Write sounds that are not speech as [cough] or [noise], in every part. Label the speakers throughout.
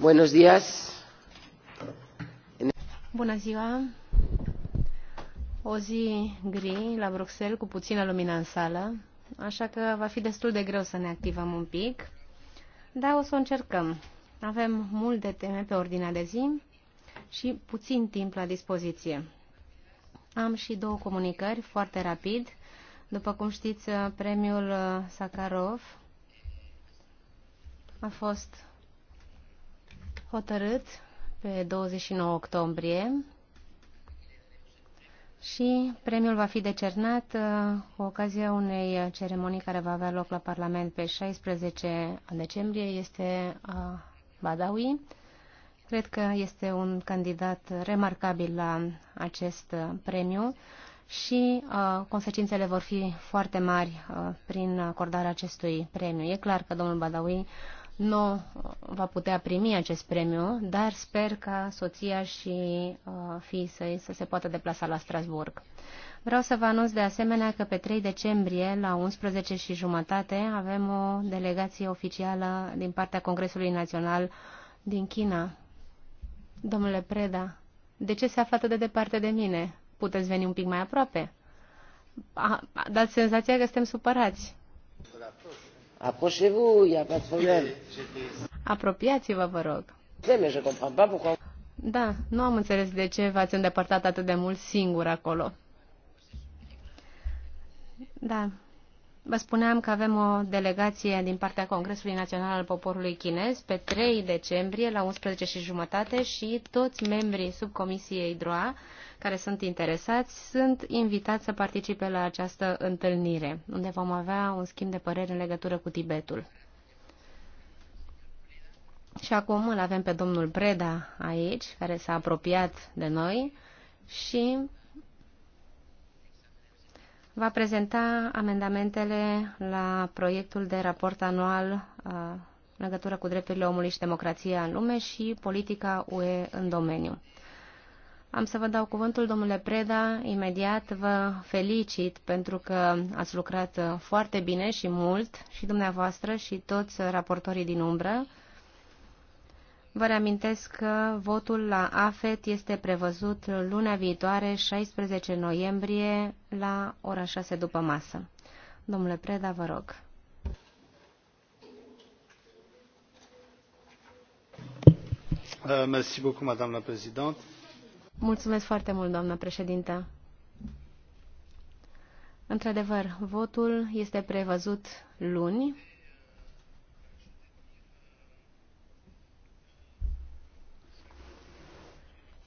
Speaker 1: Bună
Speaker 2: ziua. O zi gri la Bruxelles cu puțină lumină în sală, așa că va fi destul de greu să ne activăm un pic, dar o să o încercăm. Avem multe teme pe ordinea de zi și puțin timp la dispoziție. Am și două comunicări foarte rapid. După cum știți, premiul Sakharov a fost hotărât pe 29 octombrie și premiul va fi decernat uh, cu ocazia unei ceremonii care va avea loc la Parlament pe 16 decembrie. Este uh, Badawi. Cred că este un candidat remarcabil la acest uh, premiu și uh, consecințele vor fi foarte mari uh, prin acordarea acestui premiu. E clar că domnul Badawi nu uh, va putea primi acest premiu, dar sper ca soția și uh, fiii săi să se poată deplasa la Strasburg. Vreau să vă anunț de asemenea că pe 3 decembrie, la 11 și jumătate, avem o delegație oficială din partea Congresului Național din China. Domnule Preda, de ce se află atât de departe de mine? Puteți veni un pic mai aproape? A, dați senzația că suntem supărați. Apropiați-vă, vă rog. Da, nu am înțeles de ce v-ați îndepărtat atât de mult singur acolo. Da. Vă spuneam că avem o delegație din partea Congresului Național al Poporului Chinez pe 3 decembrie la 11 și jumătate și toți membrii subcomisiei DROA care sunt interesați sunt invitați să participe la această întâlnire, unde vom avea un schimb de păreri în legătură cu Tibetul. Și acum îl avem pe domnul Breda aici, care s-a apropiat de noi și va prezenta amendamentele la proiectul de raport anual uh, în legătură cu drepturile omului și democrația în lume și politica UE în domeniu. Am să vă dau cuvântul, domnule Preda, imediat vă felicit pentru că ați lucrat foarte bine și mult și dumneavoastră și toți raportorii din umbră. Vă reamintesc că votul la AFET este prevăzut luna viitoare, 16 noiembrie, la ora 6 după masă. Domnule Preda, vă rog.
Speaker 3: Uh, Mulțumesc, doamnă președinte.
Speaker 2: Mulțumesc foarte mult, doamnă președinte. Într-adevăr, votul este prevăzut luni.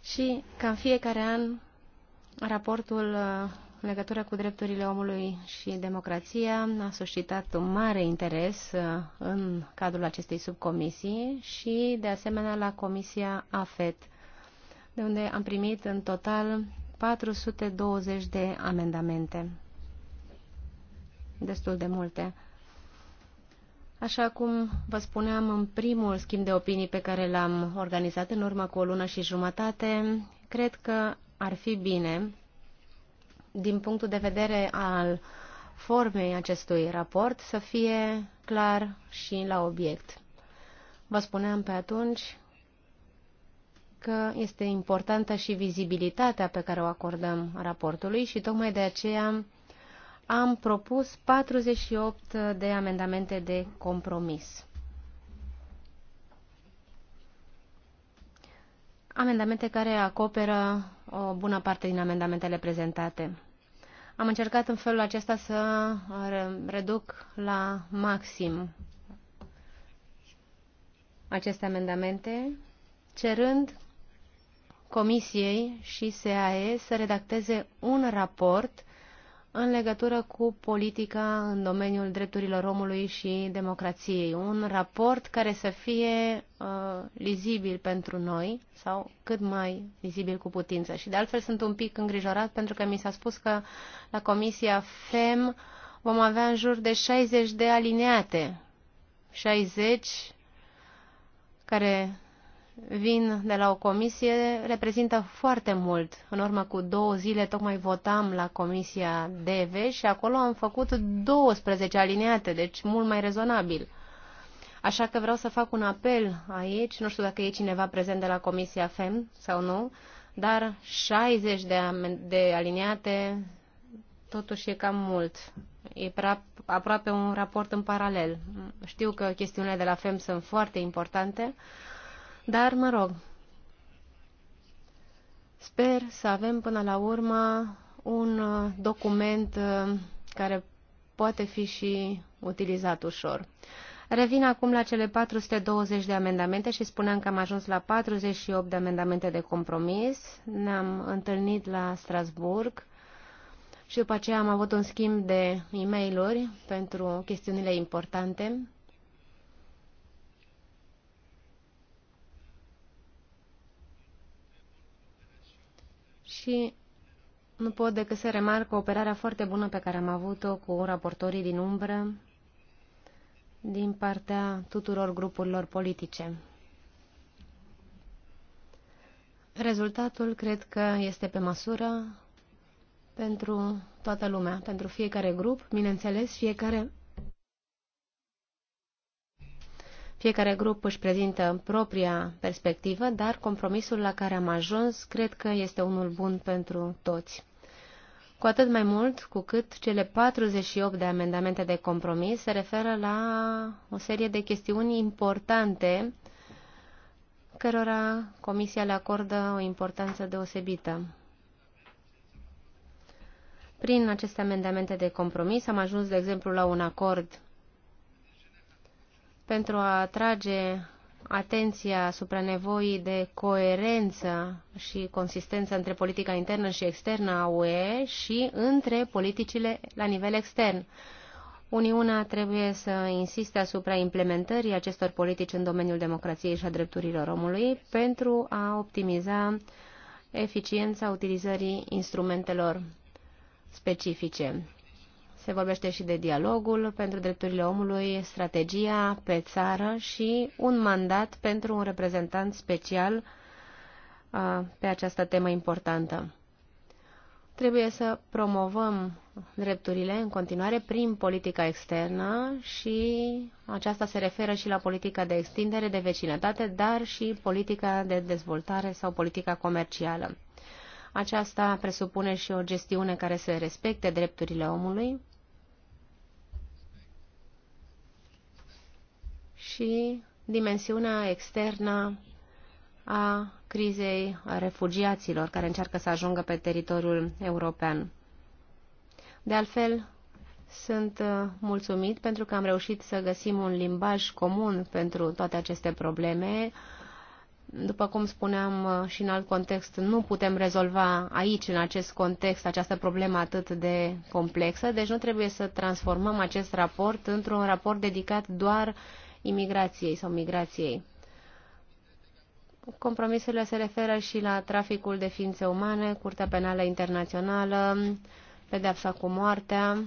Speaker 2: Și, ca în fiecare an, raportul uh, în legătură cu drepturile omului și democrația a suscitat un mare interes uh, în cadrul acestei subcomisii și, de asemenea, la Comisia AFET de unde am primit în total 420 de amendamente. Destul de multe. Așa cum vă spuneam în primul schimb de opinii pe care l-am organizat în urmă cu o lună și jumătate, cred că ar fi bine, din punctul de vedere al formei acestui raport, să fie clar și la obiect. Vă spuneam pe atunci că este importantă și vizibilitatea pe care o acordăm raportului și tocmai de aceea am propus 48 de amendamente de compromis. Amendamente care acoperă o bună parte din amendamentele prezentate. Am încercat în felul acesta să reduc la maxim aceste amendamente, cerând Comisiei și SAE să redacteze un raport în legătură cu politica în domeniul drepturilor omului și democrației. Un raport care să fie uh, lizibil pentru noi sau cât mai lizibil cu putință. Și de altfel sunt un pic îngrijorat pentru că mi s-a spus că la Comisia FEM vom avea în jur de 60 de alineate. 60 care vin de la o comisie reprezintă foarte mult. În urmă cu două zile tocmai votam la comisia DV și acolo am făcut 12 aliniate, deci mult mai rezonabil. Așa că vreau să fac un apel aici, nu știu dacă e cineva prezent de la Comisia FEM sau nu, dar 60 de, de aliniate totuși e cam mult. E prea, aproape un raport în paralel. Știu că chestiunile de la FEM sunt foarte importante, dar, mă rog, sper să avem până la urmă un uh, document uh, care poate fi și utilizat ușor. Revin acum la cele 420 de amendamente și spuneam că am ajuns la 48 de amendamente de compromis. Ne-am întâlnit la Strasburg și după aceea am avut un schimb de e mail pentru chestiunile importante. și nu pot decât să remarc operarea foarte bună pe care am avut-o cu raportorii din umbră din partea tuturor grupurilor politice. Rezultatul cred că este pe măsură pentru toată lumea, pentru fiecare grup, bineînțeles, fiecare Fiecare grup își prezintă propria perspectivă, dar compromisul la care am ajuns cred că este unul bun pentru toți. Cu atât mai mult cu cât cele 48 de amendamente de compromis se referă la o serie de chestiuni importante cărora Comisia le acordă o importanță deosebită. Prin aceste amendamente de compromis am ajuns, de exemplu, la un acord pentru a atrage atenția asupra nevoii de coerență și consistență între politica internă și externă a UE și între politicile la nivel extern. Uniunea trebuie să insiste asupra implementării acestor politici în domeniul democrației și a drepturilor omului pentru a optimiza eficiența utilizării instrumentelor specifice. Se vorbește și de dialogul pentru drepturile omului, strategia pe țară și un mandat pentru un reprezentant special uh, pe această temă importantă. Trebuie să promovăm drepturile în continuare prin politica externă și aceasta se referă și la politica de extindere, de vecinătate, dar și politica de dezvoltare sau politica comercială. Aceasta presupune și o gestiune care să respecte drepturile omului și dimensiunea externă a crizei refugiaților care încearcă să ajungă pe teritoriul european. De altfel, sunt uh, mulțumit pentru că am reușit să găsim un limbaj comun pentru toate aceste probleme. După cum spuneam uh, și în alt context, nu putem rezolva aici, în acest context, această problemă atât de complexă, deci nu trebuie să transformăm acest raport într-un raport dedicat doar uh, imigrației sau migrației. Compromisurile se referă și la traficul de ființe umane, Curtea Penală Internațională, pedepsa cu moartea,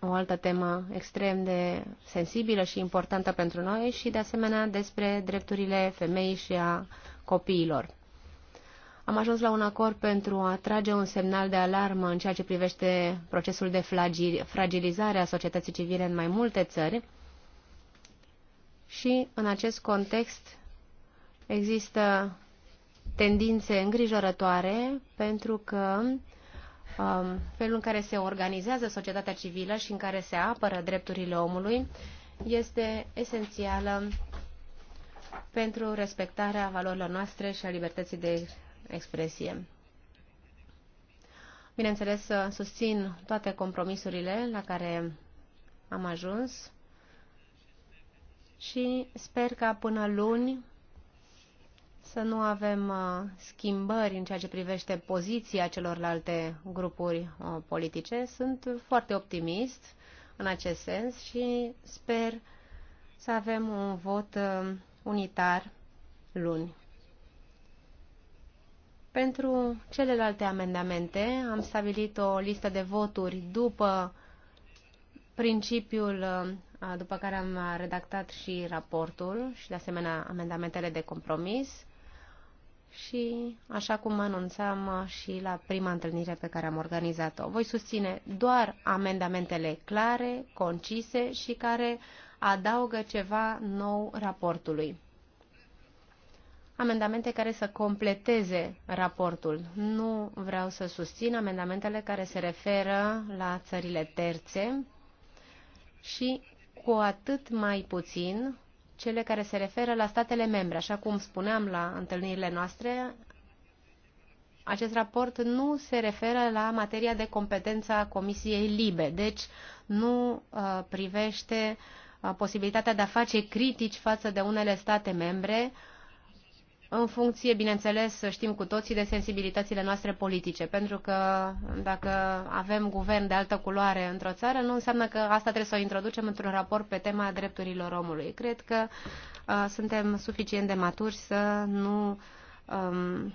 Speaker 2: o altă temă extrem de sensibilă și importantă pentru noi și, de asemenea, despre drepturile femeii și a copiilor. Am ajuns la un acord pentru a trage un semnal de alarmă în ceea ce privește procesul de fragilizare a societății civile în mai multe țări și în acest context există tendințe îngrijorătoare pentru că um, felul în care se organizează societatea civilă și în care se apără drepturile omului este esențială pentru respectarea valorilor noastre și a libertății de expresie. Bineînțeles, susțin toate compromisurile la care am ajuns și sper ca până luni să nu avem uh, schimbări în ceea ce privește poziția celorlalte grupuri uh, politice. Sunt foarte optimist în acest sens și sper să avem un vot uh, unitar luni. Pentru celelalte amendamente am stabilit o listă de voturi după principiul după care am redactat și raportul și de asemenea amendamentele de compromis și așa cum anunțam și la prima întâlnire pe care am organizat-o. Voi susține doar amendamentele clare, concise și care adaugă ceva nou raportului. Amendamente care să completeze raportul. Nu vreau să susțin amendamentele care se referă la țările terțe și cu atât mai puțin cele care se referă la statele membre. Așa cum spuneam la întâlnirile noastre, acest raport nu se referă la materia de competență a Comisiei Libe, deci nu uh, privește uh, posibilitatea de a face critici față de unele state membre uh, în funcție, bineînțeles, știm cu toții, de sensibilitățile noastre politice, pentru că dacă avem guvern de altă culoare într-o țară, nu înseamnă că asta trebuie să o introducem într-un raport pe tema drepturilor omului. Cred că uh, suntem suficient de maturi să nu um,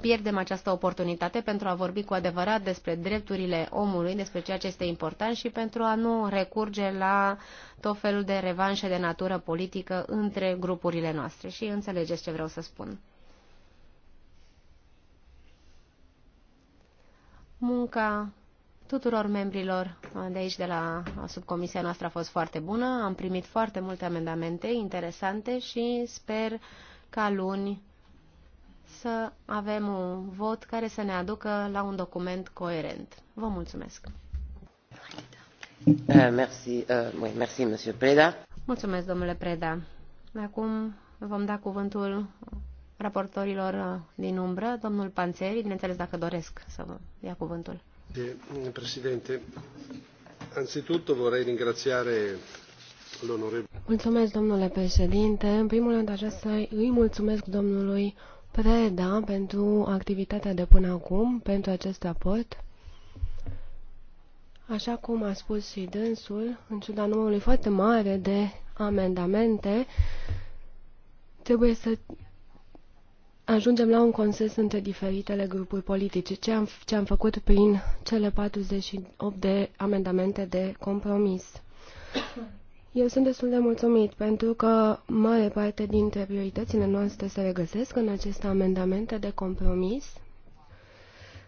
Speaker 2: pierdem această oportunitate pentru a vorbi cu adevărat despre drepturile omului, despre ceea ce este important și pentru a nu recurge la tot felul de revanșe de natură politică între grupurile noastre. Și înțelegeți ce vreau să spun. Munca tuturor membrilor de aici, de la subcomisia noastră, a fost foarte bună. Am primit foarte multe amendamente interesante și sper ca luni să avem un vot care să ne aducă la un document coerent. Vă mulțumesc.
Speaker 1: Eh, eh,
Speaker 2: mulțumesc, domnule Preda. Acum vom da cuvântul raportorilor eh, din umbră, domnul Panțeri, bineînțeles dacă doresc să vă ia cuvântul.
Speaker 3: Președinte, anzitutto vorrei ringraziare l'onorevole.
Speaker 4: Mulțumesc, domnule președinte. În primul rând, aș să îi mulțumesc domnului da pentru activitatea de până acum, pentru acest raport. Așa cum a spus și dânsul, în ciuda numărului foarte mare de amendamente, trebuie să ajungem la un consens între diferitele grupuri politice, ce am, ce am făcut prin cele 48 de amendamente de compromis. Eu sunt destul de mulțumit pentru că mare parte dintre prioritățile noastre se regăsesc în aceste amendamente de compromis.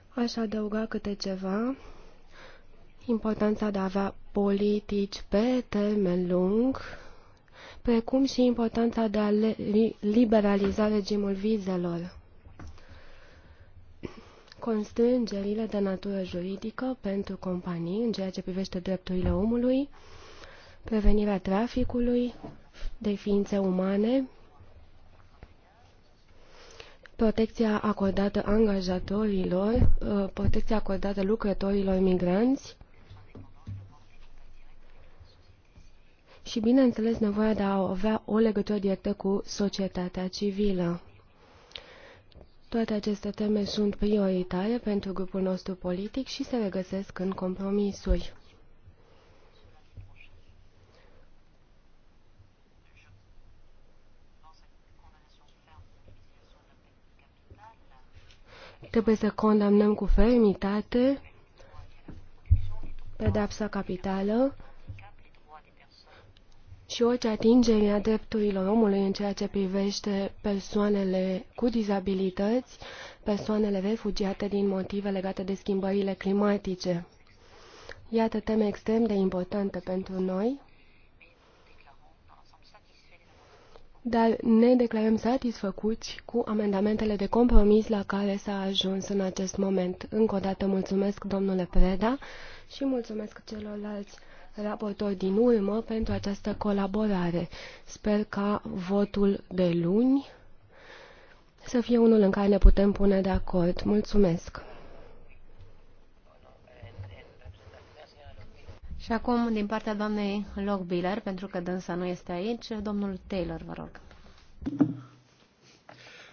Speaker 4: Aș adăuga câte ceva. Importanța de a avea politici pe termen lung, precum și importanța de a liberaliza regimul vizelor. Constrângerile de natură juridică pentru companii în ceea ce privește drepturile omului, prevenirea traficului de ființe umane, protecția acordată angajatorilor, uh, protecția acordată lucrătorilor migranți și, bineînțeles, nevoia de a avea o legătură directă cu societatea civilă. Toate aceste teme sunt prioritare pentru grupul nostru politic și se regăsesc în compromisuri. Trebuie să condamnăm cu fermitate pedapsa capitală și orice atingere a drepturilor omului în ceea ce privește persoanele cu dizabilități, persoanele refugiate din motive legate de schimbările climatice. Iată teme extrem de importante pentru noi dar ne declarăm satisfăcuți cu amendamentele de compromis la care s-a ajuns în acest moment. Încă o dată mulțumesc, domnule Preda, și mulțumesc celorlalți raportori din urmă pentru această colaborare. Sper ca votul de luni să fie unul în care ne putem pune de acord. Mulțumesc!
Speaker 2: Și acum, din partea doamnei Lockbiller, pentru că dânsa nu este aici,
Speaker 4: domnul Taylor, vă rog.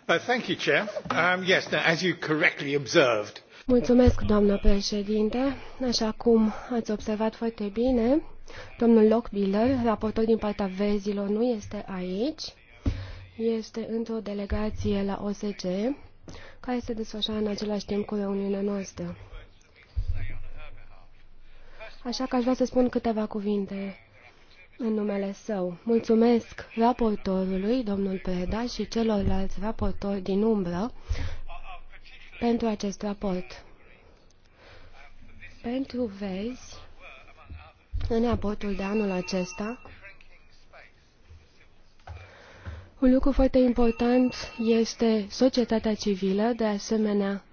Speaker 3: Uh, thank you, Chair. Um, yes, as you correctly observed.
Speaker 4: Mulțumesc, doamnă președinte. Așa cum ați observat foarte bine, domnul Lockbiller, raportor din partea vezilor, nu este aici. Este într-o delegație la OSCE, care se desfășoară în același timp cu reuniunea noastră așa că aș vrea să spun câteva cuvinte în numele său. Mulțumesc raportorului, domnul Preda, și celorlalți raportori din umbră pentru acest raport. Pentru vezi, în raportul de anul acesta, un lucru foarte important este societatea civilă, de asemenea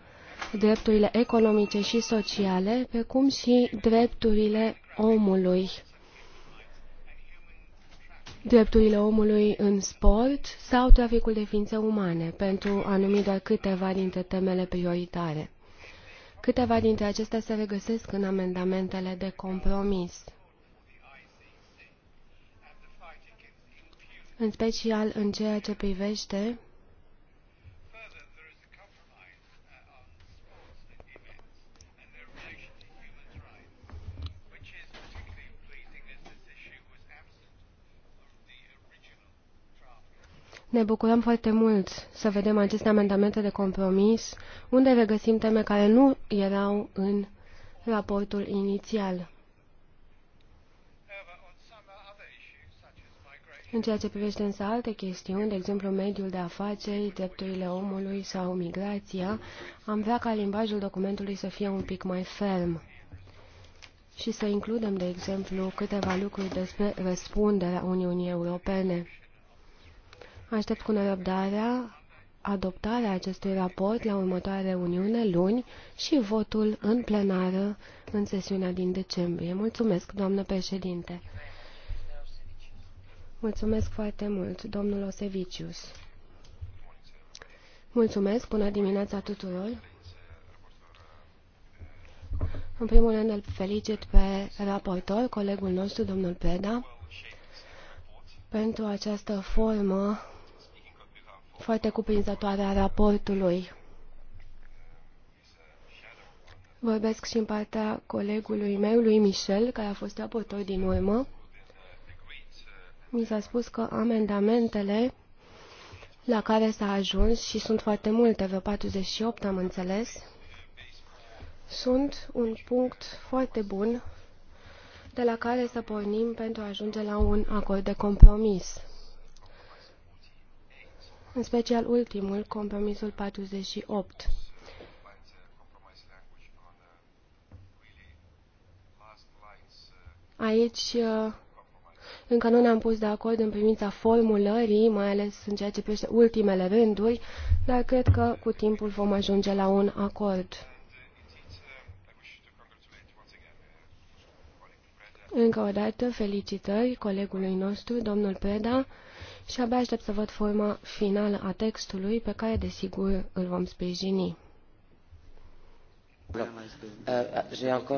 Speaker 4: drepturile economice și sociale, pe cum și drepturile omului. Drepturile omului în sport sau traficul de ființe umane, pentru a numi doar câteva dintre temele prioritare. Câteva dintre acestea se regăsesc în amendamentele de compromis. În special în ceea ce privește Ne bucurăm foarte mult să vedem aceste amendamente de compromis, unde regăsim teme care nu erau în raportul inițial. În ceea ce privește însă alte chestiuni, de exemplu mediul de afaceri, drepturile omului sau migrația, am vrea ca limbajul documentului să fie un pic mai ferm și să includem, de exemplu, câteva lucruri despre răspunderea Uniunii Europene. Aștept cu nerăbdarea adoptarea acestui raport la următoarea reuniune luni și votul în plenară în sesiunea din decembrie. Mulțumesc, doamnă președinte. Mulțumesc foarte mult, domnul Osevicius. Mulțumesc, bună dimineața tuturor. În primul rând îl felicit pe raportor, colegul nostru, domnul Preda, pentru această formă foarte cuprinzătoare a raportului. Vorbesc și în partea colegului meu, lui Michel, care a fost raportor din urmă. Mi s-a spus că amendamentele la care s-a ajuns, și sunt foarte multe, vreo 48 am înțeles, sunt un punct foarte bun de la care să pornim pentru a ajunge la un acord de compromis în special ultimul, compromisul 48. Aici uh, încă nu ne-am pus de acord în privința formulării, mai ales în ceea ce privește ultimele rânduri, dar cred că cu timpul vom ajunge la un acord. Încă o dată, felicitări colegului nostru, domnul Preda și abia aștept să văd forma finală a textului, pe care, desigur, îl vom sprijini.
Speaker 1: Uh,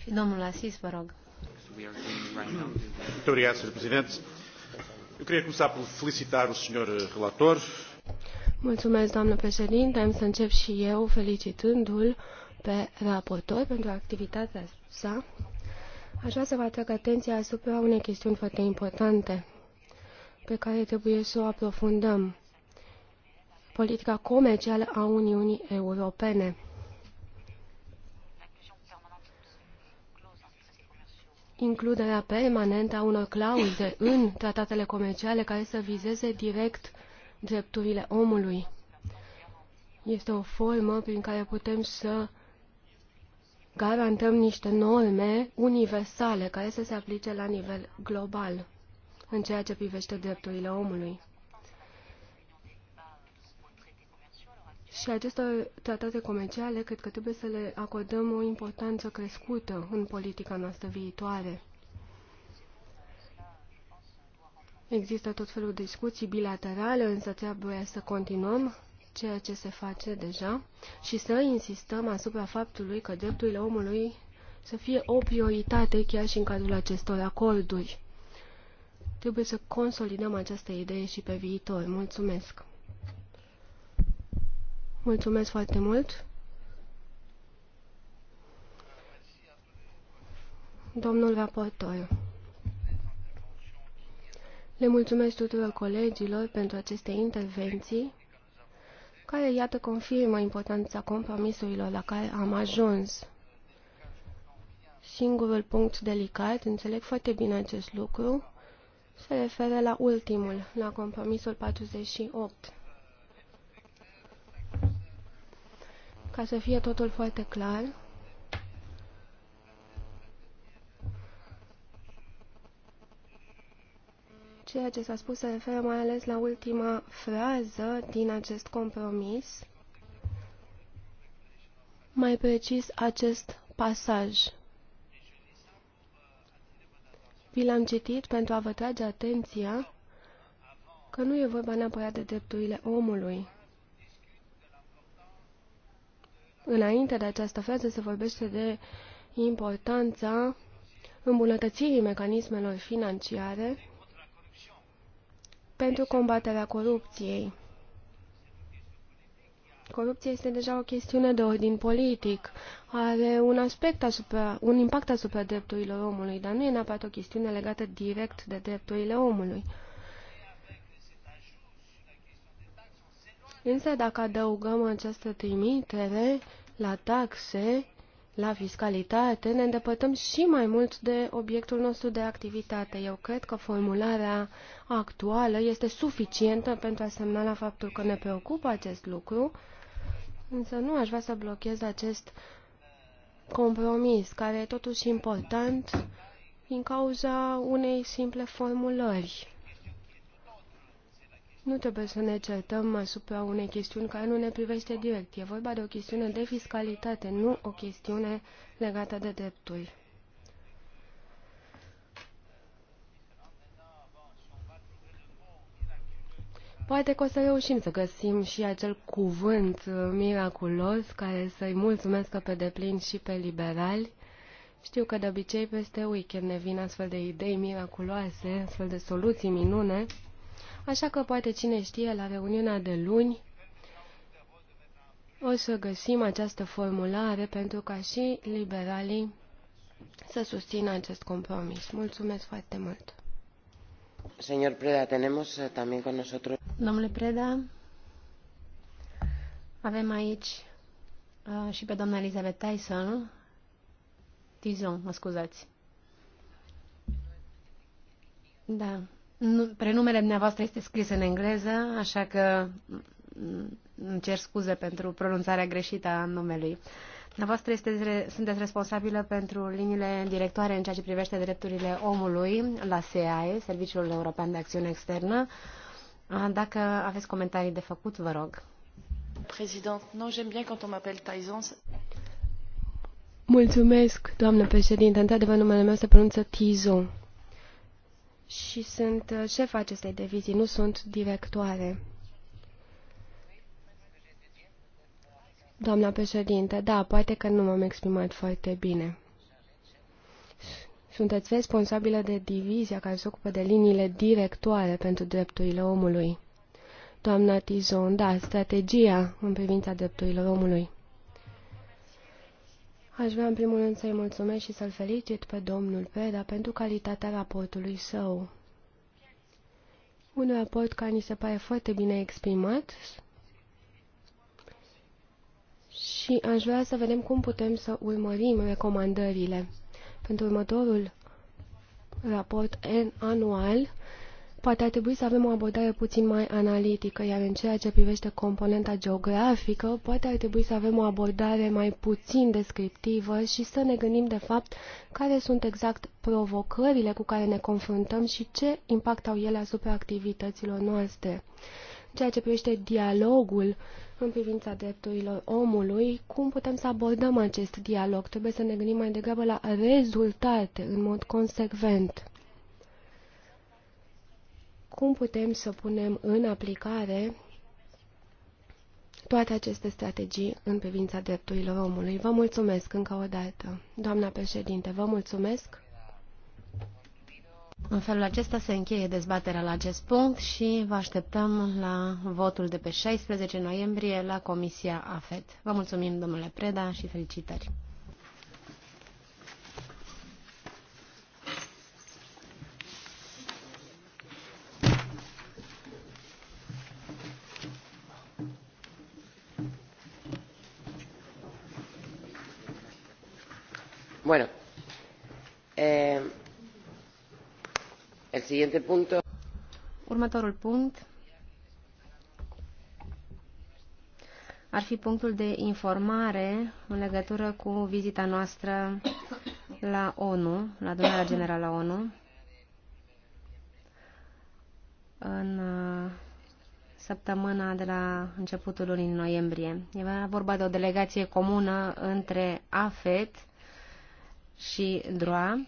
Speaker 2: și domnul Asis, vă rog.
Speaker 5: Muito obrigado, Sr. Presidente. Eu queria começar por felicitar o Sr. Eh, relator.
Speaker 4: Mulțumesc, doamnă președinte. Am să încep și eu felicitându-l pe raportor pentru activitatea sa Aș vrea să vă atrag atenția asupra unei chestiuni foarte importante pe care trebuie să o aprofundăm. Politica comercială a Uniunii Europene. Includerea permanentă a unor clauze în tratatele comerciale care să vizeze direct drepturile omului. Este o formă prin care putem să garantăm niște norme universale care să se aplice la nivel global în ceea ce privește drepturile omului. Și acestor tratate comerciale cred că trebuie să le acordăm o importanță crescută în politica noastră viitoare. Există tot felul de discuții bilaterale, însă trebuie să continuăm ceea ce se face deja și să insistăm asupra faptului că drepturile omului să fie o prioritate chiar și în cadrul acestor acorduri. Trebuie să consolidăm această idee și pe viitor. Mulțumesc! Mulțumesc foarte mult! Domnul raportor, le mulțumesc tuturor colegilor pentru aceste intervenții care, iată, confirmă importanța compromisurilor la care am ajuns. Singurul punct delicat, înțeleg foarte bine acest lucru, se referă la ultimul, la compromisul 48. Ca să fie totul foarte clar, Ceea ce s-a spus se referă mai ales la ultima frază din acest compromis, mai precis acest pasaj. Vi l-am citit pentru a vă trage atenția că nu e vorba neapărat de drepturile omului. Înainte de această frază se vorbește de importanța îmbunătățirii mecanismelor financiare pentru combaterea corupției. Corupția este deja o chestiune de ordin politic, are un aspect asupra, un impact asupra drepturilor omului, dar nu e neapărat o chestiune legată direct de drepturile omului. Însă dacă adăugăm această trimitere la taxe, la fiscalitate, ne îndepărtăm și mai mult de obiectul nostru de activitate. Eu cred că formularea actuală este suficientă pentru a semnala faptul că ne preocupă acest lucru, însă nu aș vrea să blochez acest compromis, care e totuși important din cauza unei simple formulări. Nu trebuie să ne certăm asupra unei chestiuni care nu ne privește direct. E vorba de o chestiune de fiscalitate, nu o chestiune legată de drepturi. Poate că o să reușim să găsim și acel cuvânt uh, miraculos care să-i mulțumesc pe deplin și pe liberali. Știu că de obicei peste weekend ne vin astfel de idei miraculoase, astfel de soluții minune. Așa că poate cine știe, la reuniunea de luni o să găsim această formulare pentru ca și liberalii să susțină acest compromis. Mulțumesc foarte mult!
Speaker 1: Señor Preda, tenemos eh, también con nosotros...
Speaker 4: Domnule Preda,
Speaker 2: avem aici uh, și pe doamna Elizabeth Tyson. Tizon, mă scuzați. Da, Prenumele dumneavoastră este scris în engleză, așa că îmi cer scuze pentru pronunțarea greșită a numelui. Dumneavoastră este, sunteți responsabilă pentru liniile directoare în ceea ce privește drepturile omului la SEAE, Serviciul European de Acțiune Externă. Dacă aveți comentarii de făcut, vă
Speaker 4: rog. Président, nu j'aime bien quand on m'appelle Tyson. Mulțumesc, doamnă președinte. Într-adevăr, numele meu se pronunță Tizon și sunt uh, șef acestei divizii, nu sunt directoare. Doamna președinte, da, poate că nu m-am exprimat foarte bine. Sunteți responsabilă de divizia care se ocupă de liniile directoare pentru drepturile omului. Doamna Tizon, da, strategia în privința drepturilor omului. Aș vrea în primul rând să-i mulțumesc și să-l felicit pe domnul Peda pentru calitatea raportului său. Un raport care ni se pare foarte bine exprimat și aș vrea să vedem cum putem să urmărim recomandările. Pentru următorul raport anual Poate ar trebui să avem o abordare puțin mai analitică, iar în ceea ce privește componenta geografică, poate ar trebui să avem o abordare mai puțin descriptivă și să ne gândim, de fapt, care sunt exact provocările cu care ne confruntăm și ce impact au ele asupra activităților noastre. În ceea ce privește dialogul în privința drepturilor omului, cum putem să abordăm acest dialog? Trebuie să ne gândim mai degrabă la rezultate în mod consecvent cum putem să punem în aplicare toate aceste strategii în privința drepturilor omului. Vă mulțumesc încă o dată. Doamna președinte, vă mulțumesc.
Speaker 2: În felul acesta se încheie dezbaterea la acest punct și vă așteptăm la votul de pe 16 noiembrie la Comisia AFET. Vă mulțumim, domnule Preda, și felicitări!
Speaker 1: Bueno, eh, el siguiente punto.
Speaker 2: Următorul punct ar fi punctul de informare în legătură cu vizita noastră la ONU, la adunarea generală a ONU, în uh, săptămâna de la începutul lunii noiembrie. E vorba de o delegație comună între AFET și DROA,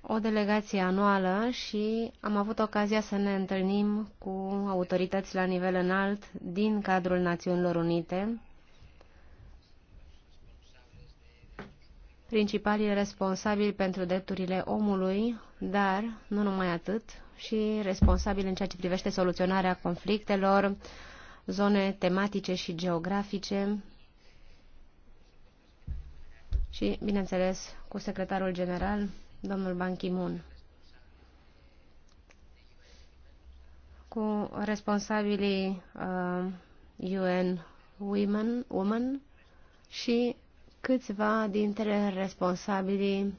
Speaker 2: o delegație anuală și am avut ocazia să ne întâlnim cu autorități la nivel înalt din cadrul Națiunilor Unite, principalii responsabili pentru drepturile omului, dar nu numai atât, și responsabili în ceea ce privește soluționarea conflictelor, zone tematice și geografice, și, bineînțeles, cu secretarul general, domnul Ban Ki-moon, cu responsabilii uh, UN Women, Women și câțiva dintre responsabilii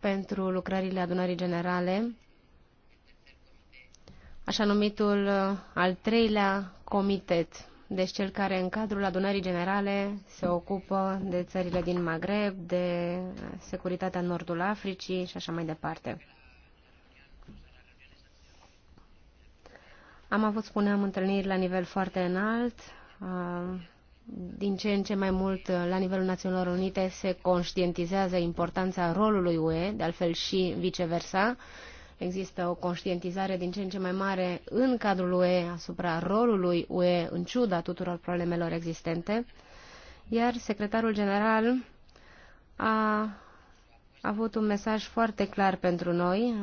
Speaker 2: pentru lucrările adunării generale, așa numitul uh, al treilea comitet deci cel care în cadrul adunării generale se ocupă de țările din Maghreb, de securitatea nordul Africii și așa mai departe. Am avut, spuneam, întâlniri la nivel foarte înalt, din ce în ce mai mult la nivelul Națiunilor Unite se conștientizează importanța rolului UE, de altfel și viceversa, Există o conștientizare din ce în ce mai mare în cadrul UE asupra rolului UE în ciuda tuturor problemelor existente, iar secretarul general a a avut un mesaj foarte clar pentru noi,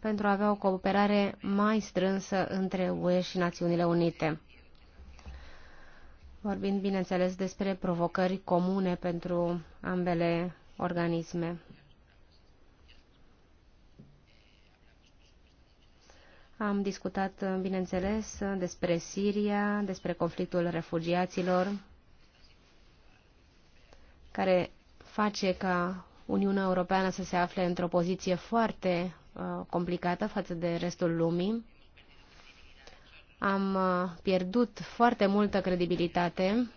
Speaker 2: pentru a avea o cooperare mai strânsă între UE și Națiunile Unite. Vorbind, bineînțeles, despre provocări comune pentru ambele organisme. Am discutat, bineînțeles, despre Siria, despre conflictul refugiaților, care face ca Uniunea Europeană să se afle într-o poziție foarte uh, complicată față de restul lumii. Am uh, pierdut foarte multă credibilitate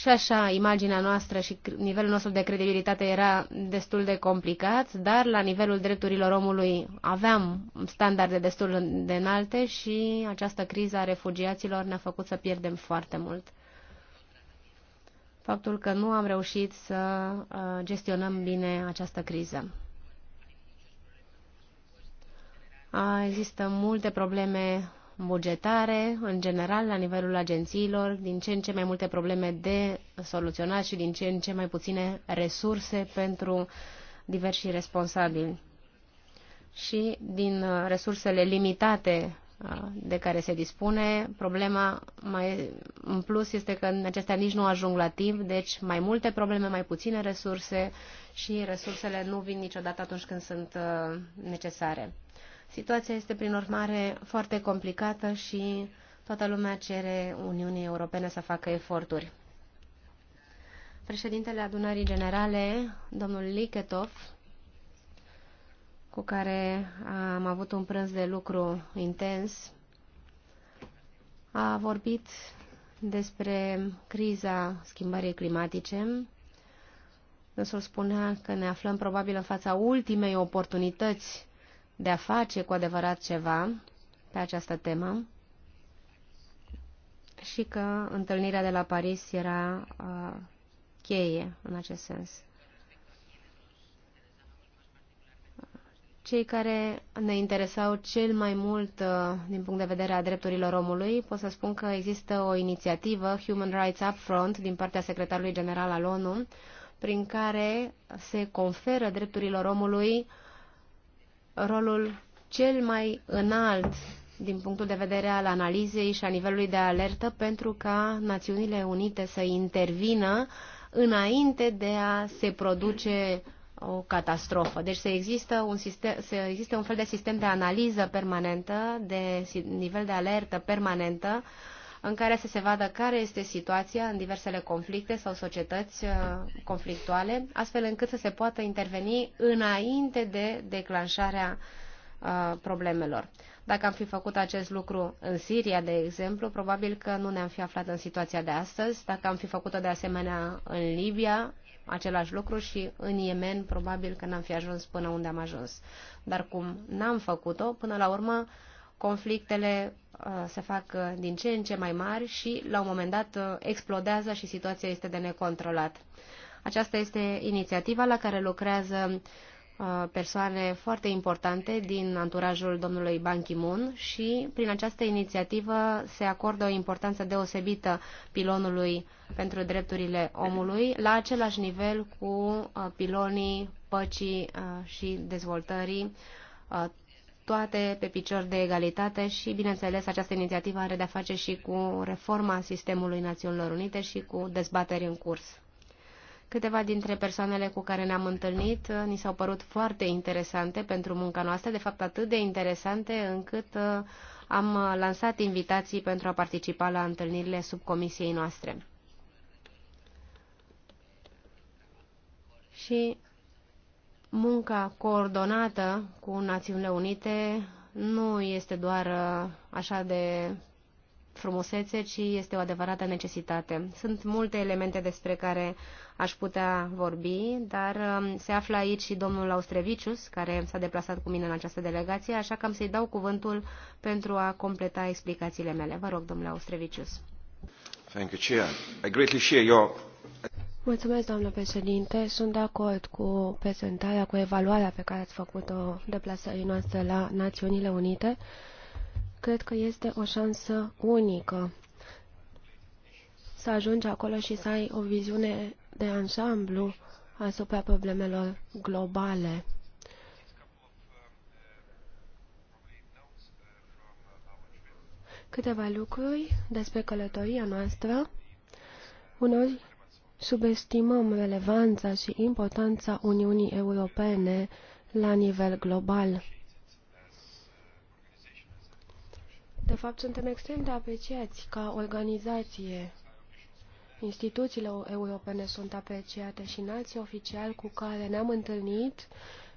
Speaker 2: și așa, imaginea noastră și nivelul nostru de credibilitate era destul de complicat, dar la nivelul drepturilor omului aveam standarde destul de înalte și această criză a refugiaților ne-a făcut să pierdem foarte mult. Faptul că nu am reușit să uh, gestionăm bine această criză. Există multe probleme bugetare, în general, la nivelul agențiilor, din ce în ce mai multe probleme de soluționat și din ce în ce mai puține resurse pentru diversi responsabili. Și din uh, resursele limitate uh, de care se dispune. Problema mai în plus este că acestea nici nu ajung la timp, deci mai multe probleme, mai puține resurse și resursele nu vin niciodată atunci când sunt uh, necesare. Situația este, prin urmare, foarte complicată și toată lumea cere Uniunii Europene să facă eforturi. Președintele Adunării Generale, domnul Liketov, cu care am avut un prânz de lucru intens, a vorbit despre criza schimbării climatice. Însul spunea că ne aflăm probabil în fața ultimei oportunități de a face cu adevărat ceva pe această temă și că întâlnirea de la Paris era uh, cheie în acest sens. Cei care ne interesau cel mai mult uh, din punct de vedere a drepturilor omului, pot să spun că există o inițiativă, Human Rights Upfront, din partea secretarului general al ONU, prin care se conferă drepturilor omului uh, rolul cel mai înalt din punctul de vedere al analizei și a nivelului de alertă pentru ca Națiunile Unite să intervină înainte de a se produce o catastrofă. Deci să există un, sistem, să există un fel de sistem de analiză permanentă, de nivel de alertă permanentă, uh, în care să se vadă care este situația în diversele conflicte sau societăți uh, conflictuale, astfel încât să se poată interveni înainte de declanșarea uh, problemelor. Dacă am fi făcut acest lucru în Siria, de exemplu, probabil că nu ne-am fi aflat în situația de astăzi. Dacă am fi făcut-o de asemenea în Libia, același lucru și în Yemen probabil că n-am fi ajuns până unde am ajuns. Dar cum n-am făcut-o, până la urmă conflictele Uh, se fac uh, din ce în ce mai mari și, la un moment dat, uh, explodează și situația este de necontrolat. Aceasta este inițiativa la care lucrează persoane foarte importante din anturajul domnului Ban Ki-moon și prin această inițiativă se acordă o importanță deosebită pilonului pentru drepturile omului la același nivel cu pilonii păcii și dezvoltării toate pe picior de egalitate și, bineînțeles, această inițiativă are de-a face și cu reforma sistemului Națiunilor Unite și cu dezbateri în curs. Câteva dintre persoanele cu care ne-am întâlnit uh, ni s-au părut foarte interesante pentru munca noastră, de fapt atât de interesante încât uh, am uh, lansat invitații pentru a participa la întâlnirile subcomisiei noastre. Și Munca coordonată cu Națiunile Unite nu este doar uh, așa de frumusețe, ci este o adevărată necesitate. Sunt multe elemente despre care aș putea vorbi, dar um, se află aici și domnul Austrevicius, care s-a deplasat cu mine în această delegație, așa că am să-i dau cuvântul pentru a completa explicațiile mele. Vă rog, domnule Austrevicius.
Speaker 3: Thank you, Chair. I greatly share your
Speaker 4: Mulțumesc, doamnă președinte. Sunt de acord cu prezentarea, cu evaluarea pe care ați făcut-o deplasării noastre la Națiunile Unite. Cred că este o șansă unică să ajungi acolo și să ai o viziune de ansamblu asupra problemelor globale. Câteva lucruri despre călătoria noastră. Unor subestimăm relevanța și importanța Uniunii Europene la nivel global. De fapt, suntem extrem de apreciați ca organizație. Instituțiile europene sunt apreciate și în alții oficiali cu care ne-am întâlnit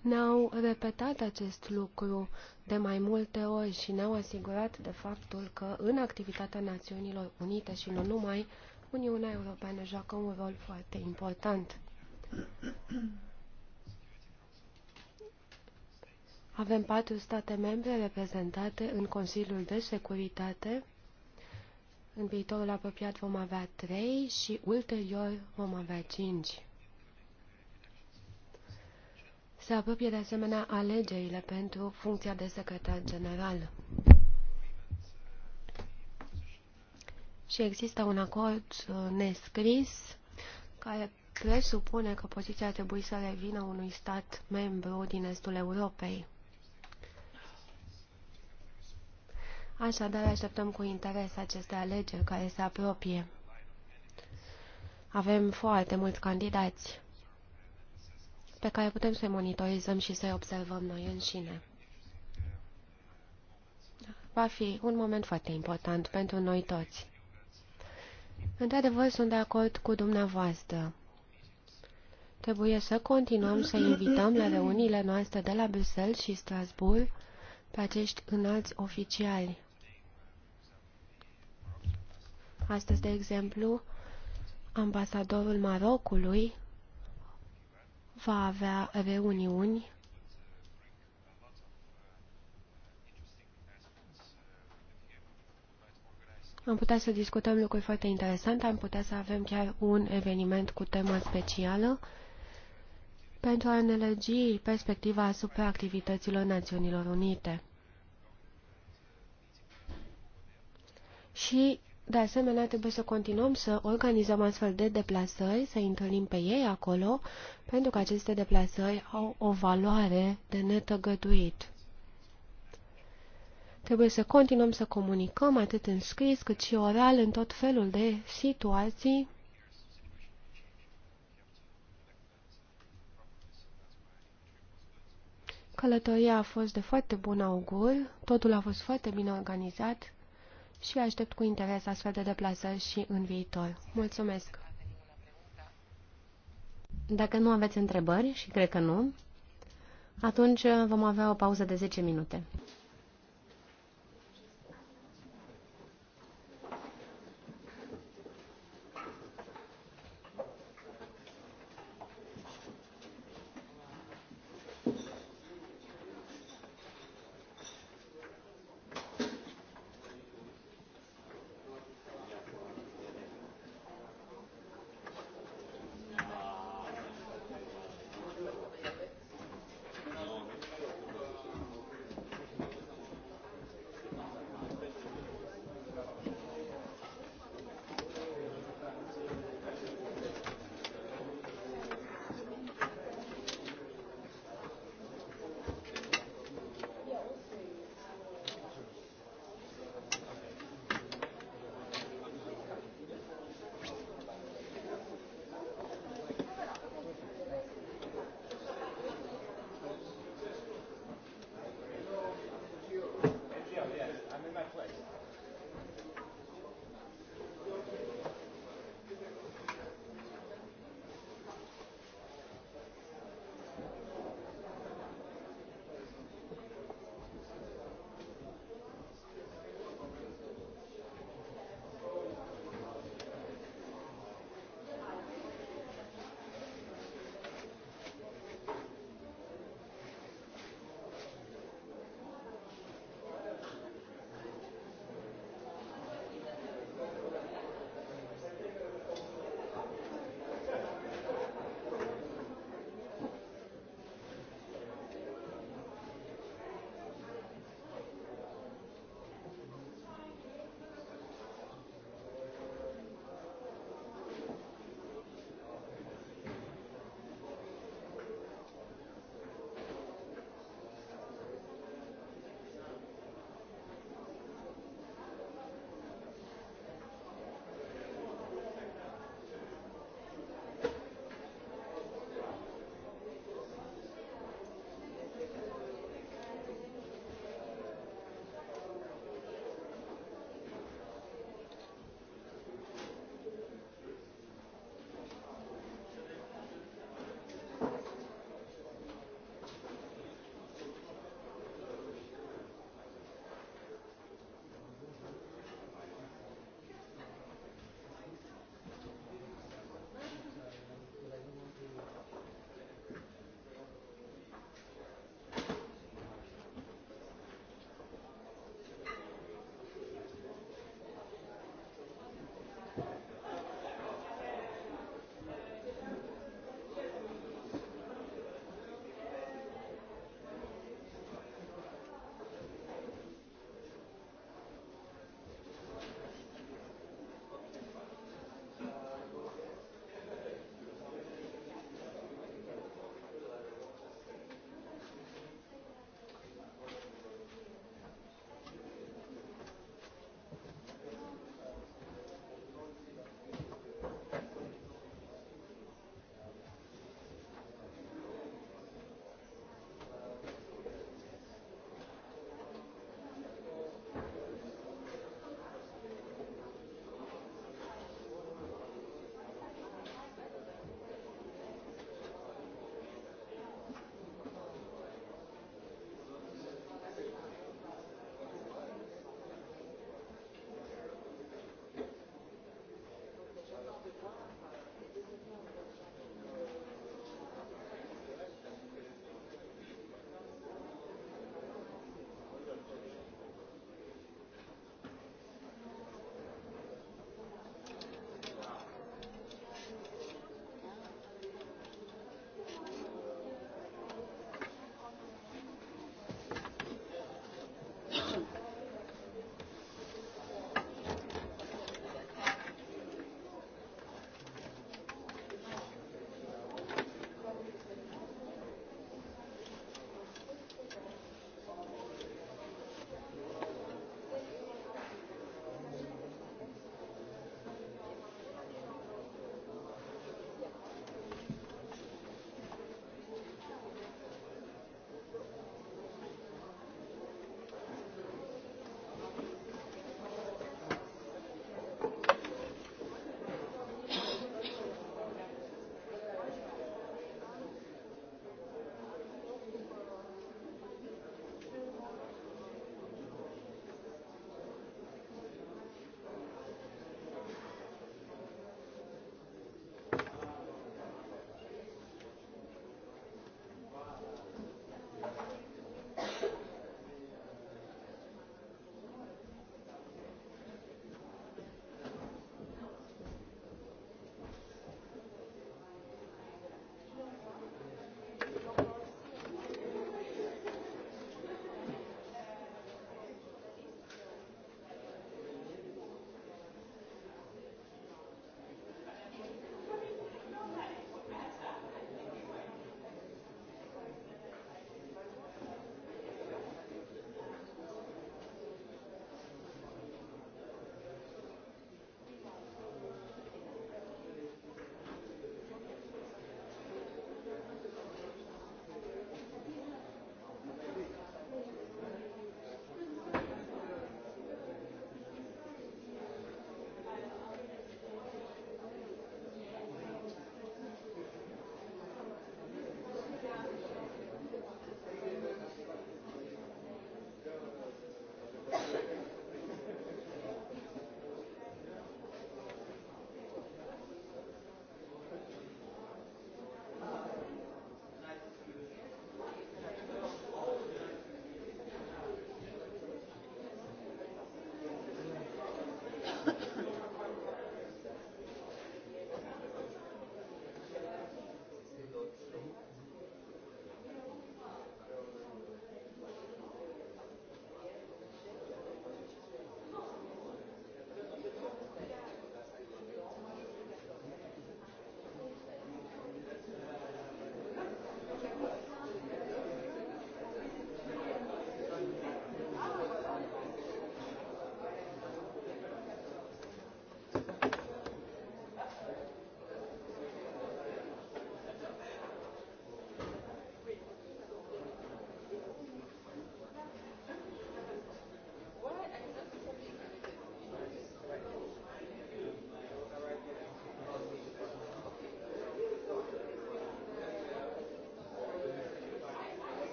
Speaker 4: ne-au repetat acest lucru de mai multe ori și ne-au asigurat de faptul că în activitatea Națiunilor Unite și nu numai, Uniunea Europeană joacă un rol foarte important. Avem patru state membre reprezentate în Consiliul de Securitate. În viitorul apropiat vom avea trei și ulterior vom avea cinci. Se apropie de asemenea alegerile pentru funcția de secretar general. și există un acord uh, nescris care presupune că poziția ar trebui să revină unui stat membru din estul Europei. Așadar, așteptăm cu interes aceste alegeri care se apropie. Avem foarte mulți candidați pe care putem să-i monitorizăm și să-i observăm noi înșine. Va fi un moment foarte important pentru noi toți. Într-adevăr, sunt de acord cu dumneavoastră. Trebuie să continuăm să invităm la reuniile noastre de la Bruxelles și Strasbourg pe acești înalți oficiali. Astăzi, de exemplu, ambasadorul Marocului va avea reuniuni Am putea să discutăm lucruri foarte interesante, am putea să avem chiar un eveniment cu temă specială pentru a înelegi perspectiva asupra activităților Națiunilor Unite. Și, de asemenea, trebuie să continuăm să organizăm astfel de deplasări, să întâlnim pe ei acolo, pentru că aceste deplasări au o valoare de netăgăduit. Trebuie să continuăm să comunicăm atât în scris cât și oral în tot felul de situații. Călătoria a fost de foarte bun augur, totul a fost foarte bine organizat și aștept cu interes astfel de deplasări și în viitor. Mulțumesc! Dacă nu aveți întrebări, și cred că nu,
Speaker 2: atunci vom avea o pauză de 10 minute.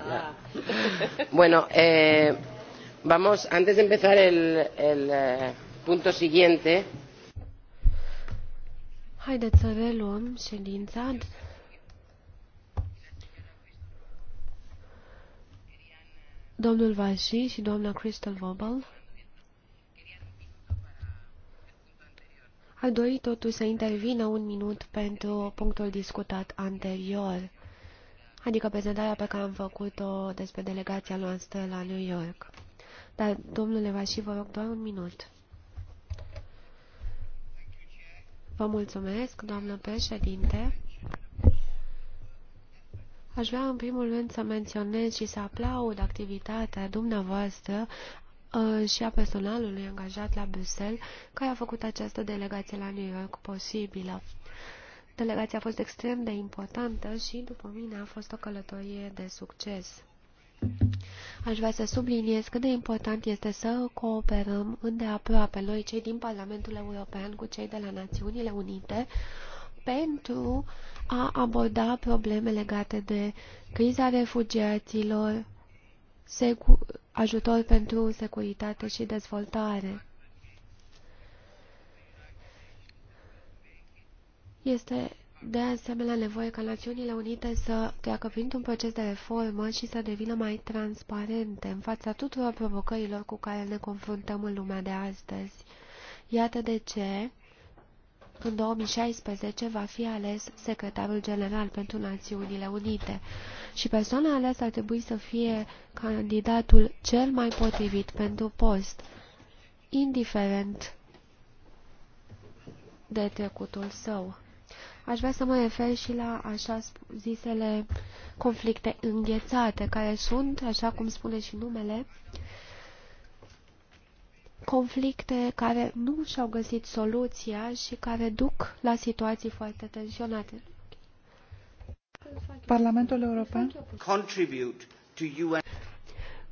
Speaker 3: Ah.
Speaker 1: bueno, eh, vamos, antes de empezar el, el eh, punto siguiente.
Speaker 4: Haideți să reluăm ședința. Domnul Vasi și doamna Crystal Vobel Ar dori totuși să intervină un minut pentru punctul discutat anterior, adică prezentarea pe care am făcut-o despre delegația noastră la New York. Dar, domnule Vași, vă rog doar un minut. Vă mulțumesc, doamnă președinte. Aș vrea în primul rând să menționez și să aplaud activitatea dumneavoastră Uh, și a personalului angajat la Bruxelles, care a făcut această delegație la New York posibilă. Delegația a fost extrem de importantă și, după mine, a fost o călătorie de succes. Aș vrea să subliniez cât de important este să cooperăm îndeaproape noi, cei din Parlamentul European, cu cei de la Națiunile Unite, pentru a aborda probleme legate de criza refugiaților, ajutor pentru securitate și dezvoltare. Este de asemenea nevoie ca Națiunile Unite să treacă printr-un proces de reformă și să devină mai transparente în fața tuturor provocărilor cu care ne confruntăm în lumea de astăzi. Iată de ce în 2016 va fi ales secretarul general pentru Națiunile Unite și persoana aleasă ar trebui să fie candidatul cel mai potrivit pentru post, indiferent de trecutul său. Aș vrea să mă refer și la așa zisele conflicte înghețate, care sunt, așa cum spune și numele, conflicte care nu și-au găsit soluția și care duc la situații foarte tensionate. Parlamentul European?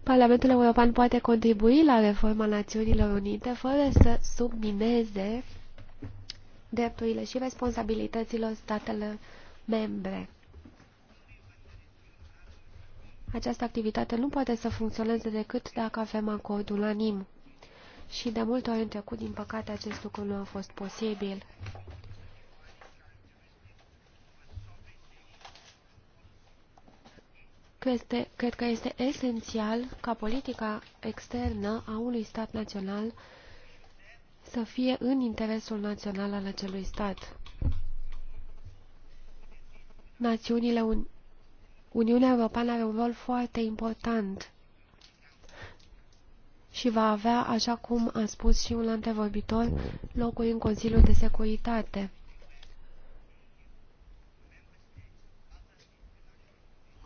Speaker 4: Parlamentul European poate contribui la reforma Națiunilor Unite fără să submineze drepturile și responsabilităților statelor membre. Această activitate nu poate să funcționeze decât dacă avem acord unanim. Și de multe ori în trecut, din păcate, acest lucru nu a fost posibil. este, cred că este esențial ca politica externă a unui stat național să fie în interesul național al acelui stat. Națiunile un... Uniunea Europeană are un rol foarte important și va avea, așa cum a spus și un antevorbitor, locul în Consiliul de Securitate.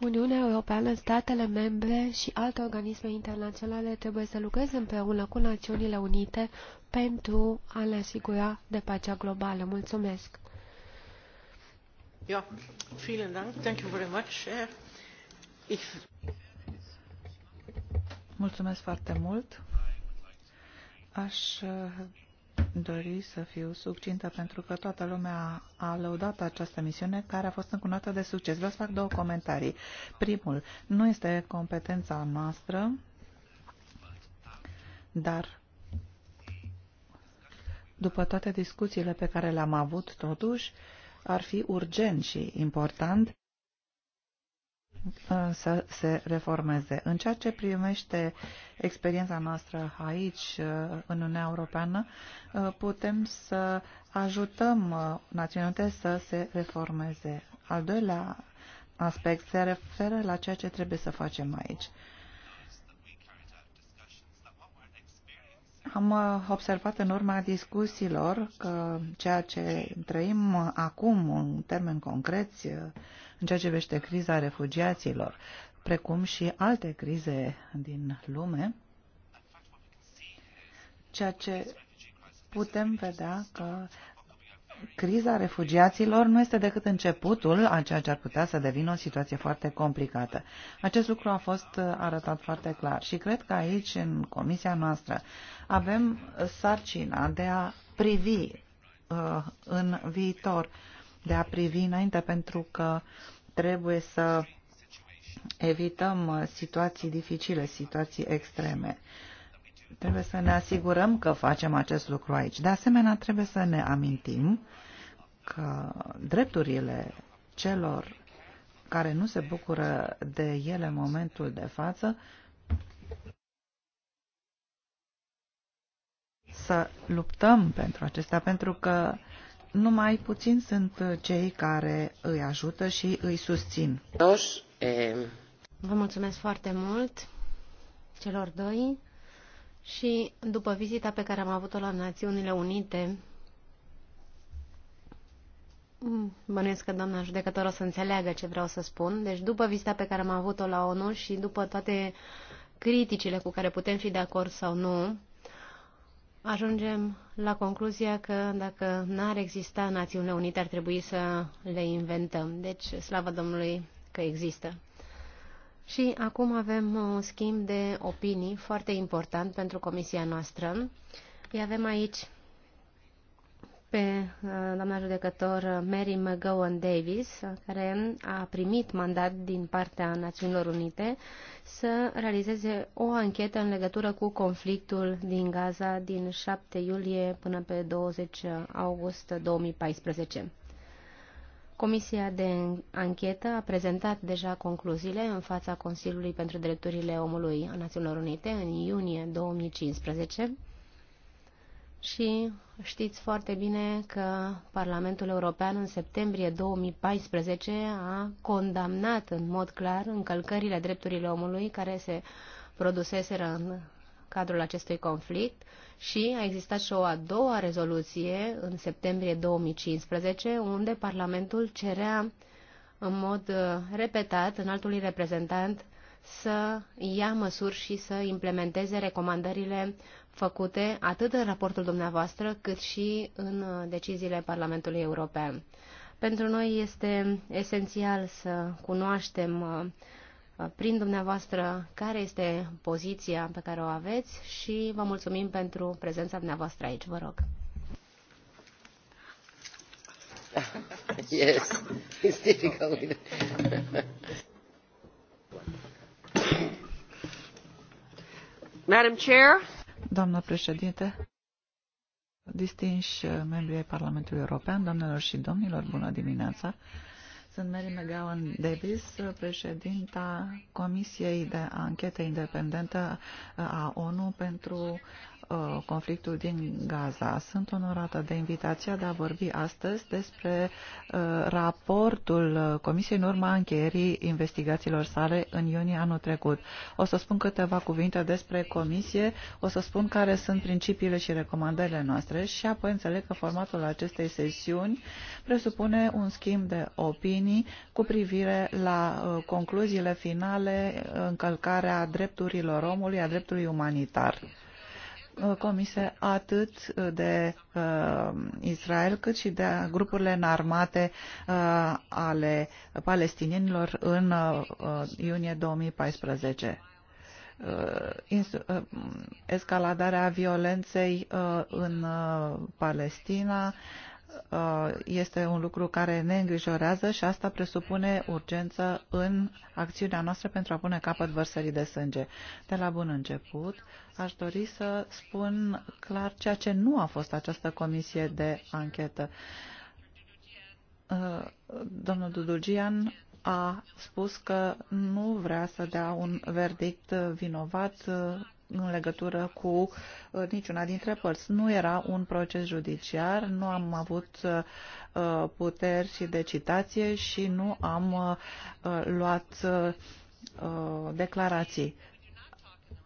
Speaker 4: Uniunea Europeană, statele membre și alte organisme internaționale trebuie să lucreze împreună cu Națiunile Unite pentru a ne asigura de pacea globală. Mulțumesc!
Speaker 5: Ja, vielen Dank. Thank you very much. Ich... Mulțumesc foarte mult. Aș dori să fiu succintă pentru că toată lumea a lăudat această misiune care a fost încunată de succes. Vreau să fac două comentarii. Primul, nu este competența noastră, dar după toate discuțiile pe care le-am avut, totuși, ar fi urgent și important Uh, să se reformeze. În ceea ce primește experiența noastră aici, uh, în Uniunea Europeană, uh, putem să ajutăm Națiunile să se reformeze. Al doilea aspect se referă la ceea ce trebuie să facem aici. Am observat în urma discuțiilor că ceea ce trăim acum în termeni concreți în ceea ce vește criza refugiaților, precum și alte crize din lume, ceea ce putem vedea că criza refugiaților nu este decât începutul a ceea ce ar putea să devină o situație foarte complicată. Acest lucru a fost arătat foarte clar și cred că aici, în comisia noastră, avem sarcina de a privi uh, în viitor uh, de a privi înainte pentru că trebuie să evităm uh, situații dificile, situații extreme. Trebuie să ne asigurăm că facem acest lucru aici. De asemenea, trebuie să ne amintim că drepturile celor care nu se bucură de ele în momentul de față să luptăm pentru acestea, pentru că numai puțin sunt uh, cei care îi ajută și îi susțin. Eh,
Speaker 2: Vă mulțumesc foarte mult celor doi și după vizita pe care am avut-o la Națiunile Unite, mm, Bănuiesc că doamna judecător o să înțeleagă ce vreau să spun. Deci după vizita pe care am avut-o la ONU și după toate criticile cu care putem fi de acord sau nu, ajungem la concluzia că dacă n-ar exista Națiunile Unite, ar trebui să le inventăm. Deci, slavă Domnului că există. Și acum avem un schimb de opinii foarte important pentru comisia noastră. Îi avem aici pe uh, doamna judecător Mary McGowan Davis, care a primit mandat din partea Națiunilor Unite să realizeze o anchetă în legătură cu conflictul din Gaza din 7 iulie până pe 20 august 2014. Comisia de anchetă a prezentat deja concluziile în fața Consiliului pentru Drepturile Omului a Națiunilor Unite în iunie 2015 și știți foarte bine că Parlamentul European în septembrie 2014 a condamnat în mod clar încălcările drepturilor omului care se produseseră în cadrul acestui conflict și a existat și o a doua rezoluție în septembrie 2015 unde Parlamentul cerea în mod uh, repetat înaltului reprezentant să ia măsuri și să implementeze recomandările făcute atât în raportul dumneavoastră cât și în uh, deciziile Parlamentului European. Pentru noi este esențial să cunoaștem uh, uh, prin dumneavoastră care este poziția pe care o aveți și vă mulțumim pentru prezența dumneavoastră aici. Vă rog.
Speaker 1: [laughs] yes, it's difficult.
Speaker 5: Madam Doamnă președinte, distinși membrii ai Parlamentului European, doamnelor și domnilor, bună dimineața. Sunt Mary McGowan Davis, președinta Comisiei de Anchetă Independentă a ONU pentru Uh, conflictul din Gaza. Sunt onorată de invitația de a vorbi astăzi despre uh, raportul Comisiei în urma încheierii investigațiilor sale în iunie anul trecut. O să spun câteva cuvinte despre Comisie, o să spun care sunt principiile și recomandările noastre și apoi înțeleg că formatul acestei sesiuni presupune un schimb de opinii cu privire la uh, concluziile finale, încălcarea drepturilor omului, a dreptului umanitar. Uh, comise atât uh, de uh, Israel cât și de grupurile înarmate uh, ale palestinienilor în uh, iunie 2014. Uh, uh, escaladarea violenței uh, în uh, Palestina, Uh, este un lucru care ne îngrijorează și asta presupune urgență în acțiunea noastră pentru a pune capăt vărsării de sânge. De la bun început, aș dori să spun clar ceea ce nu a fost această comisie de anchetă. Uh, domnul Dudugian a spus că nu vrea să dea un verdict vinovat uh, în legătură cu uh, niciuna dintre părți. Nu era un proces judiciar, nu am avut uh, puteri de citație și nu am uh, luat declarații.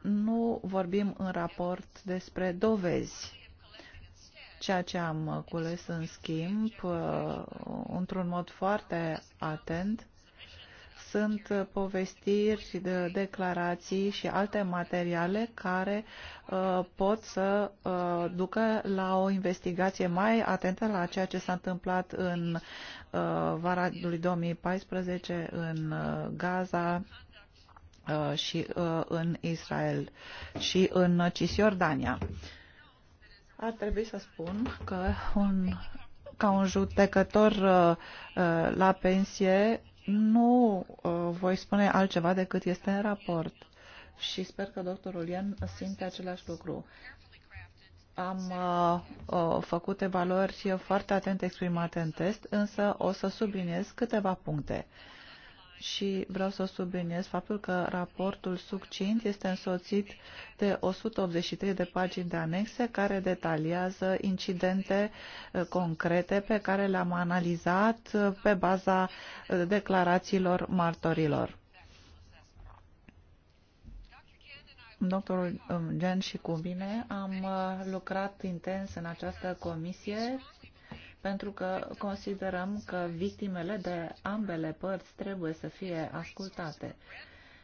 Speaker 5: Nu vorbim în raport despre dovezi. Ceea ce am cules în schimb, într-un mod foarte atent, sunt uh, povestiri, de declarații și alte materiale care uh, pot să uh, ducă la o investigație mai atentă la ceea ce s-a întâmplat în uh, vara lui 2014 în uh, Gaza uh, și în Israel și în Cisjordania. Ar trebui să spun că un, ca un judecător la pensie nu uh, voi spune altceva decât este în raport și sper că doctorul Ian simte același lucru. Am uh, uh făcut evaluări foarte atent exprimate în test, însă o să subliniez câteva puncte. Uh, și vreau să subliniez faptul că raportul succint este însoțit de 183 de pagini de anexe care detaliază incidente uh, concrete pe care le-am analizat uh, pe baza uh, declarațiilor martorilor. Doctorul um, Gen și cu mine am lucrat intens în această comisie pentru că considerăm că victimele de ambele părți trebuie să fie ascultate.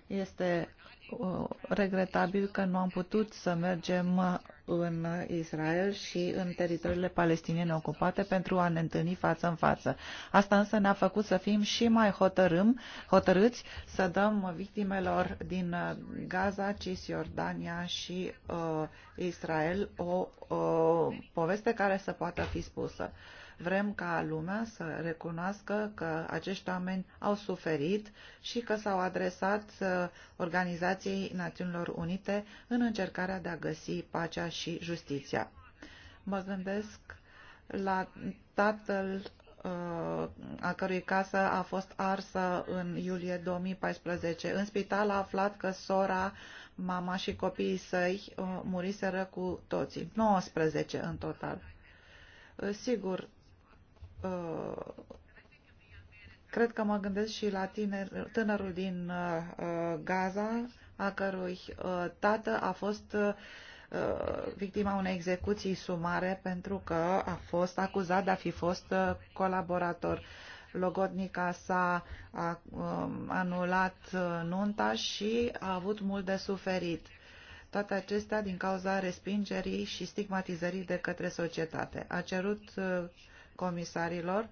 Speaker 5: Este uh, regretabil că nu am putut să mergem în Israel și în teritoriile palestiniene ocupate pentru a ne întâlni față în față. Asta însă ne-a făcut să fim și mai hotărâm, hotărâți să dăm victimelor din Gaza, Cisjordania și uh, Israel o uh, poveste care să poată fi spusă. Uh, Vrem ca lumea să recunoască că acești oameni au suferit și că s-au adresat uh, Organizației Națiunilor Unite în încercarea de a găsi pacea și justiția. Mă gândesc la tatăl uh, a cărui casă a fost arsă în iulie 2014. În spital a aflat că sora, mama și copiii săi uh, muriseră cu toții, 19 în total. Sigur, Uh, cred că mă gândesc și la tiner, tânărul din uh, uh, Gaza, a cărui tată a fost victima unei execuții sumare pentru că a fost acuzat de a fi fost colaborator. Logodnica s-a um, anulat nunta și a avut mult de suferit. Toate acestea din cauza respingerii și stigmatizării de către societate. A cerut comisarilor,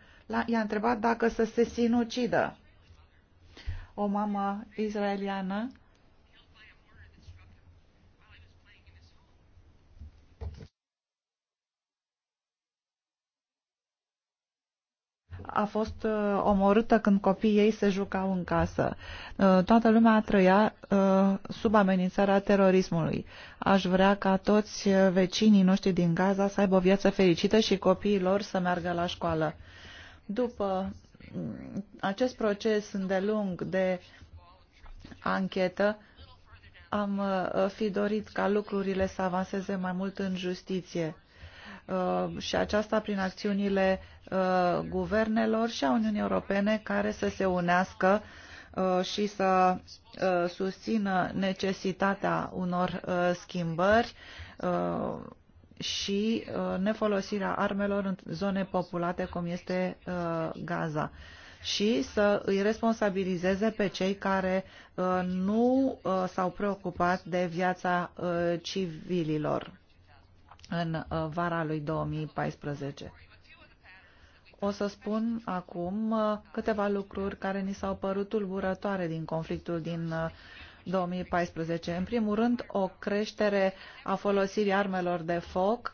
Speaker 5: i-a întrebat dacă să se sinucidă. O mamă israeliană a fost uh, omorâtă când copiii ei se jucau în casă. Uh, toată lumea trăia uh, sub amenințarea terorismului. Aș vrea ca toți vecinii noștri din Gaza să aibă o viață fericită și copiii lor să meargă la școală. După mm, acest proces îndelung de anchetă, am fi dorit ca lucrurile să avanseze mai mult în justiție Uh, și aceasta prin acțiunile uh, guvernelor și a Uniunii Europene care să se unească uh, și să susțină necesitatea unor schimbări și nefolosirea armelor în zone populate cum este Gaza și să îi responsabilizeze pe cei care nu s-au preocupat de viața civililor în uh, vara lui 2014. O să spun acum uh, câteva lucruri care ni s-au părut tulburătoare din conflictul din 2014. Uh, în primul rând, o creștere a folosirii armelor de foc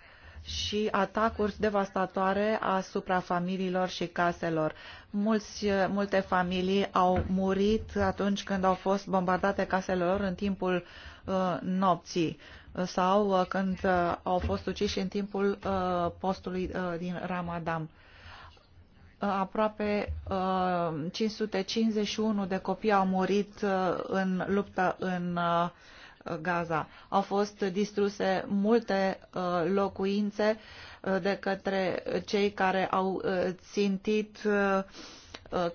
Speaker 5: și atacuri devastatoare asupra familiilor și caselor. Mulți, multe familii au murit atunci când au fost bombardate casele lor în timpul uh, nopții sau uh, când uh, au fost uciși în timpul uh, postului uh, din Ramadan. Uh, aproape uh, 551 de copii au murit uh, în luptă în uh, Gaza. Au fost distruse multe uh, locuințe uh, de către cei care au uh, țintit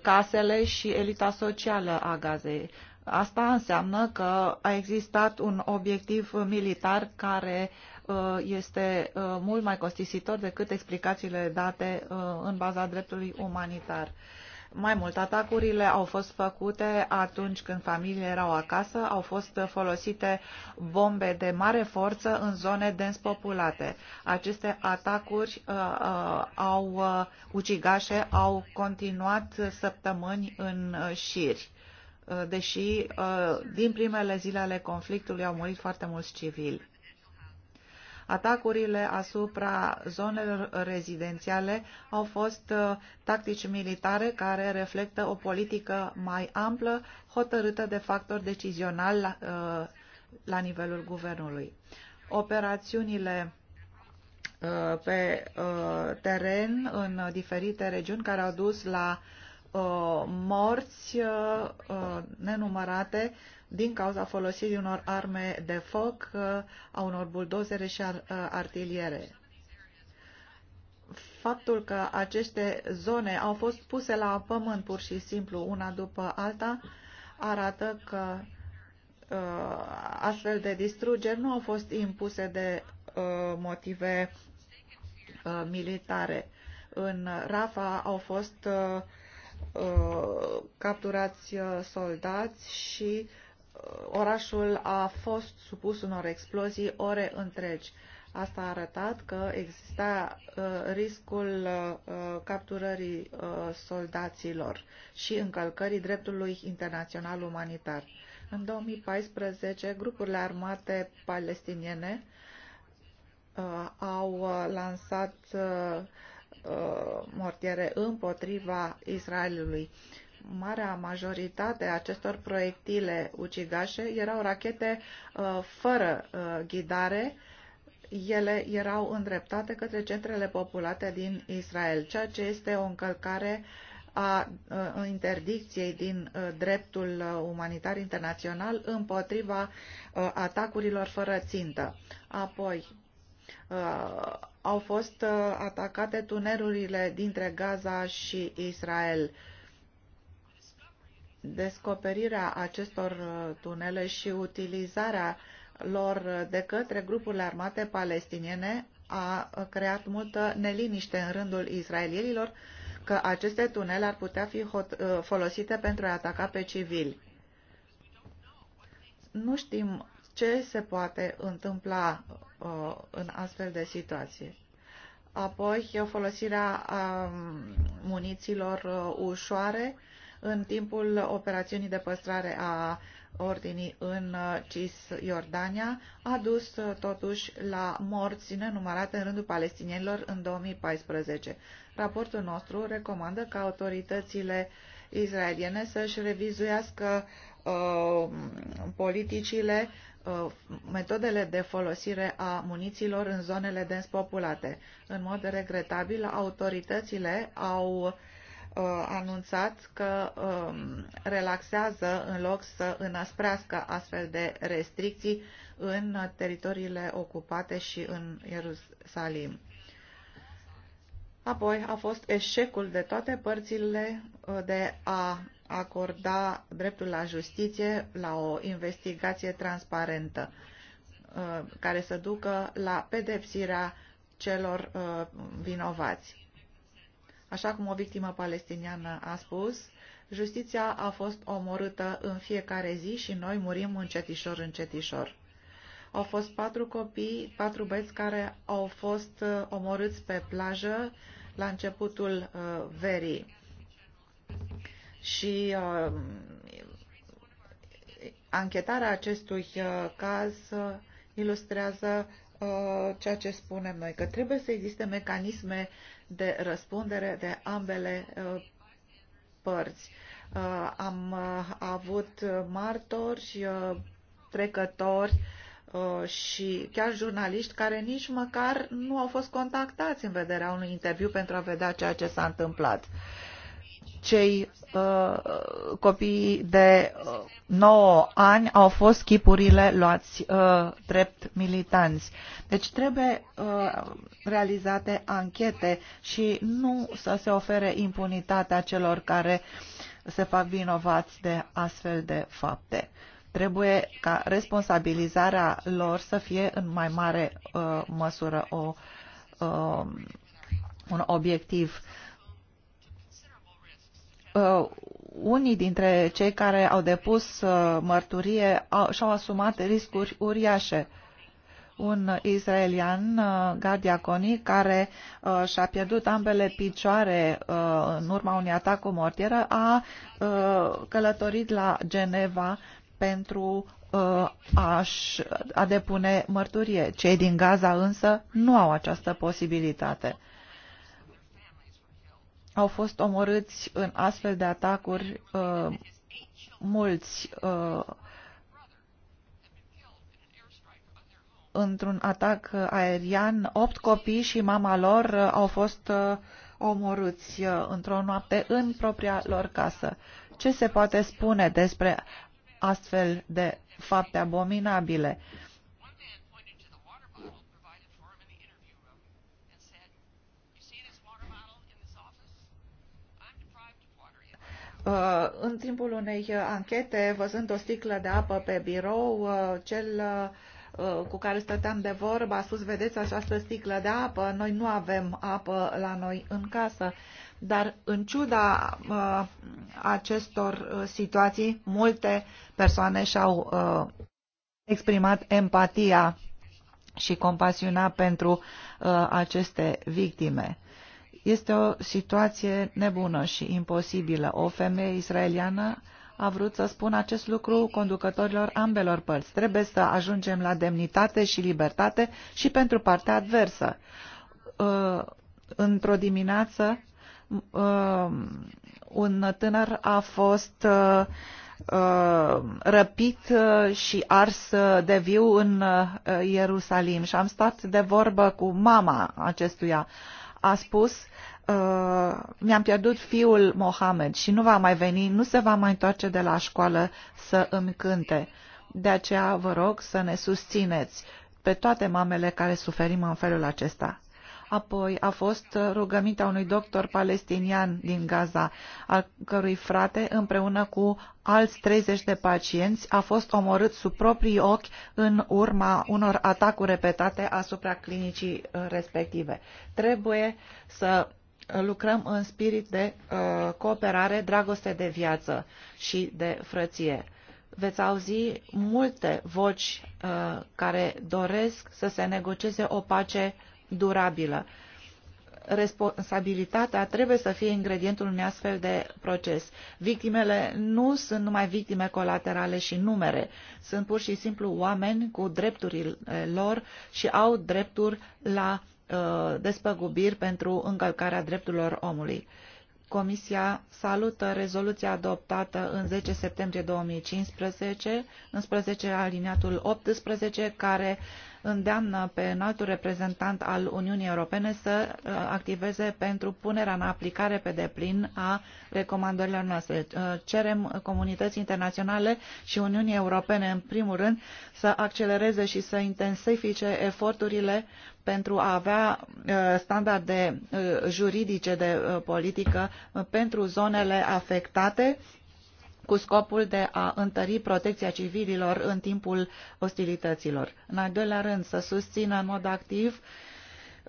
Speaker 5: casele și elita socială a Gazei. Asta înseamnă că a existat un obiectiv militar care este mult mai costisitor decât explicațiile date în baza dreptului umanitar. Mai mult, atacurile au fost făcute atunci când familiile erau acasă, au fost folosite bombe de mare forță în zone dens populate. Aceste atacuri uh, uh au uh, ucigașe, au continuat săptămâni în uh, șiri, uh, deși uh, din primele zile ale conflictului au murit foarte mulți civili Atacurile asupra zonelor rezidențiale au fost uh, tactici militare care reflectă o politică mai amplă, hotărâtă de factori decizionali la, uh, la nivelul guvernului. Operațiunile uh, pe teren în diferite regiuni care au dus la morți nenumărate din cauza folosirii unor arme de foc, uh, a unor buldozere și uh, artiliere. Faptul că aceste zone au fost puse la pământ pur și simplu una după alta arată că uh, astfel de distrugeri nu au fost impuse de motive militare. În Rafa au fost capturați soldați și orașul a fost supus unor explozii ore întregi. Asta a arătat că exista uh, riscul uh, capturării uh, soldaților și încălcării dreptului internațional umanitar. În 2014, grupurile armate palestiniene uh, au uh, lansat uh, uh, mortiere împotriva Israelului. Uh, marea majoritate a acestor proiectile ucigașe erau rachete uh, fără uh, ghidare. Ele erau îndreptate către centrele populate din Israel, ceea ce este o încălcare a uh, interdicției din dreptul umanitar internațional împotriva atacurilor fără țintă. Apoi, au fost atacate tunelurile dintre Gaza și Israel descoperirea acestor uh, tunele și utilizarea lor de către grupurile armate palestiniene a uh, creat multă neliniște în rândul israelienilor că aceste tunele ar putea fi uh, folosite pentru a ataca pe civili. Nu știm ce se poate întâmpla uh, în astfel de situație. Apoi, folosirea uh, um, muniților uh, ușoare uh, în timpul operațiunii de păstrare a ordinii în Cisjordania a dus uh, totuși la morți nenumărate în rândul palestinienilor în 2014. Raportul nostru recomandă ca autoritățile israeliene să-și revizuiască uh, politicile, uh, metodele de folosire a muniților în zonele dens populate. În mod regretabil, autoritățile au Uh, anunțat că um, relaxează în loc să înăsprească astfel de restricții în teritoriile ocupate și în Ierusalim. Apoi a fost eșecul de toate părțile uh, de a acorda dreptul la justiție, la o investigație transparentă, uh, care să ducă la pedepsirea celor vinovați. Așa cum o victimă palestiniană a spus, justiția a fost omorâtă în fiecare zi și noi murim încetișor, încetișor. Au fost patru copii, patru băieți care au fost uh, omorâți pe plajă la începutul uh, verii. Și uh, anchetarea acestui uh, caz uh, ilustrează uh, ceea ce spunem noi, că trebuie să existe mecanisme de răspundere de ambele uh, părți. Uh, am uh, avut martori, trecători și chiar jurnaliști care nici măcar nu au fost contactați în vederea unui interviu pentru a vedea ceea ce s-a întâmplat cei uh, copii de uh, 9 ani au fost chipurile luați uh, drept militanți. Deci trebuie uh, realizate anchete și nu să se ofere impunitatea celor care se fac vinovați de astfel de fapte. Trebuie ca responsabilizarea lor să fie în mai mare uh, măsură o, uh, un obiectiv. Uh, uh, unii dintre cei care au depus uh, mărturie au, și-au asumat riscuri uriașe. Un israelian, uh, Coni, care uh, și-a pierdut ambele picioare uh, în urma unui atac cu mortieră, a uh, călătorit la Geneva pentru uh, a-și, a depune mărturie. Cei din Gaza însă nu au această posibilitate au fost omorâți în astfel de atacuri uh, mulți uh, într-un atac aerian. Opt copii și mama lor uh, au fost uh, omorâți uh, într-o noapte în propria lor casă. Ce se poate spune despre astfel de fapte abominabile? Uh, Uh, în timpul unei uh, anchete, văzând o sticlă de apă pe birou, uh, cel cu care stăteam de vorbă a spus, vedeți această sticlă de apă, noi nu avem apă la noi în casă. Dar în ciuda acestor situații, multe persoane și-au exprimat empatia și compasiunea pentru aceste victime. Este o situație nebună și imposibilă. O femeie israeliană a vrut să spun acest lucru conducătorilor ambelor părți. Trebuie să ajungem la demnitate și libertate și pentru partea adversă. Uh, într-o dimineață, uh, un tânăr a fost uh, răpit și ars de viu în Ierusalim și am stat de vorbă cu mama acestuia a spus uh, mi-am pierdut fiul Mohamed și nu va mai veni, nu se va mai întoarce de la școală să îmi cânte. De aceea vă rog să ne susțineți pe toate mamele care suferim în felul acesta. Apoi a fost rugămintea unui doctor palestinian din Gaza, al cărui frate, împreună cu alți 30 de pacienți, a fost omorât sub proprii ochi în urma unor atacuri repetate asupra clinicii uh, respective. Trebuie să lucrăm în spirit de uh, cooperare, dragoste de viață și de frăție. Veți auzi multe voci uh, care doresc să se negocieze o pace durabilă. Responsabilitatea trebuie să fie ingredientul unui astfel de proces. Victimele nu sunt numai victime colaterale și numere, sunt pur și simplu oameni cu drepturile lor și au drepturi la uh, despăgubiri pentru încălcarea drepturilor omului. Comisia salută rezoluția adoptată în 10 septembrie 2015, 11 aliniatul 18, care îndeamnă pe înaltul reprezentant al Uniunii Europene să uh, activeze pentru punerea în aplicare pe deplin a recomandărilor noastre. Uh, cerem comunității internaționale și Uniunii Europene, în primul rând, să accelereze și să intensifice eforturile pentru a avea uh, standarde uh, juridice de uh, politică pentru zonele afectate cu scopul de a întări protecția civililor în timpul ostilităților. În al doilea rând, să susțină în mod activ uh,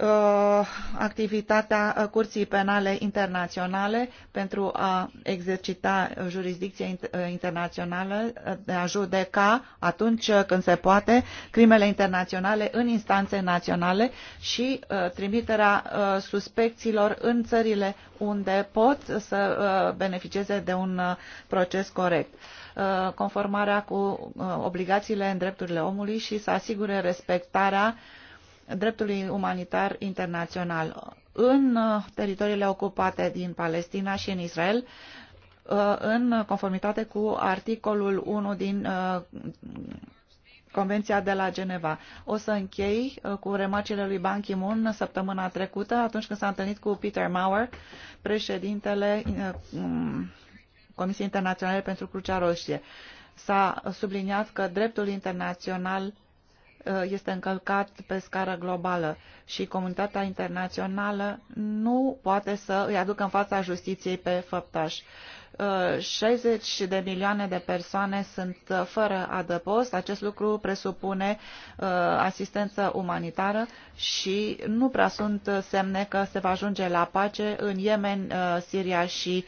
Speaker 5: Uh, activitatea uh, Curții Penale Internaționale pentru a exercita jurisdicția uh, internațională de a judeca atunci când se poate crimele internaționale în instanțe naționale și trimiterea suspecților în țările unde pot să beneficieze de un proces corect conformarea cu obligațiile în drepturile omului și să asigure respectarea dreptului umanitar internațional. În uh, teritoriile ocupate din Palestina și în Israel, uh, în conformitate cu articolul 1 din uh, Convenția de la Geneva. O să închei cu remarcile lui Ban Ki-moon săptămâna trecută, atunci când s-a întâlnit cu Peter Maurer, președintele um, Comisiei Internaționale pentru Crucea Roșie. S-a subliniat că dreptul internațional Uh, este încălcat pe scară globală și comunitatea internațională nu poate să îi aducă în fața justiției pe făptași. 60 uh, de milioane de persoane sunt uh, fără adăpost. Acest lucru presupune uh, asistență umanitară și nu prea sunt semne că se va ajunge la pace în Yemen, Siria și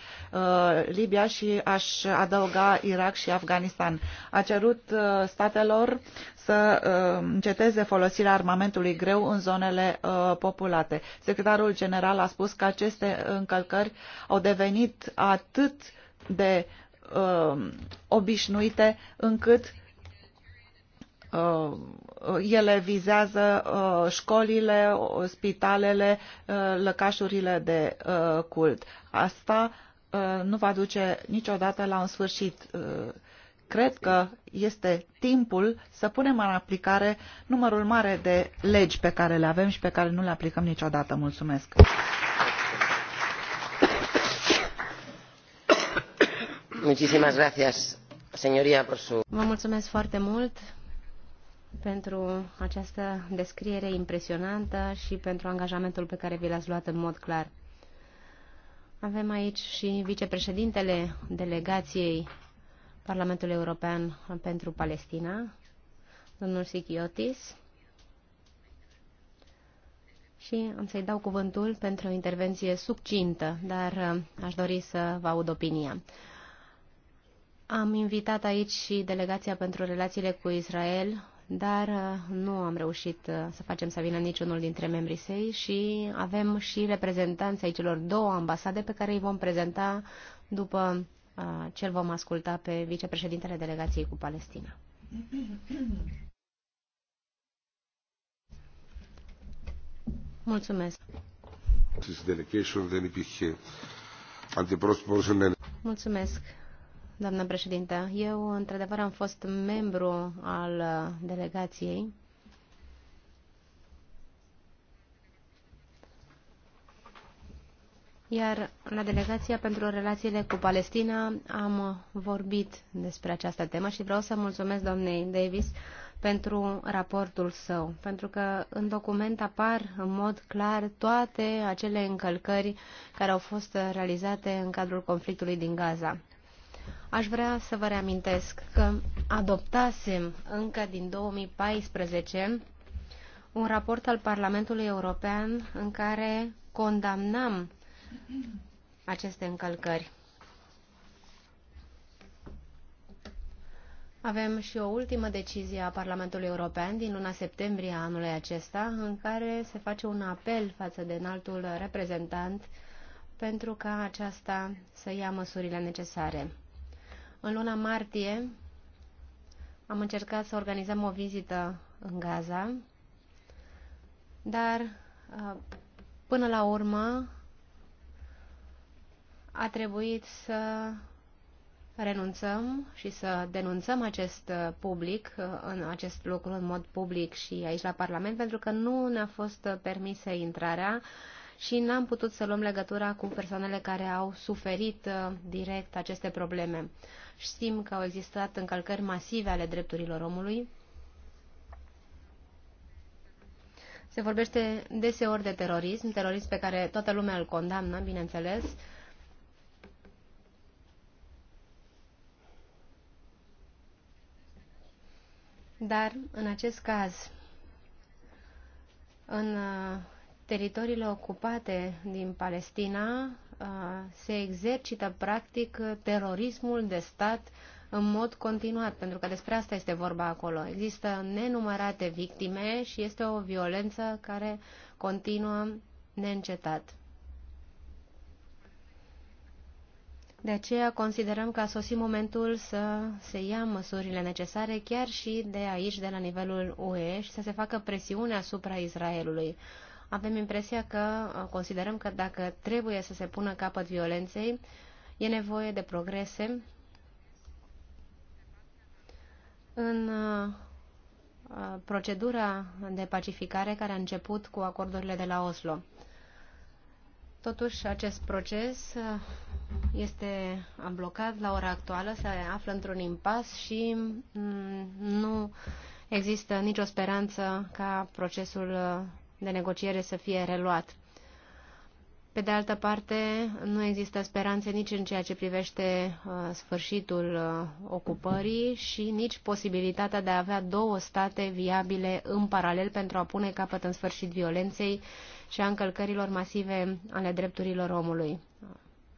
Speaker 5: Libia și aș adăuga Irak și Afganistan. A cerut statelor să înceteze folosirea armamentului greu în zonele populate. Secretarul general a spus că aceste încălcări au devenit atât uh, de uh, obișnuite încât uh, ele vizează uh, școlile, spitalele, uh, lăcașurile de uh, cult. Asta uh, nu va duce niciodată la un sfârșit. Uh, cred că este timpul să punem în aplicare numărul mare de legi pe care le avem și pe care nu le aplicăm niciodată. Mulțumesc!
Speaker 2: Vă mulțumesc foarte mult pentru această descriere impresionantă și pentru angajamentul pe care vi l-ați luat în mod clar. Avem aici și vicepreședintele delegației Parlamentului European pentru Palestina, domnul Sikiotis. Și am să-i dau cuvântul pentru o intervenție succintă, dar uh, aș dori să vă aud opinia. Am invitat aici și delegația pentru relațiile cu Israel, dar uh, nu am reușit uh, să facem să vină niciunul dintre membrii săi și avem și reprezentanța aici celor două ambasade pe care îi vom prezenta după uh, ce îl vom asculta pe vicepreședintele delegației cu Palestina. Mulțumesc. Mulțumesc doamnă președintă. Eu, într-adevăr, am fost membru al uh, delegației Iar la delegația pentru relațiile cu Palestina am vorbit despre această temă și vreau să mulțumesc doamnei Davis pentru raportul său, pentru că în document apar în mod clar toate acele încălcări care au fost realizate în cadrul conflictului din Gaza. Aș vrea să vă reamintesc că adoptasem încă din 2014 un raport al Parlamentului European în care condamnam aceste încălcări. Avem și o ultimă decizie a Parlamentului European din luna septembrie a anului acesta, în care se face un apel față de înaltul reprezentant pentru ca aceasta să ia măsurile necesare. În luna martie am încercat să organizăm o vizită în Gaza, dar uh, până la urmă a trebuit să renunțăm și să denunțăm acest uh, public, uh, în acest lucru în mod public și aici la Parlament, pentru că nu ne-a fost permisă intrarea și n-am putut să luăm legătura cu persoanele care au suferit uh, direct aceste probleme. Știm că au existat încălcări masive ale drepturilor omului. Se vorbește deseori de terorism, terorism pe care toată lumea îl condamnă, bineînțeles, Dar, în acest caz, în uh, teritoriile ocupate din Palestina uh, se exercită practic terorismul de stat în mod continuat, pentru că despre asta este vorba acolo. Există nenumărate victime și este o violență care continuă neîncetat. De aceea considerăm că a sosit momentul să se ia măsurile necesare chiar și de aici, de la nivelul UE, și să se facă presiune asupra Israelului avem impresia că uh, considerăm că dacă trebuie să se pună capăt violenței, e nevoie de progrese în uh, uh, procedura de pacificare care a început cu acordurile de la Oslo. Totuși, acest proces este blocat la ora actuală, se află într-un impas și mm, nu există nicio speranță ca procesul de negociere să fie reluat. Pe de altă parte, nu există speranțe nici în ceea ce privește uh, sfârșitul uh, ocupării și nici posibilitatea de a avea două state viabile în paralel pentru a pune capăt în sfârșit violenței și a încălcărilor masive ale drepturilor omului uh,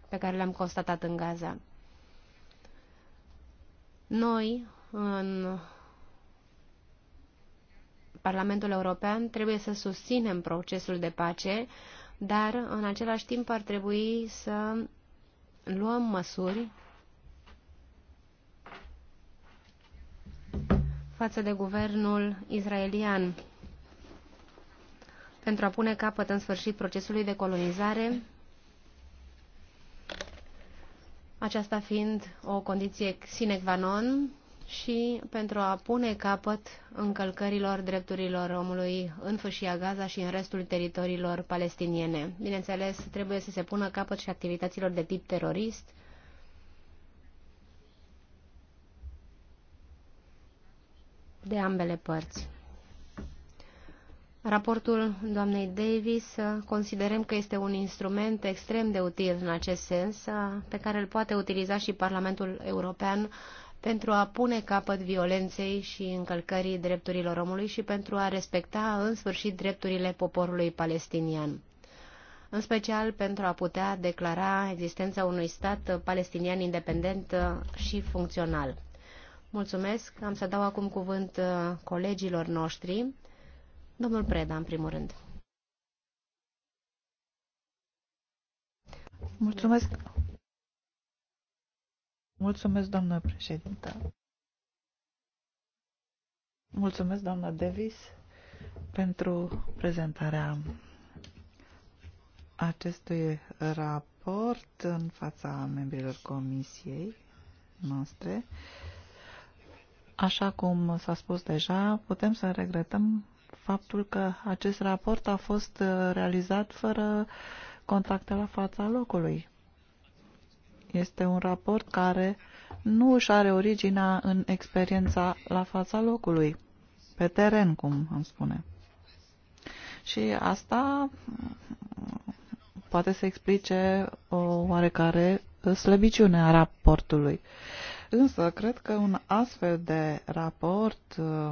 Speaker 2: pe care le-am constatat în Gaza. Noi, în Parlamentul European trebuie să susținem procesul de pace, dar în același timp ar trebui să luăm măsuri față de guvernul israelian pentru a pune capăt în sfârșit procesului de colonizare, aceasta fiind o condiție sine qua non și pentru a pune capăt încălcărilor drepturilor omului în fâșia Gaza și în restul teritoriilor palestiniene. Bineînțeles, trebuie să se pună capăt și activităților de tip terorist, de ambele părți. Raportul doamnei Davis considerăm că este un instrument extrem de util în acest sens, pe care îl poate utiliza și Parlamentul European pentru a pune capăt violenței și încălcării drepturilor omului și pentru a respecta în sfârșit drepturile poporului palestinian în special pentru a putea declara existența unui stat palestinian independent și funcțional. Mulțumesc. Am să dau acum cuvânt colegilor noștri. Domnul Preda, în primul rând.
Speaker 5: Mulțumesc. Mulțumesc, doamnă președintă. Mulțumesc, doamnă Davis, pentru prezentarea acestui raport în fața membrilor comisiei noastre. Așa cum s-a spus deja, putem să regretăm faptul că acest raport a fost realizat fără contacte la fața locului. Este un raport care nu își are originea în experiența la fața locului, pe teren, cum am spune. Și asta poate să explice o oarecare slăbiciune a raportului. Însă, cred că un astfel de raport uh,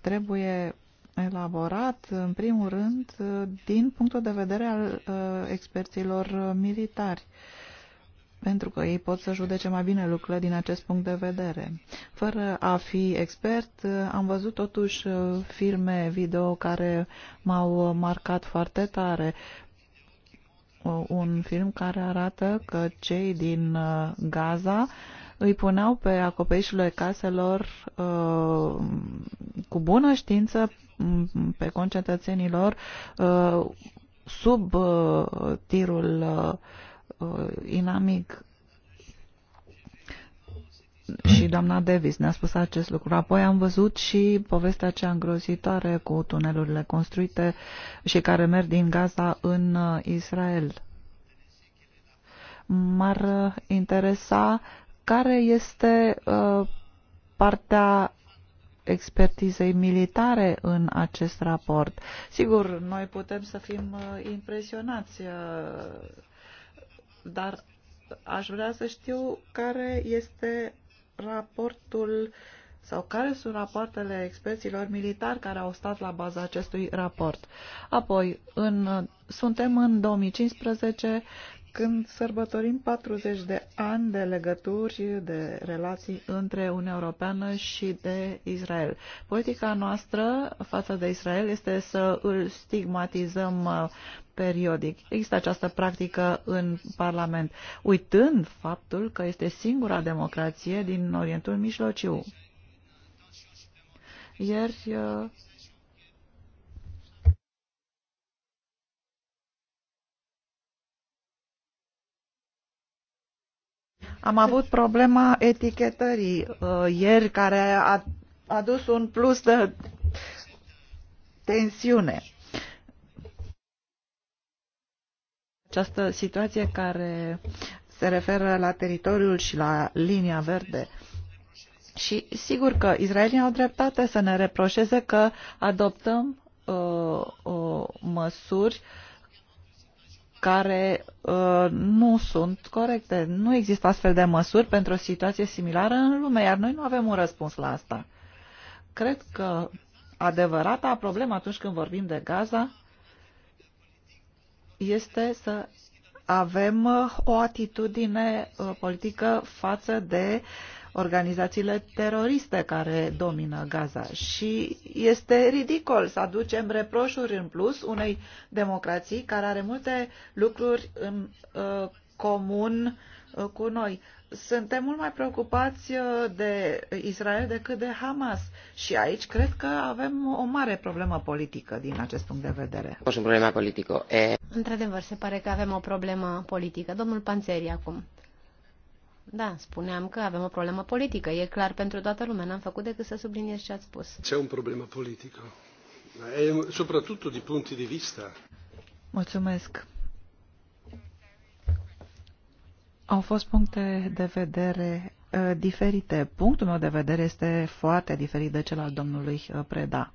Speaker 5: trebuie elaborat, în primul rând, uh, din punctul de vedere al uh, experților militari pentru că ei pot să judece mai bine lucrurile din acest punct de vedere. Fără a fi expert, am văzut totuși uh, filme video care m-au uh, marcat foarte tare. Uh, un film care arată că cei din Gaza îi puneau pe acoperișurile caselor cu bună știință mm, pe concetățenilor sub tirul Uh, inamic și doamna Davis ne-a spus acest lucru. Apoi am văzut și povestea cea îngrozitoare cu tunelurile construite și care merg din Gaza în uh, Israel. M-ar uh, interesa care este partea expertizei militare în acest raport. Sigur, noi putem să fim impresionați dar aș vrea să știu care este raportul sau care sunt rapoartele experților militari care au stat la baza acestui raport. Apoi, în, suntem în 2015 când sărbătorim 40 de ani de legături, de relații între Uniunea Europeană și de Israel. Politica noastră față de Israel este să îl stigmatizăm periodic. Există această practică în Parlament, uitând faptul că este singura democrație din Orientul Mijlociu. Ieri uh, Am avut problema etichetării uh, ieri, care a adus un plus de tensiune. Această situație care se referă la teritoriul și la linia verde. Și sigur că israelii au dreptate să ne reproșeze că adoptăm uh, uh, măsuri care uh, nu sunt corecte. Nu există astfel de măsuri pentru o situație similară în lume, iar noi nu avem un răspuns la asta. Cred că adevărata problemă atunci când vorbim de Gaza este să avem uh, o atitudine uh, politică față de organizațiile teroriste care domină Gaza și este ridicol să aducem reproșuri în plus unei democrații care are multe lucruri în uh, comun uh, cu noi suntem mult mai preocupați uh, de Israel decât de Hamas. Și aici cred că avem o mare problemă politică din acest punct de vedere.
Speaker 1: O problemă politică. E...
Speaker 5: Într-adevăr,
Speaker 2: se pare că avem o problemă politică. Domnul Panțeri acum. Da, spuneam că avem o problemă politică. E clar pentru toată lumea. N-am făcut decât să subliniez ce ați
Speaker 3: spus. Ce un problemă politică?
Speaker 4: E soprattutto di punti di vista.
Speaker 5: Mulțumesc. Au fost puncte de vedere uh, diferite. Punctul meu de vedere este foarte diferit de cel al domnului uh, Preda.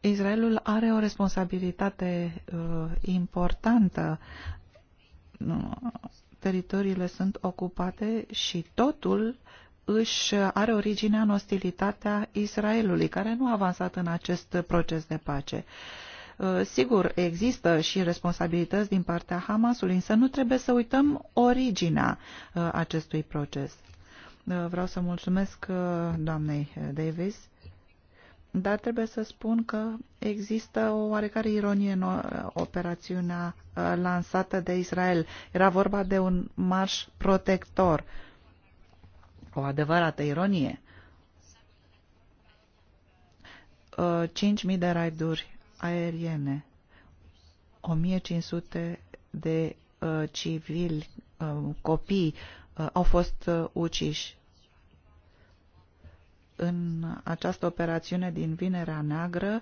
Speaker 5: Israelul are o responsabilitate uh, importantă. Teritoriile sunt ocupate și totul uh, își are originea în ostilitatea Israelului, care nu a avansat în acest proces de pace. Uh, sigur, există și responsabilități din partea Hamasului, însă nu trebuie să uităm originea uh, acestui proces. Uh, vreau să mulțumesc doamnei Davis, dar trebuie să spun că există o oarecare ironie în operațiunea lansată de Israel. Era vorba de un marș protector o adevărată ironie. 5.000 uh, de raiduri aeriene, 1.500 de uh, civili, uh, copii, au fost uciși. În această operațiune din Vinerea Neagră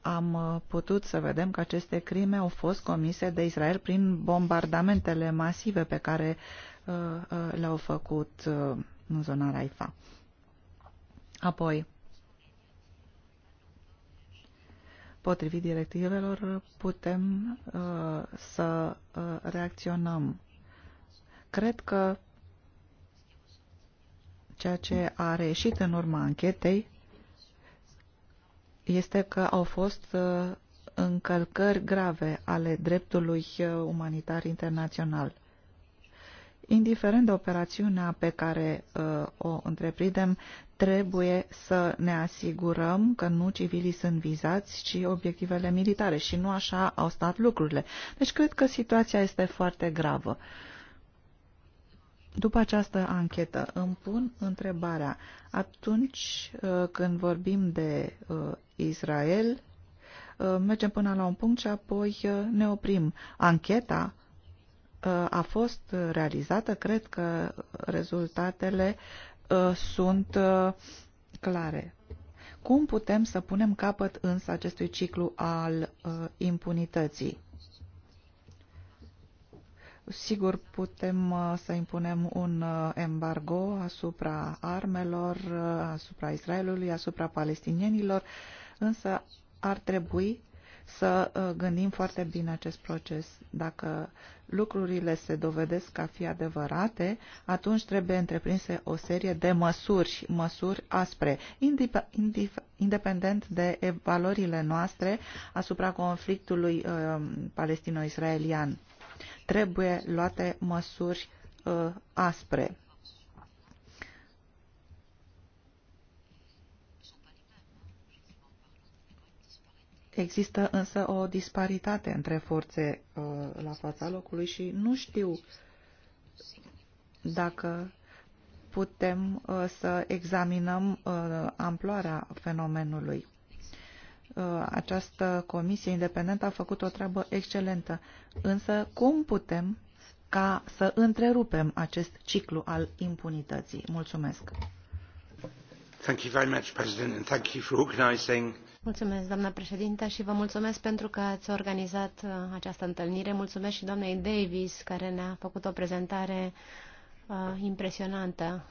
Speaker 5: am putut să vedem că aceste crime au fost comise de Israel prin bombardamentele masive pe care uh, Uh, uh, l-au făcut uh, în zona Raifa. Apoi, potrivit directivelor, putem uh, să uh, reacționăm. Cred că ceea ce a reieșit în urma anchetei este că au fost uh, încălcări grave ale dreptului umanitar internațional indiferent de operațiunea pe care uh, o întreprindem, trebuie să ne asigurăm că nu civilii sunt vizați, ci obiectivele militare și nu așa au stat lucrurile. Deci cred că situația este foarte gravă. După această anchetă îmi pun întrebarea, atunci uh, când vorbim de uh, Israel, uh, mergem până la un punct și apoi uh, ne oprim. Ancheta Uh, a fost realizată, cred că rezultatele uh, sunt uh, clare. Cum putem să punem capăt însă acestui ciclu al impunității? Sigur, putem să impunem un embargo asupra armelor, asupra Israelului, asupra palestinienilor, însă ar trebui să gândim foarte bine acest proces. Dacă lucrurile se dovedesc a fi adevărate, atunci trebuie întreprinse o serie de măsuri, măsuri aspre, independent de valorile noastre asupra conflictului uh, palestino-israelian. Trebuie luate măsuri uh, aspre. Există însă o disparitate între forțe uh, la fața locului și nu știu dacă putem uh, să examinăm uh, amploarea fenomenului. Uh, această comisie independentă a făcut o treabă excelentă, însă cum putem ca să întrerupem acest ciclu al impunității? Mulțumesc!
Speaker 3: Thank you very much, President, and thank you for organizing
Speaker 5: Mulțumesc, doamna președintă,
Speaker 2: și vă mulțumesc pentru că ați organizat uh, această întâlnire. Mulțumesc și doamnei Davis, care ne-a făcut o prezentare uh, impresionantă.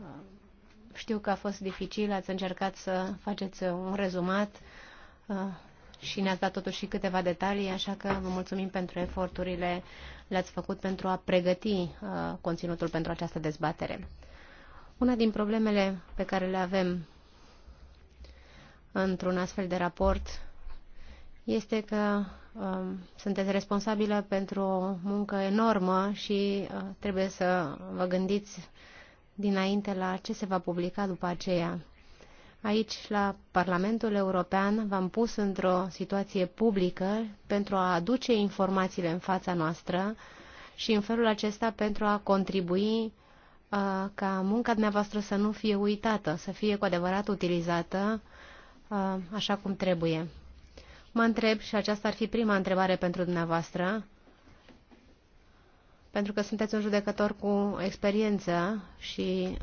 Speaker 2: Uh, știu că a fost dificil, ați încercat să faceți un rezumat uh, și ne-ați dat totuși și câteva detalii, așa că vă mulțumim pentru eforturile le-ați făcut pentru a pregăti uh, conținutul pentru această dezbatere. Una din problemele pe care le avem într-un astfel de raport este că um, sunteți responsabilă pentru o muncă enormă și uh, trebuie să vă gândiți dinainte la ce se va publica după aceea. Aici, la Parlamentul European, v-am pus într-o situație publică pentru a aduce informațiile în fața noastră și în felul acesta pentru a contribui uh, ca munca dumneavoastră să nu fie uitată, să fie cu adevărat utilizată așa cum trebuie. Mă întreb, și aceasta ar fi prima întrebare pentru dumneavoastră, pentru că sunteți un judecător cu experiență și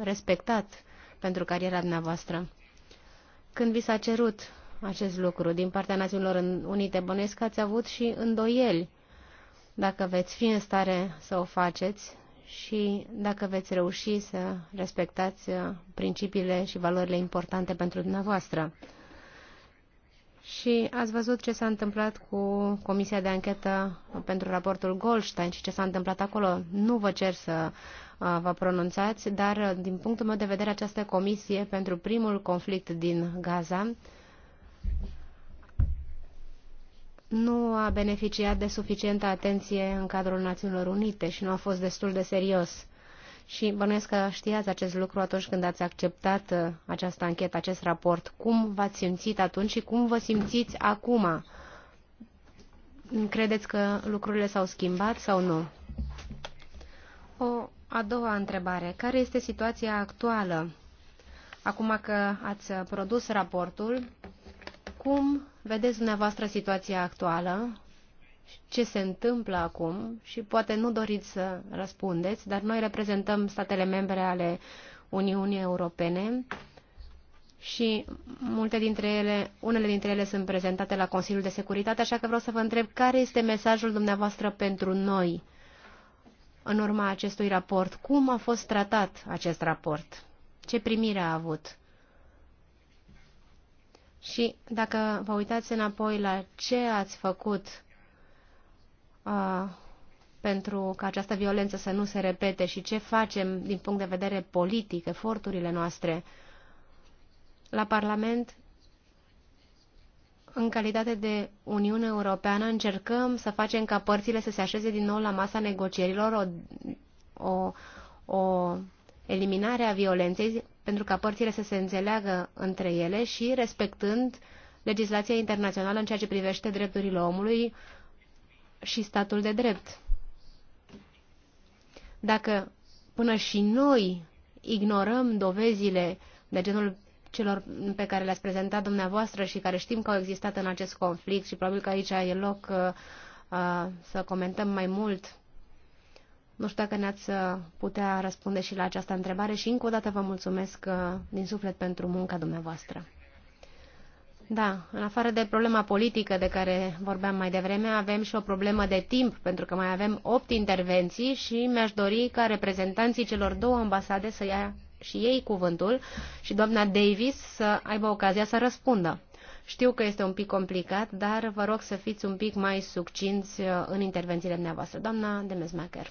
Speaker 2: respectat pentru cariera dumneavoastră. Când vi s-a cerut acest lucru din partea Națiunilor Unite, bănuiesc că ați avut și îndoieli dacă veți fi în stare să o faceți și dacă veți reuși să respectați uh, principiile și valorile importante pentru dumneavoastră. Și ați văzut ce s-a întâmplat cu Comisia de Anchetă pentru raportul Goldstein și ce s-a întâmplat acolo. Nu vă cer să uh, vă pronunțați, dar uh, din punctul meu de vedere această comisie pentru primul conflict din Gaza nu a beneficiat de suficientă atenție în cadrul Națiunilor Unite și nu a fost destul de serios. Și bănuiesc că știați acest lucru atunci când ați acceptat uh, această anchetă, acest raport. Cum v-ați simțit atunci și cum vă simțiți acum? Credeți că lucrurile s-au schimbat sau nu? O a doua întrebare. Care este situația actuală? Acum că ați produs raportul, cum vedeți dumneavoastră situația actuală? Ce se întâmplă acum? Și poate nu doriți să răspundeți, dar noi reprezentăm statele membre ale Uniunii Europene și multe dintre ele, unele dintre ele sunt prezentate la Consiliul de Securitate, așa că vreau să vă întreb care este mesajul dumneavoastră pentru noi în urma acestui raport. Cum a fost tratat acest raport? Ce primire a avut? Și dacă vă uitați înapoi la ce ați făcut uh, pentru ca această violență să nu se repete și ce facem din punct de vedere politic, eforturile noastre la Parlament, în calitate de Uniune Europeană, încercăm să facem ca părțile să se așeze din nou la masa negocierilor o, o, o eliminare a violenței pentru ca părțile să se înțeleagă între ele și respectând legislația internațională în ceea ce privește drepturile omului și statul de drept. Dacă până și noi ignorăm dovezile de genul celor pe care le-ați prezentat dumneavoastră și care știm că au existat în acest conflict și probabil că aici e loc uh, să comentăm mai mult nu știu dacă ne-ați uh, putea răspunde și la această întrebare și încă o dată vă mulțumesc uh, din suflet pentru munca dumneavoastră. Da, în afară de problema politică de care vorbeam mai devreme, avem și o problemă de timp, pentru că mai avem opt intervenții și mi-aș dori ca reprezentanții celor două ambasade să ia și ei cuvântul și doamna Davis să aibă ocazia să răspundă. Știu că este un pic complicat, dar vă rog să fiți un pic mai succinți uh, în intervențiile dumneavoastră. Doamna Demesmacher.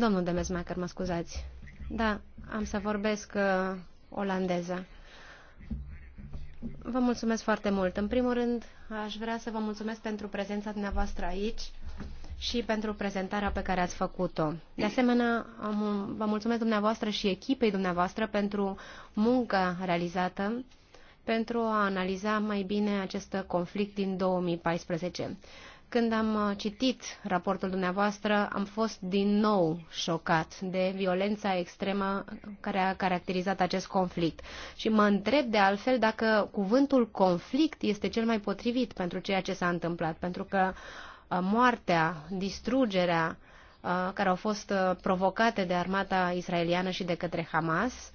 Speaker 2: Domnul Demesmacher, mă scuzați. Da, am să vorbesc uh, olandeză. Vă mulțumesc foarte mult. În primul rând, aș vrea să vă mulțumesc pentru prezența dumneavoastră aici și pentru prezentarea pe care ați făcut-o. De asemenea, am, vă mulțumesc dumneavoastră și echipei dumneavoastră pentru munca realizată pentru a analiza mai bine acest conflict din 2014. Când am uh, citit raportul dumneavoastră, am fost din nou șocat de violența extremă care a caracterizat acest conflict. Și mă întreb de altfel dacă cuvântul conflict este cel mai potrivit pentru ceea ce s-a întâmplat, pentru că uh, moartea, distrugerea uh, care au fost provocate de armata israeliană și de către Hamas,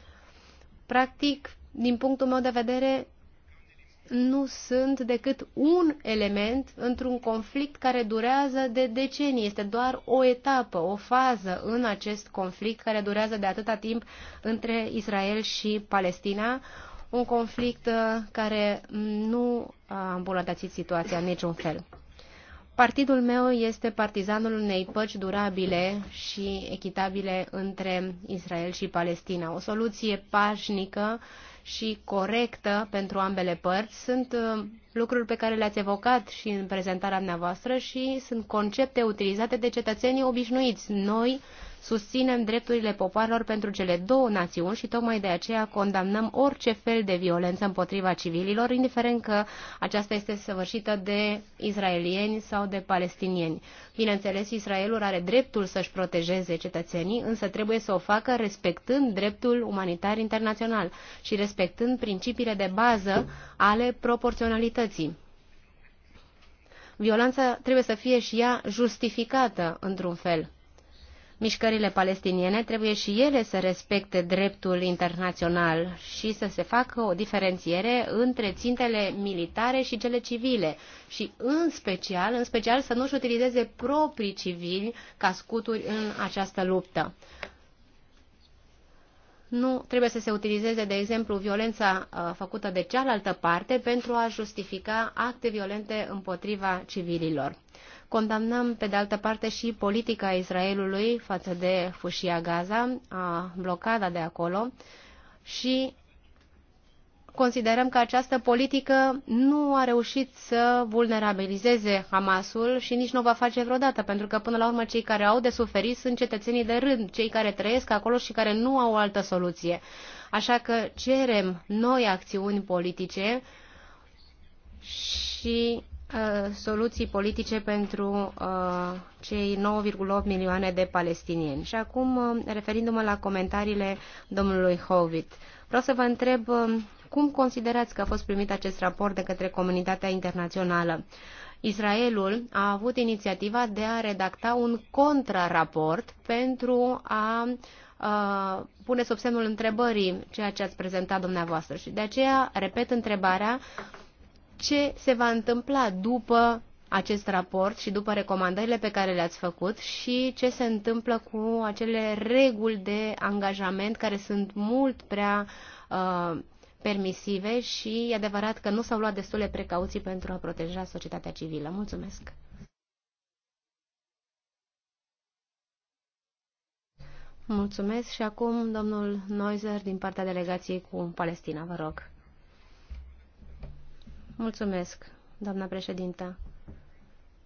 Speaker 2: practic, din punctul meu de vedere, nu sunt decât un element într-un conflict care durează de decenii. Este doar o etapă, o fază în acest conflict care durează de atâta timp între Israel și Palestina, un conflict uh, care nu a îmbunătățit situația în niciun fel. Partidul meu este partizanul unei păci durabile și echitabile între Israel și Palestina, o soluție pașnică și corectă pentru ambele părți sunt uh, lucruri pe care le-ați evocat și în prezentarea dumneavoastră și sunt concepte utilizate de cetățenii obișnuiți. Noi susținem drepturile popoarelor pentru cele două națiuni și tocmai de aceea condamnăm orice fel de violență împotriva civililor, indiferent că aceasta este săvârșită de israelieni sau de palestinieni. Bineînțeles, Israelul are dreptul să-și protejeze cetățenii, însă trebuie să o facă respectând dreptul umanitar internațional și respectând principiile de bază ale proporționalității violența trebuie să fie și ea justificată într-un fel mișcările palestiniene trebuie și ele să respecte dreptul internațional și să se facă o diferențiere între țintele militare și cele civile și în special, în special să nu-și utilizeze proprii civili ca scuturi în această luptă. Nu trebuie să se utilizeze, de exemplu, violența uh, făcută de cealaltă parte pentru a justifica acte violente împotriva civililor. Condamnăm, pe de altă parte, și politica Israelului față de fâșia Gaza, a blocada de acolo și considerăm că această politică nu a reușit să vulnerabilizeze Hamasul și nici nu o va face vreodată, pentru că până la urmă cei care au de suferit sunt cetățenii de rând, cei care trăiesc acolo și care nu au o altă soluție. Așa că cerem noi acțiuni politice și Uh, soluții politice pentru uh, cei 9,8 milioane de palestinieni. Și acum, uh, referindu-mă la comentariile domnului Hovit, vreau să vă întreb cum considerați că a fost primit acest raport de către comunitatea internațională? Israelul a avut inițiativa de a redacta un contraraport pentru a uh, pune sub semnul întrebării ceea ce ați prezentat dumneavoastră. Și de aceea, repet întrebarea, ce se va întâmpla după acest raport și după recomandările pe care le-ați făcut și ce se întâmplă cu acele reguli de angajament care sunt mult prea uh, permisive și e adevărat că nu s-au luat destule precauții pentru a proteja societatea civilă. Mulțumesc! Mulțumesc și acum domnul Noizer din partea delegației cu Palestina, vă rog. Mulțumesc, doamna președintă.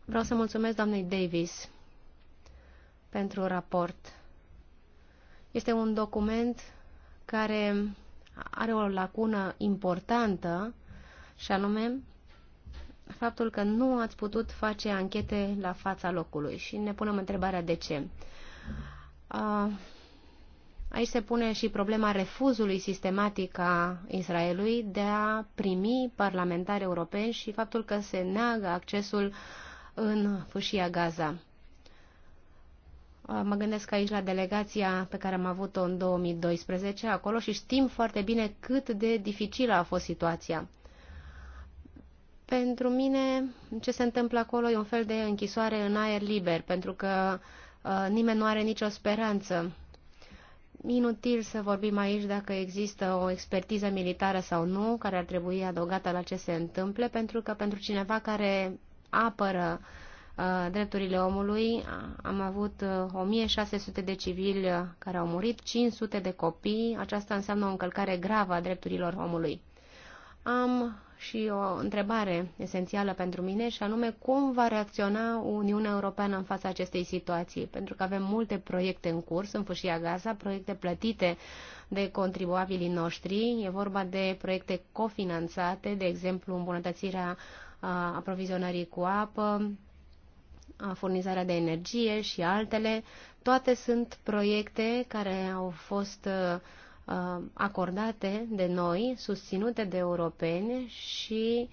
Speaker 2: Vreau să mulțumesc doamnei Davis pentru raport. Este un document care are o lacună importantă și anume faptul că nu ați putut face anchete la fața locului și ne punem întrebarea de ce. Uh, Aici se pune și problema refuzului sistematic a Israelului de a primi parlamentari europeni și faptul că se neagă accesul în fâșia Gaza. Uh, mă gândesc aici la delegația pe care am avut-o în 2012 acolo și știm foarte bine cât de dificilă a fost situația. Pentru mine, ce se întâmplă acolo e un fel de închisoare în aer liber, pentru că uh, nimeni nu are nicio speranță inutil să vorbim aici dacă există o expertiză militară sau nu, care ar trebui adăugată la ce se întâmple, pentru că pentru cineva care apără uh, drepturile omului, am avut uh, 1600 de civili uh, care au murit, 500 de copii, aceasta înseamnă o încălcare gravă a drepturilor omului. Am și o întrebare esențială pentru mine și anume cum va reacționa Uniunea Europeană în fața acestei situații, pentru că avem multe proiecte în curs în Fâșia Gaza, proiecte plătite de contribuabilii noștri, e vorba de proiecte cofinanțate, de exemplu îmbunătățirea aprovizionării cu apă, furnizarea de energie și altele. Toate sunt proiecte care au fost uh, Uh, acordate de noi, susținute de europeni și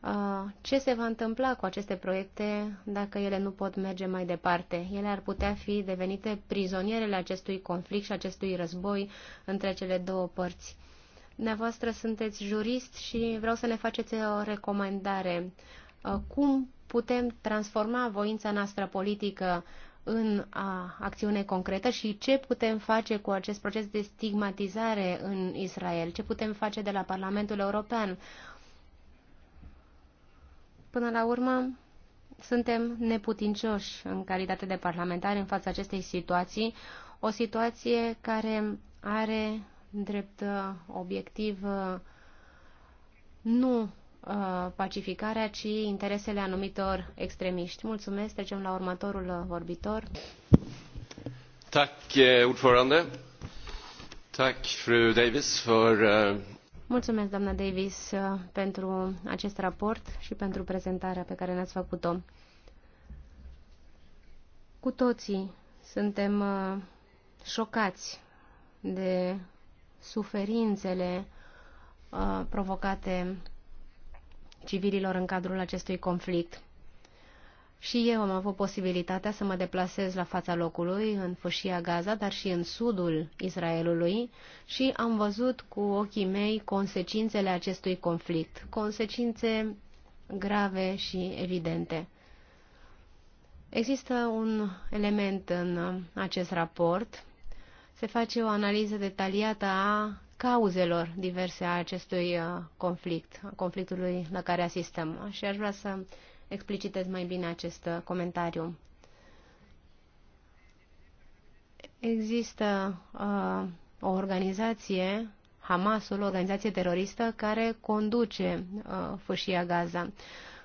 Speaker 2: uh, ce se va întâmpla cu aceste proiecte dacă ele nu pot merge mai departe. Ele ar putea fi devenite prizonierele acestui conflict și acestui război între cele două părți. Dumneavoastră sunteți jurist și vreau să ne faceți o recomandare. Uh, cum putem transforma voința noastră politică în a, acțiune concretă și ce putem face cu acest proces de stigmatizare în Israel, ce putem face de la Parlamentul European. Până la urmă, suntem neputincioși în calitate de parlamentari în fața acestei situații, o situație care are drept uh, obiectiv uh, nu Uh, pacificarea, ci interesele anumitor extremiști. Mulțumesc, trecem la următorul uh, vorbitor.
Speaker 3: Tack, eh, ordförande. Tack, fru Davis, för... Eh,
Speaker 2: Mulțumesc, doamna Davis, uh, pentru acest raport și pentru prezentarea pe care ne-ați făcut-o. Cu toții suntem șocați de suferințele provocate civililor în cadrul acestui conflict. Și eu am avut posibilitatea să mă deplasez la fața locului, în fâșia Gaza, dar și în sudul Israelului și am văzut cu ochii mei consecințele acestui conflict, consecințe grave și evidente. Există un element în acest raport. Se face o analiză detaliată a cauzelor diverse a acestui uh, conflict, a conflictului la care asistăm. Și aș vrea să explicitez mai bine acest uh, comentariu. Există uh, o organizație, Hamasul, o organizație teroristă care conduce uh, fâșia Gaza.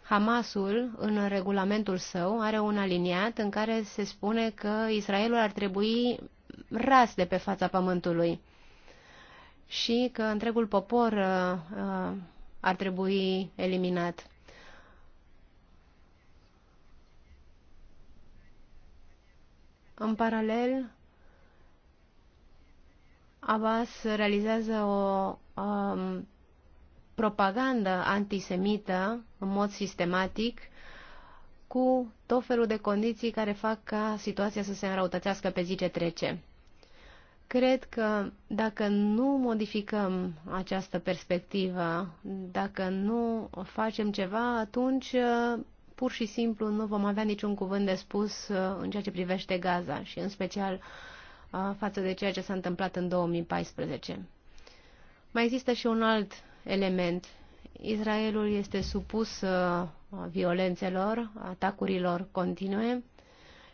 Speaker 2: Hamasul, în regulamentul său, are un aliniat în care se spune că Israelul ar trebui ras de pe fața pământului și că întregul popor uh, uh, ar trebui eliminat. În paralel, Abbas realizează o um, propagandă antisemită în mod sistematic cu tot felul de condiții care fac ca situația să se înrăutățească pe zi ce trece. Cred că dacă nu modificăm această perspectivă, dacă nu facem ceva, atunci uh, pur și simplu nu vom avea niciun cuvânt de spus uh, în ceea ce privește Gaza și în special uh, față de ceea ce s-a întâmplat în 2014. Mai există și un alt element. Israelul este supus violențelor, atacurilor continue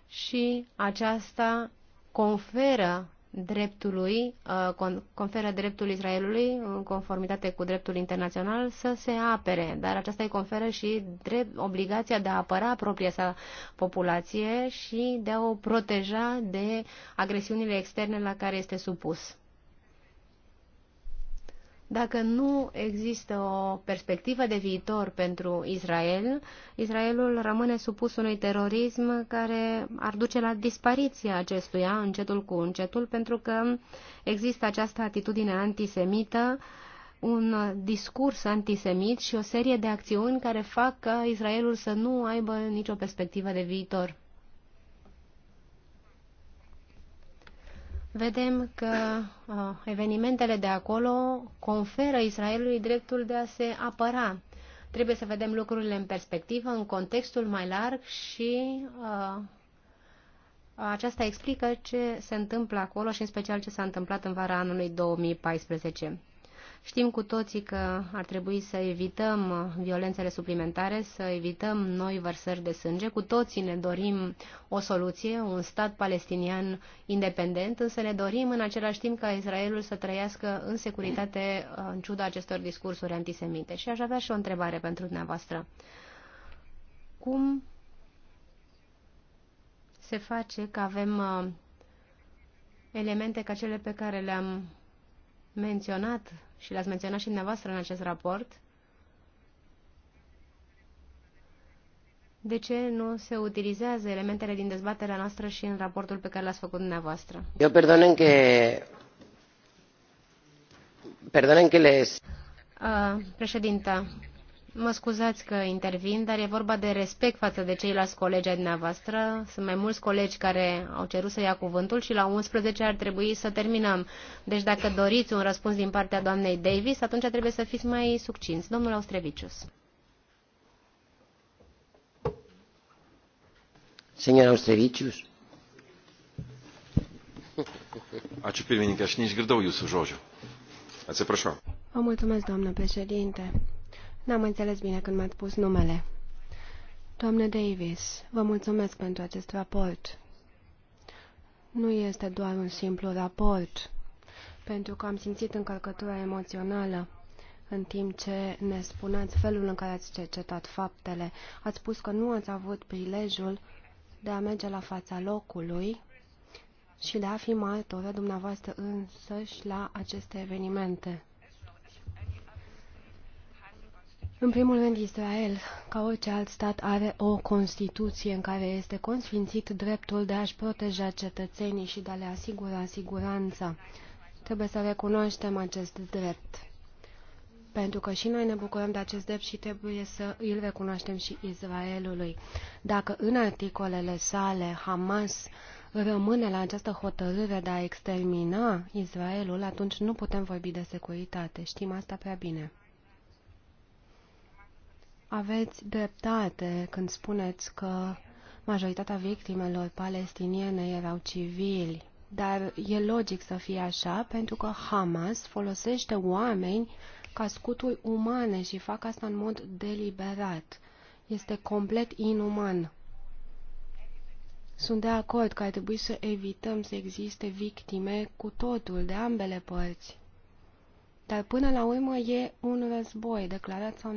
Speaker 2: și aceasta conferă dreptului, uh, conferă dreptul Israelului, în conformitate cu dreptul internațional, să se apere, dar aceasta îi conferă și drept, obligația de a apăra propria sa populație și de a o proteja de agresiunile externe la care este supus. Dacă nu există o perspectivă de viitor pentru Israel, Israelul rămâne supus unui terorism care ar duce la dispariția acestuia încetul cu încetul, pentru că există această atitudine antisemită, un discurs antisemit și o serie de acțiuni care fac ca Israelul să nu aibă nicio perspectivă de viitor. vedem că uh, evenimentele de acolo conferă Israelului dreptul de a se apăra. Trebuie să vedem lucrurile în perspectivă, în contextul mai larg și uh, aceasta explică ce se întâmplă acolo și în special ce s-a întâmplat în vara anului 2014. Știm cu toții că ar trebui să evităm violențele suplimentare, să evităm noi vărsări de sânge. Cu toții ne dorim o soluție, un stat palestinian independent, însă ne dorim în același timp ca Israelul să trăiască în securitate în ciuda acestor discursuri antisemite. Și aș avea și o întrebare pentru dumneavoastră. Cum se face că avem uh, elemente ca cele pe care le-am menționat și l ați menționat și dumneavoastră în acest raport, de ce nu se utilizează elementele din dezbaterea noastră și în raportul pe care l-ați făcut dumneavoastră?
Speaker 1: Eu perdonen că... Perdonen că les...
Speaker 2: Uh, președinta, Mă scuzați că intervin, dar e vorba de respect față de ceilalți colegi ai dumneavoastră. Sunt mai mulți colegi care au cerut să ia cuvântul și la 11 ar trebui să terminăm. Deci dacă doriți un răspuns din partea doamnei Davis, atunci trebuie să fiți mai succinți. Domnul Austrevicius.
Speaker 1: Senior Austrevicius. Ačiū pirmininkai, nici neišgirdau jūsų žodžių.
Speaker 4: Atsiprašau. Vă mulțumesc, doamnă președinte. N-am înțeles bine când m ați spus numele. Doamne Davis, vă mulțumesc pentru acest raport. Nu este doar un simplu raport, pentru că am simțit încărcătura emoțională în timp ce ne spuneați felul în care ați cercetat faptele. Ați spus că nu ați avut prilejul de a merge la fața locului și de a fi martoră dumneavoastră însăși la aceste evenimente. În primul rând, Israel, ca orice alt stat, are o Constituție în care este consfințit dreptul de a-și proteja cetățenii și de a le asigura siguranța. Trebuie să recunoaștem acest drept. Pentru că și noi ne bucurăm de acest drept și trebuie să îl recunoaștem și Israelului. Dacă în articolele sale Hamas rămâne la această hotărâre de a extermina Israelul, atunci nu putem vorbi de securitate. Știm asta prea bine. Aveți dreptate când spuneți că majoritatea victimelor palestiniene erau civili, dar e logic să fie așa pentru că Hamas folosește oameni ca scuturi umane și fac asta în mod deliberat. Este complet inuman. Sunt de acord că ar trebui să evităm să existe victime cu totul de ambele părți. Dar până la urmă e un război, declarat sau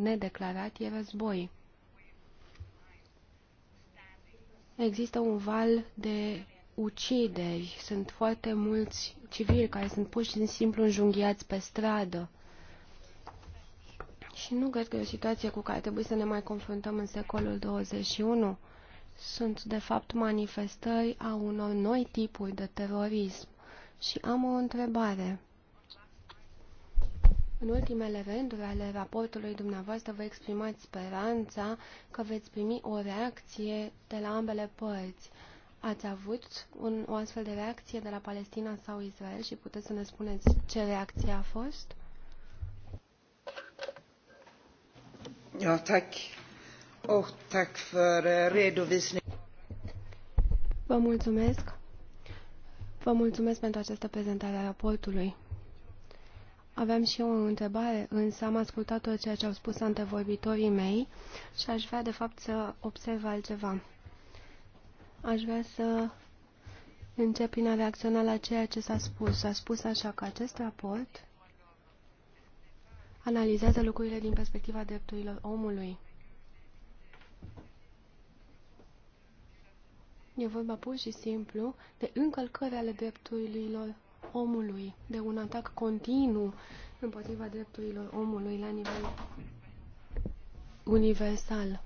Speaker 4: nedeclarat, e război. Există un val de ucideri, sunt foarte mulți civili care sunt puși în simplu înjunghiați pe stradă. Și nu cred că e o situație cu care trebuie să ne mai confruntăm în secolul 21. Sunt, de fapt, manifestări a unor noi tipuri de terorism. Și am o întrebare. În ultimele rânduri ale raportului dumneavoastră vă exprimați speranța că veți primi o reacție de la ambele părți. Ați avut un, o astfel de reacție de la Palestina sau Israel și puteți să ne spuneți ce reacție a fost?
Speaker 5: Ja, tack. Och tack för eh, redovisning. Vă
Speaker 4: mulțumesc. Vă mulțumesc pentru această prezentare a raportului. Aveam și eu o întrebare, însă am ascultat tot ceea ce au spus antevorbitorii mei și aș vrea, de fapt, să observ altceva. Aș vrea să încep prin a reacționa la ceea ce s-a spus. S-a spus așa că acest raport analizează lucrurile din perspectiva drepturilor omului. E vorba pur și simplu de încălcări ale drepturilor omului, de un atac continuu împotriva drepturilor omului la nivel universal.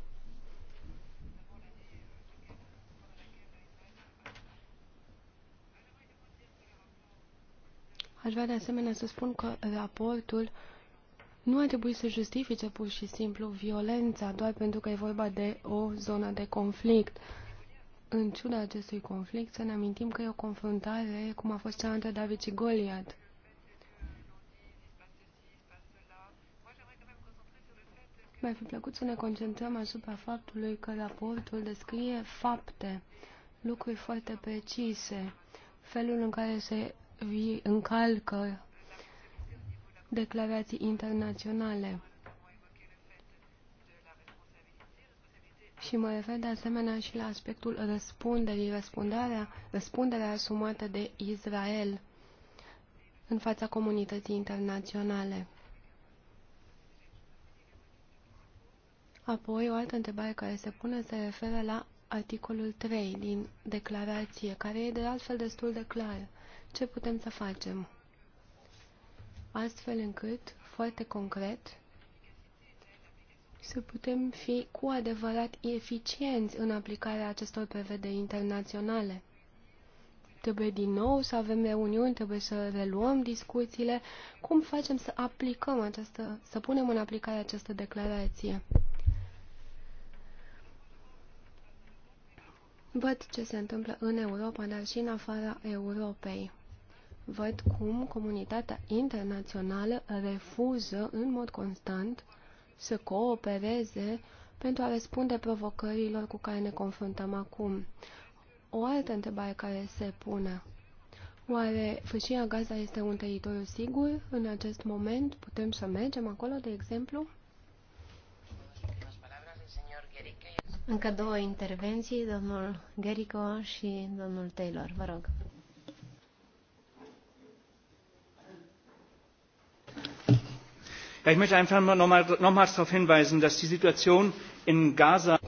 Speaker 4: Aș vrea de asemenea să spun că raportul nu ar trebui să justifice pur și simplu violența doar pentru că e vorba de o zonă de conflict. Uh, în ciuda acestui conflict, să ne amintim că e o confruntare cum a fost cea între David și Goliat. Mi-ar fi plăcut să ne concentrăm asupra faptului că raportul descrie fapte, lucruri foarte precise, felul în care se încalcă declarații internaționale. Și mă refer de asemenea și la aspectul răspunderii, răspunderea, răspunderea asumată de Israel în fața comunității internaționale. Apoi, o altă întrebare care se pune se referă la articolul 3 din declarație, care e de altfel destul de clar. Ce putem să facem? Astfel încât, foarte concret, să putem fi cu adevărat eficienți în aplicarea acestor prevederi internaționale. Trebuie din nou să avem reuniuni, trebuie să reluăm discuțiile. Cum facem să aplicăm această, să punem în aplicare această declarație? Văd ce se întâmplă în Europa, dar și în afara Europei. Văd cum comunitatea internațională refuză în mod constant să coopereze pentru a răspunde provocărilor cu care ne confruntăm acum. O altă întrebare care se pune. Oare Fâșia Gaza este un teritoriu sigur în acest moment? Putem să mergem acolo, de exemplu?
Speaker 1: Încă
Speaker 2: două intervenții, domnul Gerico și domnul Taylor. Vă rog.
Speaker 3: ich möchte einfach nochmals noch mal darauf hinweisen, dass die Situation in Gaza.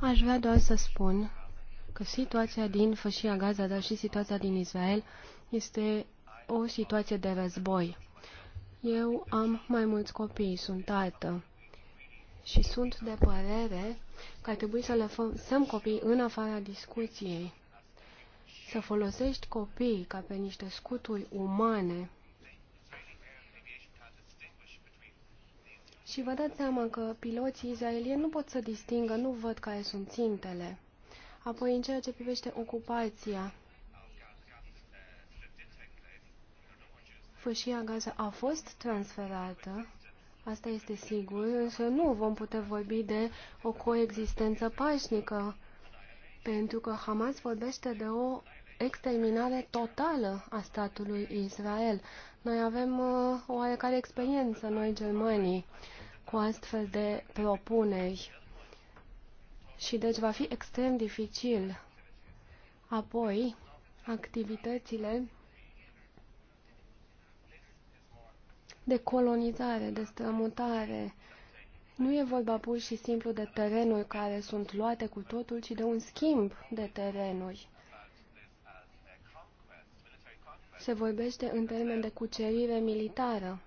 Speaker 4: Aș vrea doar să spun că situația din fășia Gaza, dar și situația din Israel, este o situație de război. Eu am mai mulți copii, sunt tată și sunt de părere că ar trebui să le lăsăm copii în afara discuției. Să folosești copiii ca pe niște scuturi umane Și vă dați seama că piloții izraelieni nu pot să distingă, nu văd care sunt țintele. Apoi, în ceea ce privește ocupația, fâșia Gaza a fost transferată, asta este sigur, însă nu vom putea vorbi de o coexistență pașnică, pentru că Hamas vorbește de o exterminare totală a statului Israel. Noi avem uh, oarecare experiență, noi germanii, cu astfel de propuneri și deci va fi extrem dificil. Apoi, activitățile de colonizare, de strămutare. Nu e vorba pur și simplu de terenuri care sunt luate cu totul, ci de un schimb de terenuri. Se vorbește în termen de cucerire militară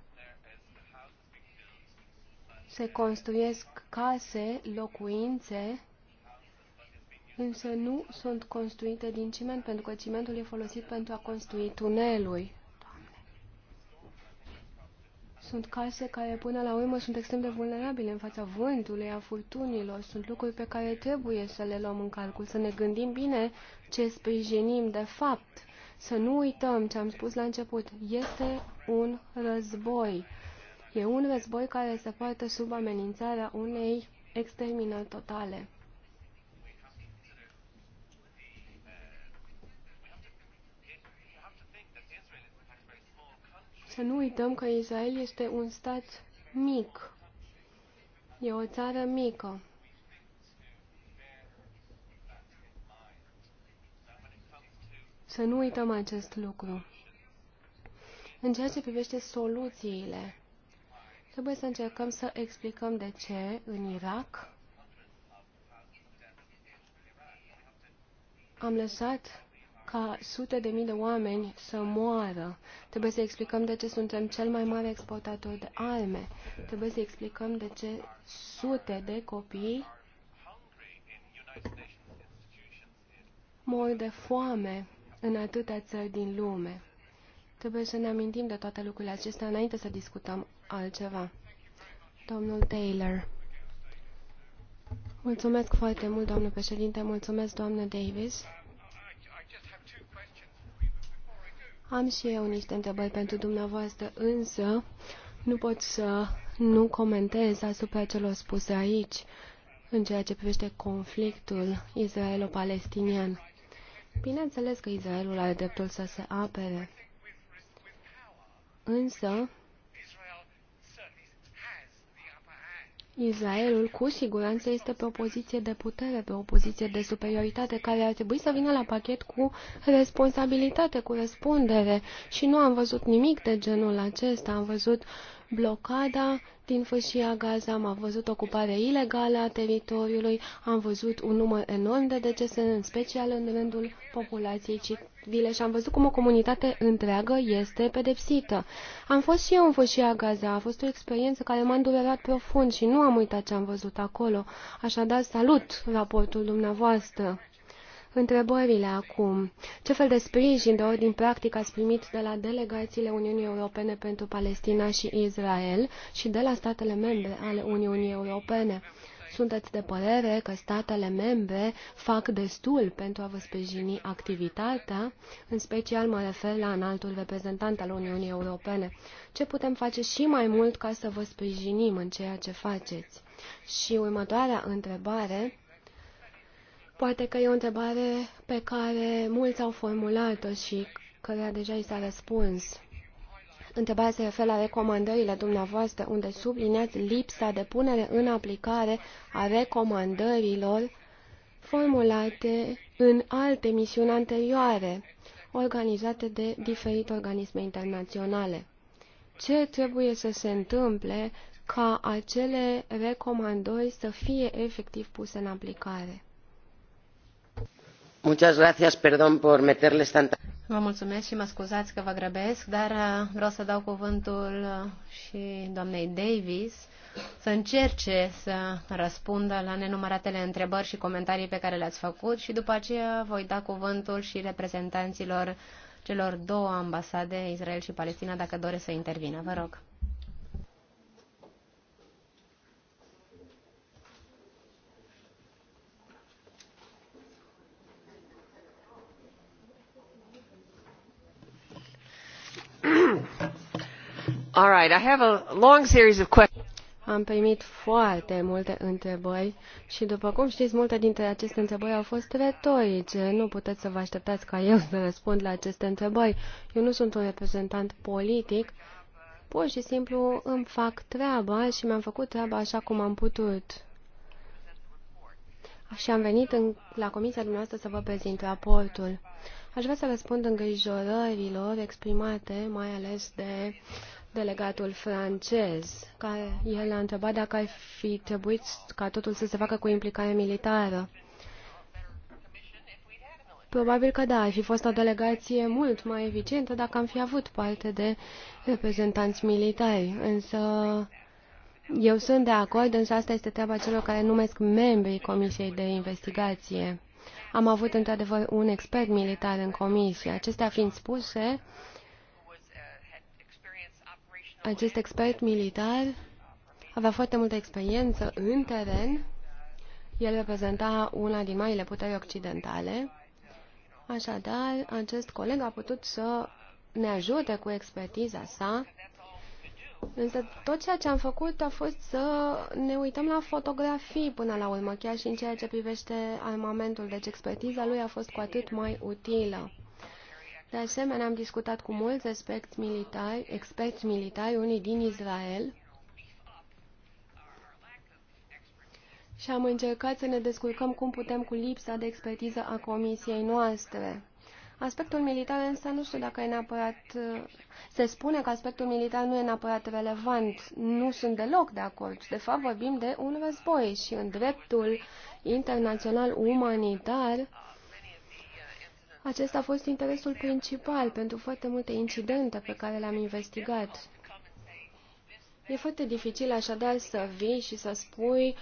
Speaker 4: se construiesc case, locuințe, însă nu sunt construite din ciment, pentru că cimentul e folosit pentru a construi tunelul. Sunt case care până la urmă sunt extrem de vulnerabile în fața vântului, a furtunilor. Sunt lucruri pe care trebuie să le luăm în calcul, să ne gândim bine ce sprijinim de fapt. Să nu uităm ce am spus la început. Este un război E un război care se poate sub amenințarea unei exterminări totale. Să nu uităm că Israel este un stat mic. E o țară mică. Să nu uităm acest lucru. În ceea ce privește soluțiile Trebuie să încercăm să explicăm de ce în Irak am lăsat ca sute de mii de oameni să moară. Trebuie să explicăm de ce suntem cel mai mare exportator de arme. Trebuie să explicăm de ce sute de copii mor de foame în atâtea țări din lume. Trebuie să ne amintim de toate lucrurile acestea înainte să discutăm altceva. Domnul Taylor. Mulțumesc foarte mult, domnul președinte. Mulțumesc, doamnă Davis. Am și eu niște întrebări pentru dumneavoastră, însă nu pot să nu comentez asupra celor spuse aici în ceea ce privește conflictul israelo-palestinian. Bineînțeles că Israelul are dreptul să se apere, însă Israelul cu siguranță este pe o poziție de putere, pe o poziție de superioritate, care ar trebui să vină la pachet cu responsabilitate, cu răspundere. Și nu am văzut nimic de genul acesta. Am văzut blocada din fâșia Gaza, am văzut ocupare ilegală a teritoriului, am văzut un număr enorm de decese, în special în rândul populației civile și am văzut cum o comunitate întreagă este pedepsită. Am fost și eu în fâșia Gaza, a fost o experiență care m-a îndurerat profund și nu am uitat ce am văzut acolo. Așadar, salut raportul dumneavoastră. Întrebările acum. Ce fel de sprijin de ordin practic ați primit de la delegațiile Uniunii Europene pentru Palestina și Israel și de la statele membre ale Uniunii Europene? Sunteți de părere că statele membre fac destul pentru a vă sprijini activitatea? În special mă refer la înaltul reprezentant al Uniunii Europene. Ce putem face și mai mult ca să vă sprijinim în ceea ce faceți? Și următoarea întrebare Poate că e o întrebare pe care mulți au formulat-o și care deja i s-a răspuns. Întrebarea se referă la recomandările dumneavoastră, unde subliniați lipsa de punere în aplicare a recomandărilor formulate în alte misiuni anterioare, organizate de diferite organisme internaționale. Ce trebuie să se întâmple ca acele recomandări să fie efectiv puse în aplicare?
Speaker 1: Muchas gracias, perdón por meterles tanta...
Speaker 2: Vă mulțumesc și mă scuzați că vă grăbesc, dar uh, vreau să dau cuvântul uh, și doamnei Davis să încerce să răspundă la nenumăratele întrebări și comentarii pe care le-ați făcut și după aceea voi da cuvântul și reprezentanților celor două ambasade, Israel și Palestina, dacă doresc să intervină. Vă rog.
Speaker 4: Am primit foarte multe întrebări și, după cum știți, multe dintre aceste întrebări au fost retorice. Nu puteți să vă așteptați ca eu să răspund la aceste întrebări. Eu nu sunt un reprezentant politic. Pur și simplu îmi fac treaba și mi-am făcut treaba așa cum am putut. Și am venit în, la comisia dumneavoastră să vă prezint raportul. Aș vrea să răspund îngrijorărilor exprimate, mai ales de uh, delegatul francez, care el a întrebat dacă ar fi trebuit ca totul să se facă cu implicare militară. Probabil că da, ar fi fost o delegație mult mai eficientă dacă am fi avut parte de reprezentanți militari, însă eu sunt de acord, însă asta este treaba celor care numesc membrii Comisiei de Investigație. Am avut într-adevăr un expert militar în comisie. Acestea fiind spuse, uh, acest expert militar avea foarte multă experiență în teren. El reprezenta una din marile puteri occidentale. Așadar, acest coleg a putut să ne ajute cu expertiza sa, însă tot ceea ce am făcut a fost să ne uităm la fotografii până la urmă, chiar și în ceea ce privește armamentul, deci expertiza lui a fost cu atât mai utilă. De asemenea, am discutat cu mulți experți militari, experți militari unii din Israel, și am încercat să ne descurcăm cum putem cu lipsa de expertiză a comisiei noastre. Aspectul militar însă nu știu dacă e neapărat... Se spune că aspectul militar nu e neapărat relevant. Nu sunt deloc de acord. De fapt, vorbim de un război și în dreptul internațional umanitar acesta a fost interesul principal pentru foarte multe incidente pe care le-am investigat. E foarte dificil așadar să vii și să spui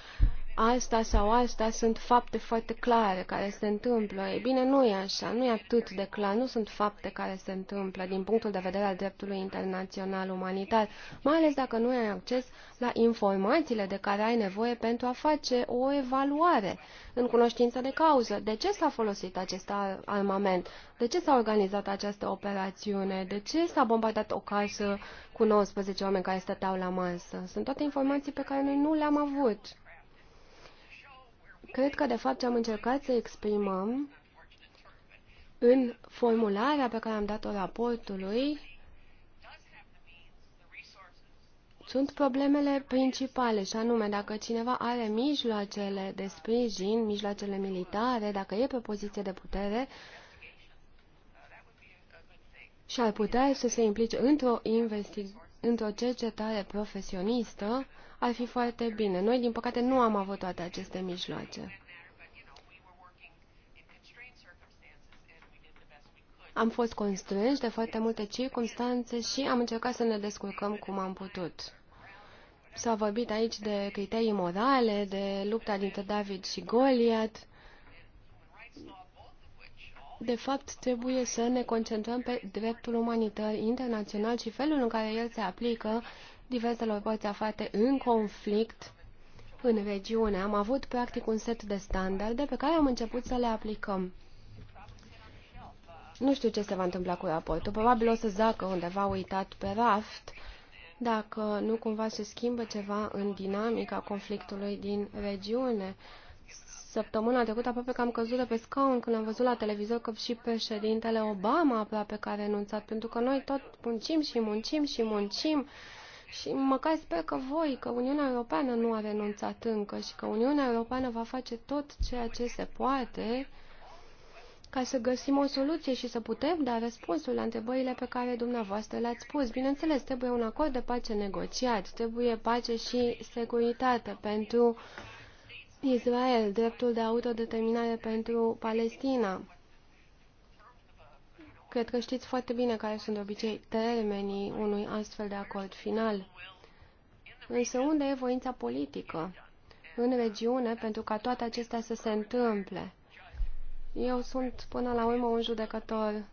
Speaker 4: asta sau asta sunt fapte foarte clare care se întâmplă. Ei bine, nu e așa, nu e atât de clar, nu sunt fapte care se întâmplă din punctul de vedere al dreptului internațional umanitar, mai ales dacă nu ai acces la informațiile de care ai nevoie pentru a face o evaluare în cunoștință de cauză. De ce s-a folosit acest armament? De ce s-a organizat această operațiune? De ce s-a bombardat o casă cu 19 oameni care stăteau la masă? Sunt toate informații pe care noi nu le-am avut. Cred că, de fapt, ce am încercat să exprimăm în formularea pe care am dat-o raportului sunt problemele principale, și anume dacă cineva are mijloacele de sprijin, mijloacele militare, dacă e pe poziție de putere și ar putea să se implice într-o într, -o cercetare profesionistă, ar fi foarte bine. Noi, din păcate, nu am avut toate aceste mijloace. Am fost constrânși de foarte multe circunstanțe și am încercat să ne descurcăm cum am putut. S-a vorbit aici de criterii morale, de lupta dintre David și Goliat. De fapt, trebuie să ne concentrăm pe dreptul umanitar internațional și felul în care el se aplică diverselor părți aflate în conflict în regiune. Am avut practic un set de standarde pe care am început să le aplicăm. Nu știu ce se va întâmpla cu raportul. Probabil o să zacă undeva uitat pe raft dacă nu cumva se schimbă ceva în dinamica conflictului din regiune. Săptămâna trecută aproape că am căzut de pe scaun când am văzut la televizor că și președintele Obama aproape că a renunțat, pentru că noi tot muncim și muncim și muncim și măcar sper că voi, că Uniunea Europeană nu a renunțat încă și că Uniunea Europeană va face tot ceea ce se poate ca să găsim o soluție și să putem da răspunsul la întrebările pe care dumneavoastră le-ați spus. Bineînțeles, trebuie un acord de pace negociat, trebuie pace și securitate pentru Israel, dreptul de autodeterminare pentru Palestina Cred că știți foarte bine care sunt de obicei termenii unui astfel de acord final. Însă unde e voința politică în regiune pentru ca toate acestea să se întâmple? Eu sunt până la urmă un judecător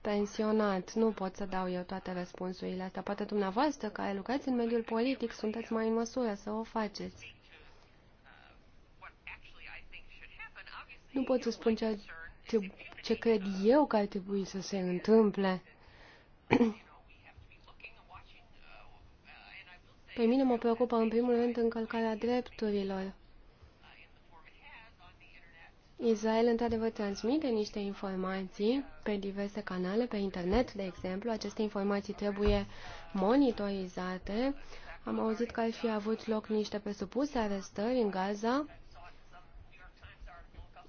Speaker 4: pensionat. Nu pot să dau eu toate răspunsurile astea. Poate dumneavoastră, care lucrați în mediul politic, sunteți mai în măsură să o faceți. Nu pot să spun ce ce cred eu că ar trebui să se întâmple. Pe mine mă preocupă în primul rând încălcarea drepturilor. Israel într-adevăr transmite niște informații pe diverse canale, pe internet, de exemplu. Aceste informații trebuie monitorizate. Am auzit că ar fi avut loc niște presupuse arestări în Gaza.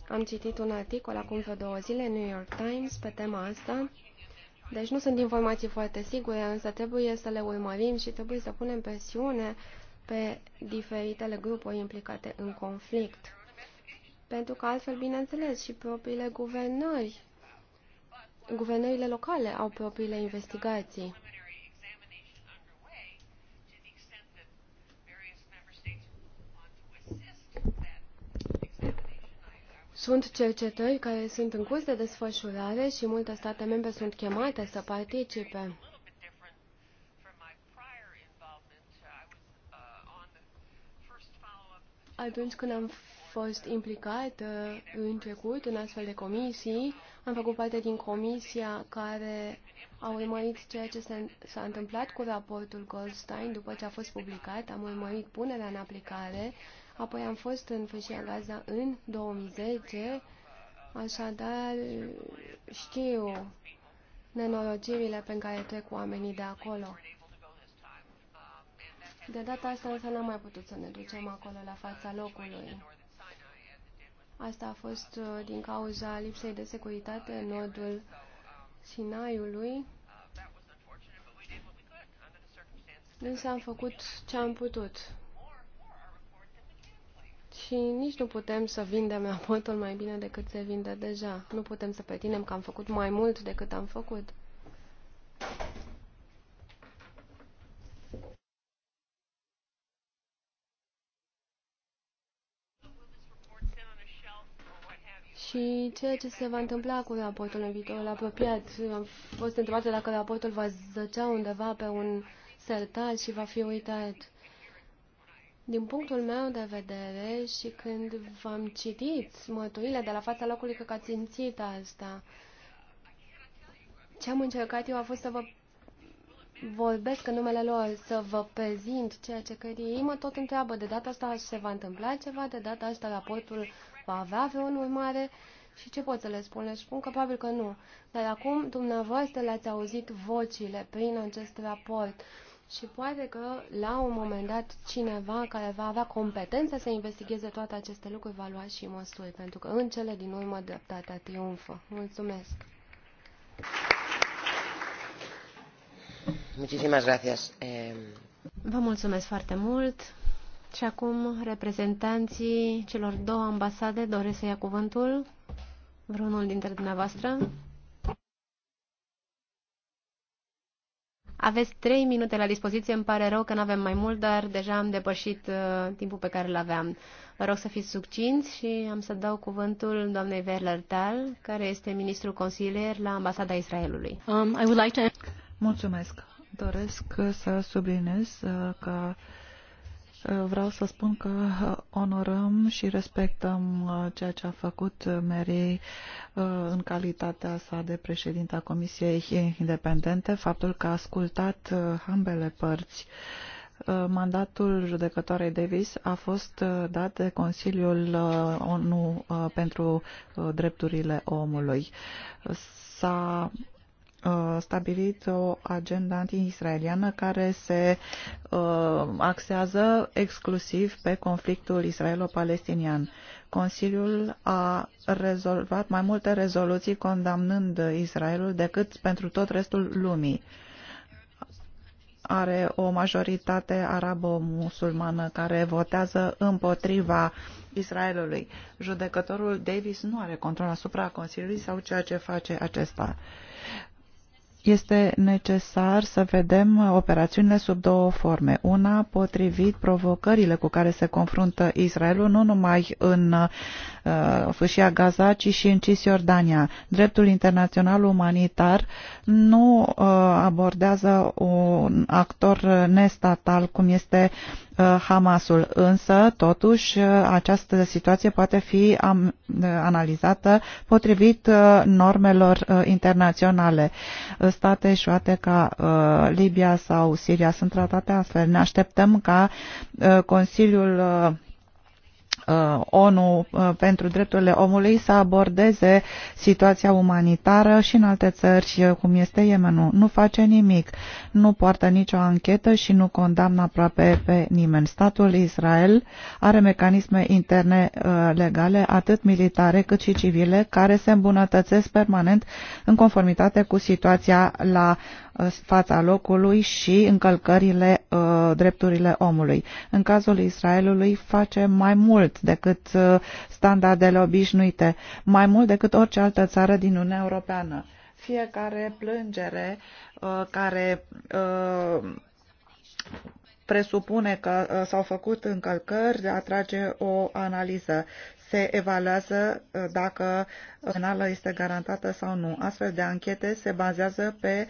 Speaker 4: Am citit un articol acum vreo două zile, New York Times, pe tema asta. Deci nu sunt informații foarte sigure, însă trebuie să le urmărim și trebuie să punem presiune pe diferitele grupuri implicate în conflict. Pentru că altfel, bineînțeles, și propriile guvernări, guvernările locale au propriile investigații. Sunt cercetări care sunt în curs de desfășurare și multe state membre sunt chemate să participe. Atunci când am fost implicat uh, în trecut în astfel de comisii, am făcut parte din comisia care a urmărit ceea ce s-a întâmplat cu raportul Goldstein după ce a fost publicat, am urmărit punerea în aplicare Apoi am fost în Fâșia Gaza în 2010, așadar știu nenorocirile pe care trec oamenii de acolo. De data asta însă n-am mai putut să ne ducem acolo la fața locului. Asta a fost uh, din cauza lipsei de securitate în nodul Sinaiului. Însă am făcut ce am putut. Și nici nu putem să vindem potul mai bine decât se vinde deja. Nu putem să pretinem că am făcut mai mult decât am făcut. Și ceea ce se va întâmpla cu raportul în viitorul apropiat. Am fost întrebată dacă raportul va zăcea undeva pe un sertar și va fi uitat. Din punctul meu de vedere și când v-am citit mărturile de la fața locului că ați simțit asta, ce am încercat eu a fost să vă vorbesc în numele lor, să vă prezint ceea ce cred ei, mă tot întreabă, de data asta se va întâmpla ceva, de data asta raportul va avea vreun urmare și ce pot să le spun? Le spun că probabil că nu. Dar acum dumneavoastră le-ați auzit vocile prin acest raport și poate că la un moment dat cineva care va avea competența să investigheze toate aceste lucruri va lua și măsuri, pentru că în cele din urmă dreptatea triumfă. Mulțumesc!
Speaker 1: Eh.
Speaker 2: Vă mulțumesc foarte mult. Și acum reprezentanții celor două ambasade doresc să ia cuvântul. Vreunul dintre dumneavoastră. Aveți trei minute la dispoziție, îmi pare rău că nu avem mai mult, dar deja am depășit uh, timpul pe care îl aveam. Vă rog să fiți succinți și am să dau cuvântul doamnei Tal, care este ministrul consilier la Ambasada Israelului.
Speaker 5: Um, I would like to... Mulțumesc. Doresc să subliniez uh, că Vreau să spun că onorăm și respectăm uh, ceea ce a făcut Mary uh, în calitatea sa de președinta Comisiei Independente, faptul că a ascultat uh, ambele părți mandatul judecătoarei Davis a fost dat de Consiliul ONU pentru Drepturile Omului. S-a Uh, stabilit o agenda anti-israeliană care se uh, axează exclusiv pe conflictul israelo-palestinian. Consiliul a rezolvat mai multe rezoluții condamnând Israelul decât pentru tot restul lumii are o majoritate arabo-musulmană care votează împotriva Israelului. Judecătorul Davis nu are control asupra Consiliului sau ceea ce face acesta este necesar să vedem operațiunile sub două forme. Una potrivit provocările cu care se confruntă Israelul, nu numai în uh, fâșia Gaza, ci și în Cisjordania. Dreptul internațional umanitar nu uh, abordează un actor nestatal cum este Uh, Hamasul. Însă, totuși, uh, această situație poate fi uh, analizată potrivit normelor internaționale. State șoate ca Libia sau Siria sunt tratate astfel. Ne așteptăm ca Consiliul Uh, ONU uh, pentru drepturile omului să abordeze situația umanitară și în alte țări, uh, cum este Yemenul. Nu face nimic, nu poartă nicio anchetă și nu condamnă aproape pe nimeni. Statul Israel are mecanisme interne legale, atât militare cât și civile, care se îmbunătățesc permanent în conformitate cu situația la fața locului și încălcările uh, drepturile omului. În cazul Israelului face mai mult decât uh, standardele obișnuite, mai mult decât orice altă țară din Uniunea Europeană. Fiecare plângere uh, care presupune că s-au făcut încălcări atrage o analiză se evaluează dacă penală este garantată sau nu. Astfel de anchete se bazează pe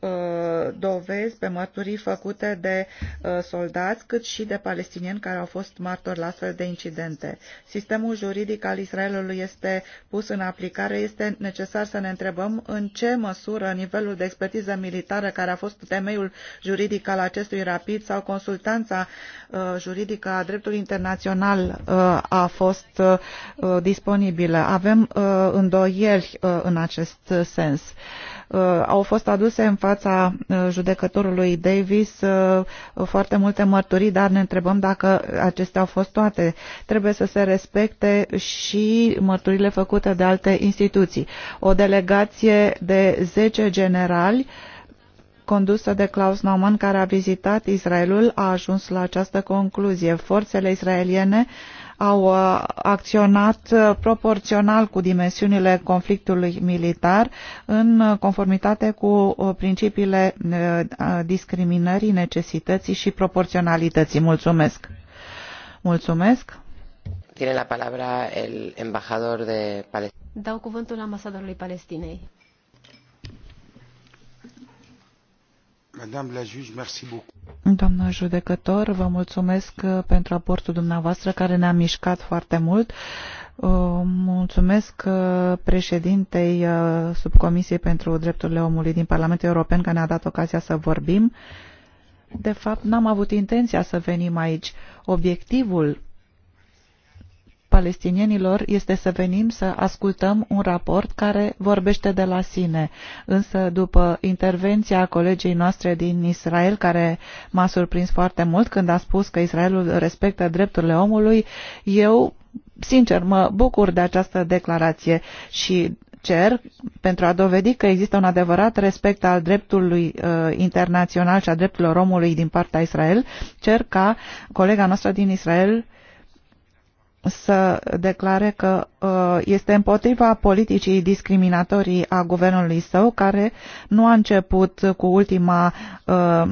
Speaker 5: uh, dovezi, pe mărturii făcute de uh, soldați, cât și de palestinieni care au fost martori la astfel de incidente. Sistemul juridic al Israelului este pus în aplicare. Este necesar să ne întrebăm în ce măsură nivelul de expertiză militară care a fost temeiul juridic al acestui rapid sau consultanța uh, juridică a dreptului internațional uh, a fost uh, uh disponibilă. Avem uh, îndoieli uh, în acest sens. Uh, au fost aduse în fața uh, judecătorului Davis foarte multe mărturii, dar ne întrebăm dacă acestea au fost toate. Trebuie să se respecte și mărturile făcute de alte instituții. O delegație de 10 generali condusă de Klaus Naumann, care a vizitat Israelul, a ajuns la această concluzie. Forțele israeliene uh, au uh, acționat uh, proporțional cu dimensiunile conflictului militar în uh, conformitate cu principiile discriminării, necesității și proporționalității. Mulțumesc! Mulțumesc!
Speaker 1: Tine la palabra el embajador de Palestina.
Speaker 2: Dau cuvântul ambasadorului Palestinei.
Speaker 5: Doamnă judecător, vă mulțumesc uh, pentru aportul dumneavoastră care ne-a mișcat foarte mult. Uh, mulțumesc uh, președintei subcomisiei pentru drepturile omului din Parlamentul European că ne-a dat ocazia să vorbim. De fapt, n-am avut intenția să venim aici. Obiectivul palestinienilor este să venim să ascultăm un raport care vorbește de la sine. Însă, după intervenția colegii noastre din Israel, care m-a surprins foarte mult când a spus că Israelul respectă drepturile omului, eu, sincer, mă bucur de această declarație și cer pentru a dovedi că există un adevărat respect al dreptului uh, internațional și a drepturilor omului din partea Israel, cer ca colega noastră din Israel să declare că uh, este împotriva politicii discriminatorii a guvernului său, care nu a început cu ultima uh,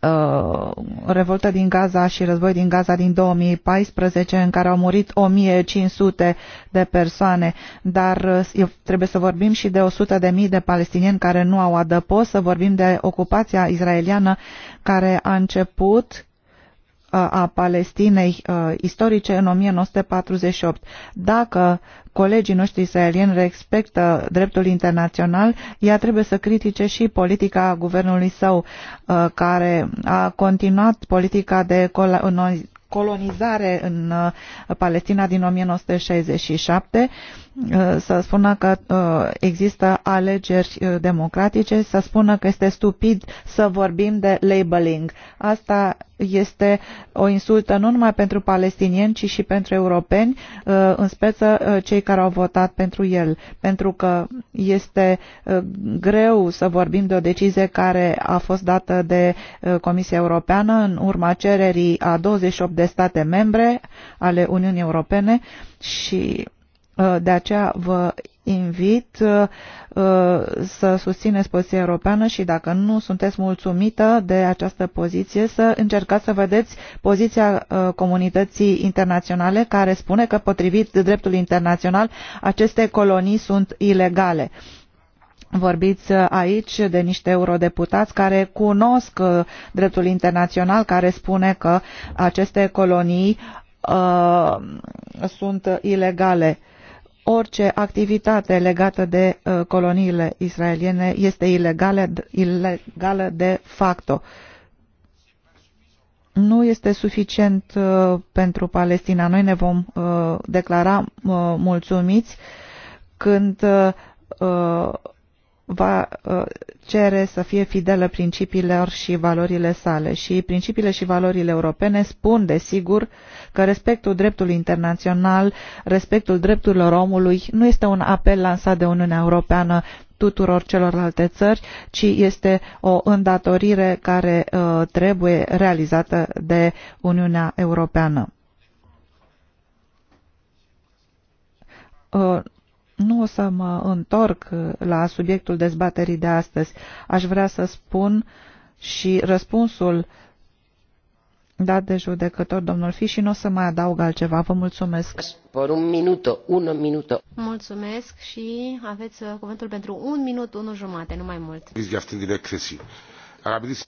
Speaker 5: uh, revoltă din Gaza și război din Gaza din 2014 în care au murit 1500 de persoane, dar trebuie să vorbim și de 100.000 de palestinieni care nu au adăpost, să vorbim de ocupația israeliană care a început Uh, a Palestinei uh, istorice în 1948. Dacă colegii noștri israelieni respectă dreptul internațional, ea trebuie să critique și politica guvernului său, uh, care a continuat politica de colonizare în Palestina din 1967 Eh, să spună că eh, există alegeri eh, democratice, să spună că este stupid să vorbim de labeling. Asta este o insultă nu numai pentru palestinieni, ci și pentru europeni, în speță cei care au votat pentru el, pentru că este greu să vorbim de o decizie care a fost dată de Comisia Europeană în urma cererii a 28 de state membre ale Uniunii Europene și Uh, de aceea vă invit uh, uh, să susțineți poziția europeană și dacă nu sunteți mulțumită de această poziție, să încercați să vedeți poziția comunității internaționale care spune că potrivit dreptului internațional aceste colonii sunt ilegale. Vorbiți aici de niște eurodeputați care cunosc dreptul internațional care spune că aceste colonii uh, sunt ilegale orice activitate legată de uh, coloniile israeliene este ilegală, ilegală de facto. Nu este suficient uh, pentru Palestina. Noi ne vom uh, declara mulțumiți când va ă, cere să fie fidelă principiilor și valorile sale și principiile și valorile europene spun, desigur, că respectul dreptului internațional, respectul drepturilor omului nu este un apel lansat de Uniunea Europeană tuturor celorlalte țări, ci este o îndatorire care uh, trebuie realizată de Uniunea Europeană. Uh, nu o să mă întorc uh, la subiectul dezbaterii de astăzi. Aș vrea să spun și răspunsul dat de judecător domnul Fi și nu o să mai adaug altceva. Vă mulțumesc.
Speaker 1: Por un minut, un minut.
Speaker 2: Mulțumesc și aveți uh, cuvântul pentru un minut, unul jumate, nu mai mult.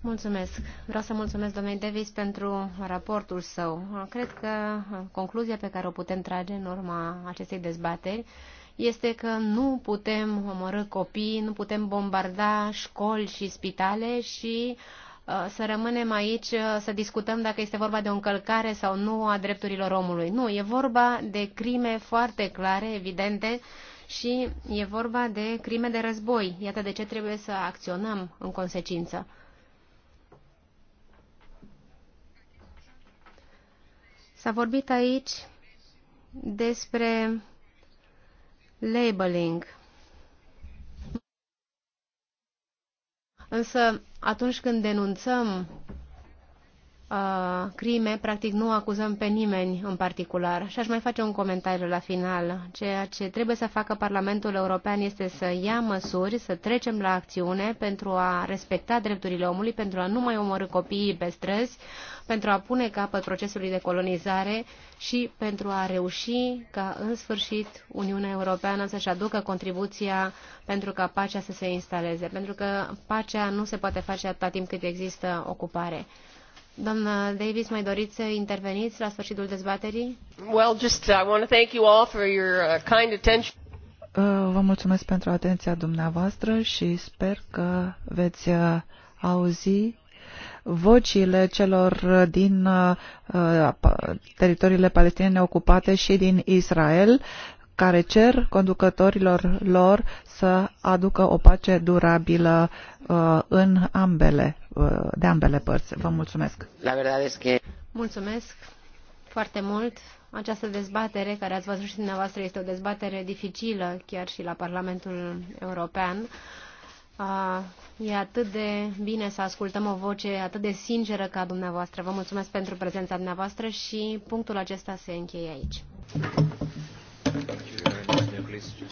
Speaker 2: Mulțumesc. Vreau să mulțumesc domnului Davis pentru raportul său. Cred că concluzia pe care o putem trage în urma acestei dezbateri este că nu putem omorâ copii, nu putem bombarda școli și spitale și uh, să rămânem aici uh, să discutăm dacă este vorba de o încălcare sau nu a drepturilor omului. Nu, e vorba de crime foarte clare, evidente, și e vorba de crime de război. Iată de ce trebuie să acționăm în consecință. S-a vorbit aici despre labeling. Însă, atunci când denunțăm crime, practic nu acuzăm pe nimeni în particular. Și aș mai face un comentariu la final. Ceea ce trebuie să facă Parlamentul European este să ia măsuri, să trecem la acțiune pentru a respecta drepturile omului, pentru a nu mai omorâ copiii pe străzi, pentru a pune capăt procesului de colonizare și pentru a reuși ca în sfârșit Uniunea Europeană să-și aducă contribuția pentru ca pacea să se instaleze, pentru că pacea nu se poate face atâta timp cât există ocupare. Doamna Davis, mai doriți să interveniți la sfârșitul dezbaterii?
Speaker 1: Well, just uh, I want to thank you
Speaker 2: all for your uh, kind attention.
Speaker 5: Uh, vă mulțumesc pentru atenția dumneavoastră și sper că veți auzi vocile celor din teritoriile palestiniene ocupate și din Israel care cer conducătorilor lor să aducă o pace durabilă uh, în ambele, uh, de ambele părți. Vă mulțumesc! La
Speaker 1: verdad es que...
Speaker 2: Mulțumesc foarte mult! Această dezbatere, care ați văzut și dumneavoastră, este o dezbatere dificilă, chiar și la Parlamentul European. Uh, e atât de bine să ascultăm o voce atât de sinceră ca dumneavoastră. Vă mulțumesc pentru prezența dumneavoastră și punctul acesta se încheie aici. Thank you.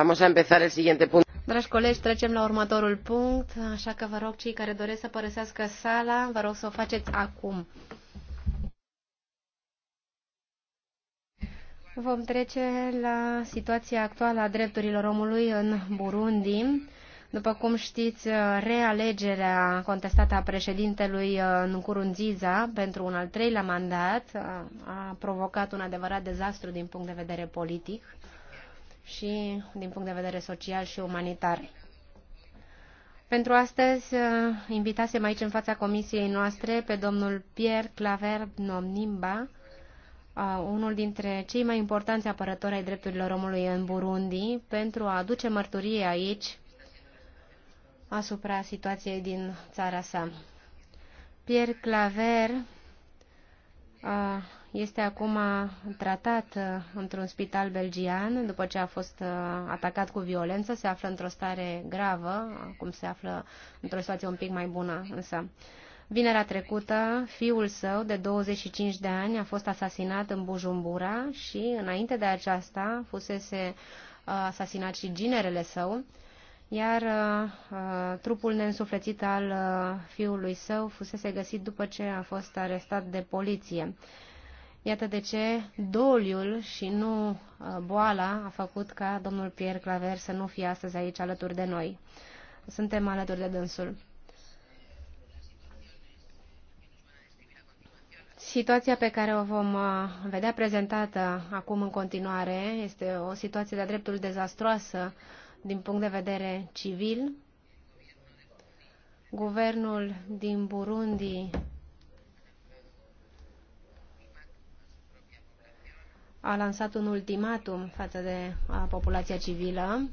Speaker 1: Vamos a empezar el siguiente punto.
Speaker 2: Dragi colegi, trecem la următorul punct, așa că vă rog cei care doresc să părăsească sala, vă rog să o faceți acum. Vom trece la situația actuală a drepturilor omului în Burundi. După cum știți, realegerea contestată a președintelui uh, Nkurunziza pentru un al treilea mandat uh, a provocat un adevărat dezastru din punct de vedere politic și din punct de vedere social și umanitar. Pentru astăzi uh, invitasem aici în fața comisiei noastre pe domnul Pierre Claver Nomnimba, uh, unul dintre cei mai importanți apărători ai drepturilor omului în Burundi, pentru a aduce mărturie aici asupra situației din țara sa. Pierre Claver uh, este acum tratat uh, într-un spital belgian după ce a fost uh, atacat cu violență. Se află într-o stare gravă, acum se află într-o situație un pic mai bună însă. Vinerea trecută, fiul său de 25 de ani a fost asasinat în Bujumbura și înainte de aceasta fusese uh, asasinat și ginerele său, iar uh, trupul neînsuflețit al uh, fiului său fusese găsit după ce a fost arestat de poliție. Iată de ce doliul și nu uh, boala a făcut ca domnul Pierre Claver să nu fie astăzi aici alături de noi. Suntem alături de dânsul. Situația pe care o vom uh, vedea prezentată acum în continuare este o situație de-a dreptul dezastroasă din punct de vedere civil. Guvernul din Burundi a lansat un ultimatum față de populația civilă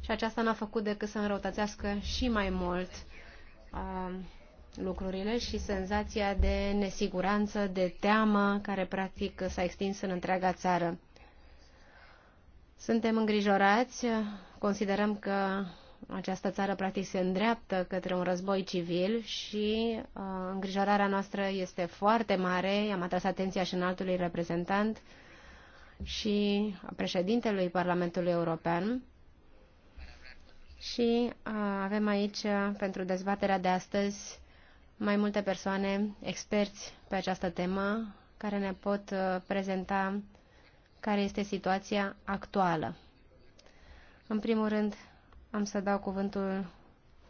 Speaker 2: și aceasta n-a făcut decât să înrăutățească și mai mult a, lucrurile și senzația de nesiguranță, de teamă care practic s-a extins în întreaga țară. Suntem îngrijorați, considerăm că această țară practic se îndreaptă către un război civil și îngrijorarea noastră este foarte mare. I-am atras atenția și în altului reprezentant și președintelui Parlamentului European. Și avem aici, pentru dezbaterea de astăzi, mai multe persoane, experți pe această temă, care ne pot prezenta care este situația actuală. În primul rând, am să dau cuvântul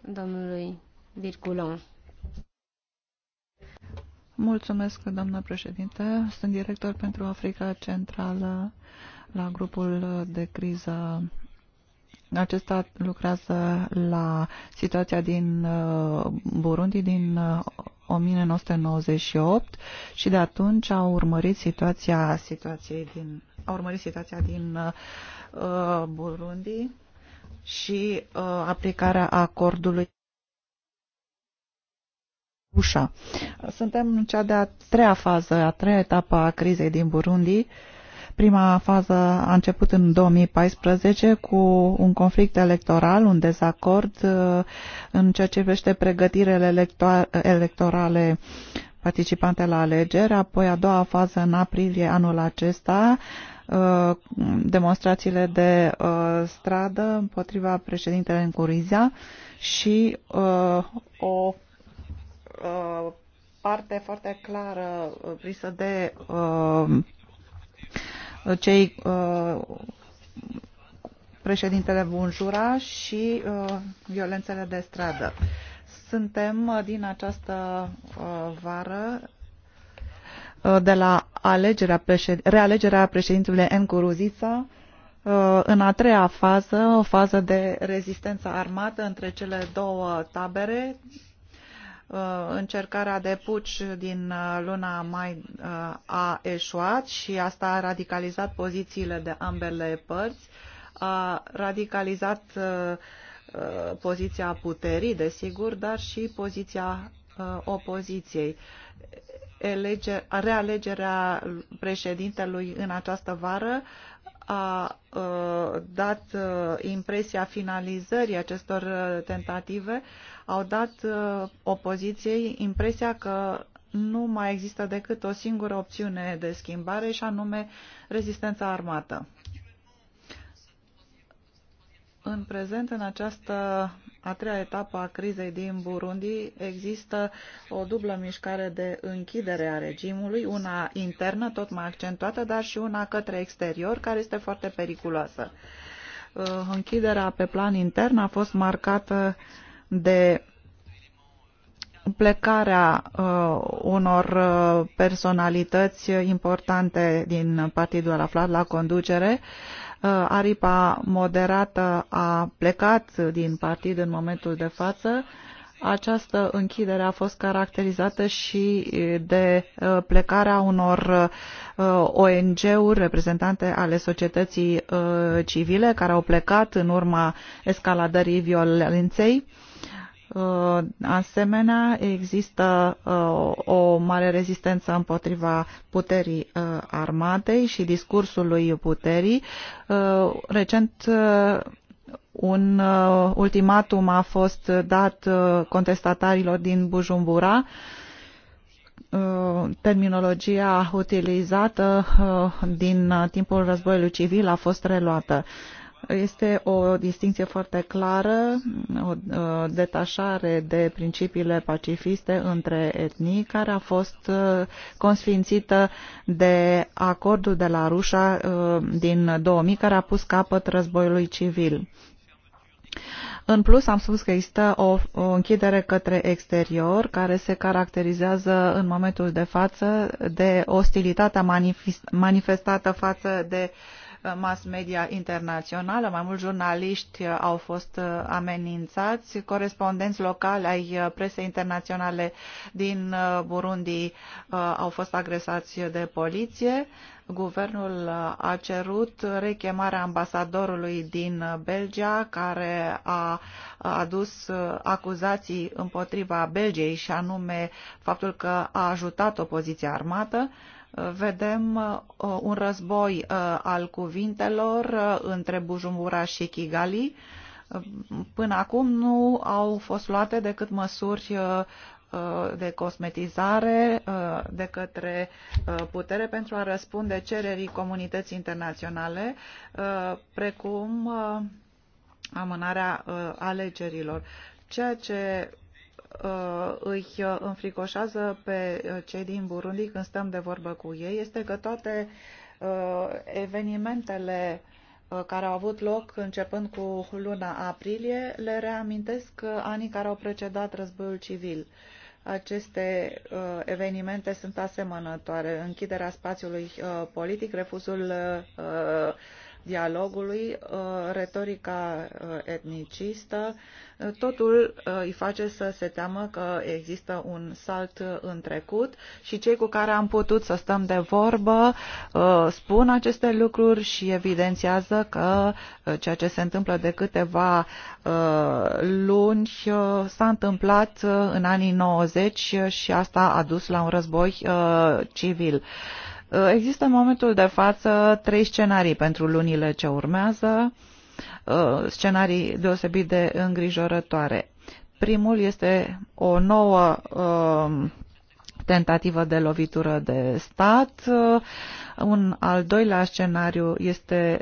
Speaker 2: domnului Virgulon.
Speaker 5: Mulțumesc, doamnă președinte. Sunt director pentru Africa Centrală la grupul de criză. Acesta lucrează la situația din uh, Burundi din 1998 uh, și de atunci a urmărit situația situației din a urmărit situația din uh, Burundi și aplicarea acordului ușa. Suntem în cea de-a treia fază, a treia etapă a crizei din Burundi. Prima fază a început în 2014 cu un conflict electoral, un dezacord uh, în ceea ce privește pregătirele electorale participante la alegeri, apoi a doua fază în aprilie anul acesta, uh, demonstrațiile de uh, stradă împotriva președintele Curizia și o Uh, parte foarte clară prisă uh, de uh, cei președintele Bunjura și violențele de stradă. Suntem din această vară de la alegerea președ... realegerea președintelui Ncuruzița în a treia fază, o fază de rezistență armată între cele două tabere, Uh, încercarea de puci din uh, luna mai uh, a eșuat și asta a radicalizat pozițiile de ambele părți, a radicalizat poziția puterii, desigur, dar și poziția opoziției. Elege, realegerea președintelui în această vară a dat impresia finalizării acestor tentative, au dat opoziției impresia că nu mai există decât o singură opțiune de schimbare și anume rezistența armată. În prezent, în această a treia etapă a crizei din Burundi, există o dublă mișcare de închidere a regimului, una internă, tot mai accentuată, dar și una către exterior, care este foarte periculoasă. Uh, închiderea pe plan intern a fost marcată de plecarea uh, unor uh, personalități importante din partidul aflat la conducere, Uh, aripa moderată a plecat din partid în momentul de față. Această închidere a fost caracterizată și de uh, plecarea unor uh, ONG-uri, reprezentante ale societății civile, care au plecat în urma escaladării violenței Uh, asemenea, există uh, o mare rezistență împotriva puterii uh, armatei și discursului puterii. Recent un ultimatum a fost dat contestatarilor din Bujumbura terminologia utilizată din timpul războiului civil a fost reluată. Este o distinție foarte clară, o uh, detașare de principiile pacifiste între etnii, care a fost uh, consfințită de acordul de la Rușa uh, din 2000, care a pus capăt războiului civil. În plus, am spus că există o, o închidere către exterior, care se caracterizează în momentul de față de ostilitatea manifestată față de uh, mass media internațională, mai mulți jurnaliști uh, au fost uh, amenințați, corespondenți locali ai uh, presei internaționale din Burundi au fost agresați de poliție. Guvernul a cerut rechemarea ambasadorului din Belgia, care a adus acuzații împotriva Belgiei și anume faptul că a ajutat opoziția armată. Uh, vedem uh, un război uh, al cuvintelor uh, între Bujumbura și Kigali. Până acum nu au fost luate decât măsuri de cosmetizare de către putere pentru a răspunde cererii comunității internaționale, precum amânarea alegerilor. Ceea ce Uh, îi înfricoșează pe uh, cei din Burundi când stăm de vorbă cu ei este că toate uh, evenimentele care au avut loc începând cu luna aprilie le reamintesc anii care au precedat războiul civil. Aceste uh, evenimente sunt asemănătoare. Închiderea spațiului uh, politic, refuzul uh, dialogului, uh, retorica uh, etnicistă, uh, totul îi face să se teamă că există un salt în trecut și cei cu care am putut să stăm de vorbă spun aceste lucruri și evidențiază că ceea ce se întâmplă de câteva luni s-a întâmplat în anii 90 și asta a dus la un război civil. Uh, Uh, există în momentul de față trei scenarii pentru lunile ce urmează, uh, scenarii deosebit de îngrijorătoare. Primul este o nouă uh, tentativă de lovitură de stat. Un al doilea scenariu este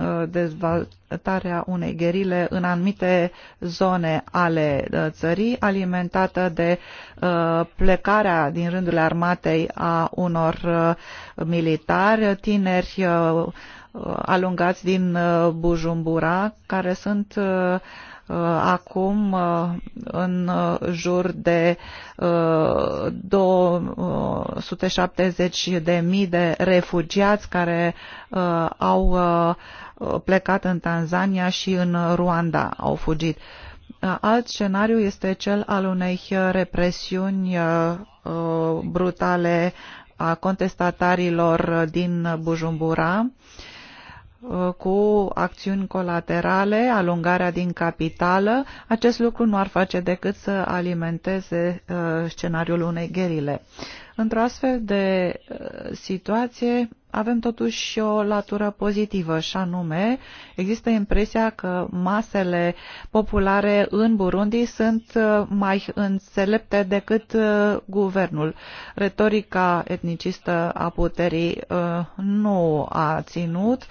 Speaker 5: uh, dezvoltarea unei gherile în anumite zone ale uh, țării, alimentată de uh, plecarea din rândurile armatei a unor militari, tineri alungați din Bujumbura, care sunt uh, Uh, acum uh, în uh, jur de 270 de mii de refugiați care au plecat în Tanzania și în Ruanda au fugit. Alt scenariu este cel al unei represiuni brutale a contestatarilor din Bujumbura cu acțiuni colaterale, alungarea din capitală, acest lucru nu ar face decât să alimenteze uh, scenariul unei gherile. Într-o astfel de uh, situație avem totuși o latură pozitivă și anume există impresia că masele populare în Burundi sunt uh, mai înțelepte decât uh, guvernul. Retorica etnicistă a puterii nu a ținut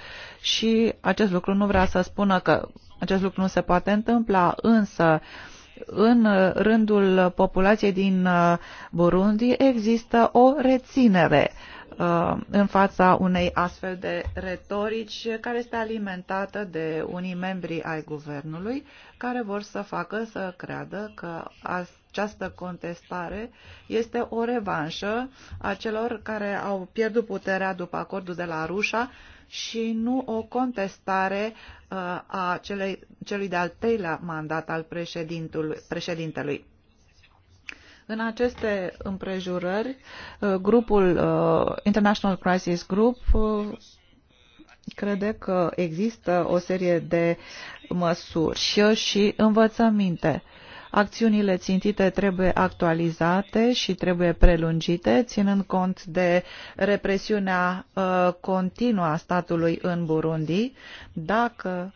Speaker 5: și acest lucru nu vrea să spună că acest lucru nu se poate întâmpla, însă uh, în uh, rândul populației din uh, Burundi există o reținere uh, în fața unei astfel de retorici care este alimentată de unii membri ai guvernului care vor să facă să creadă că această contestare este o revanșă a celor care au pierdut puterea după acordul de la Rușa și nu o contestare uh, a celei, celui de-al treilea mandat al președintelui. În aceste împrejurări, uh, grupul uh, International Crisis Group crede că există o serie de măsuri și învățăminte Acțiunile țintite trebuie actualizate și trebuie prelungite, ținând cont de represiunea uh, continuă a statului în Burundi. Dacă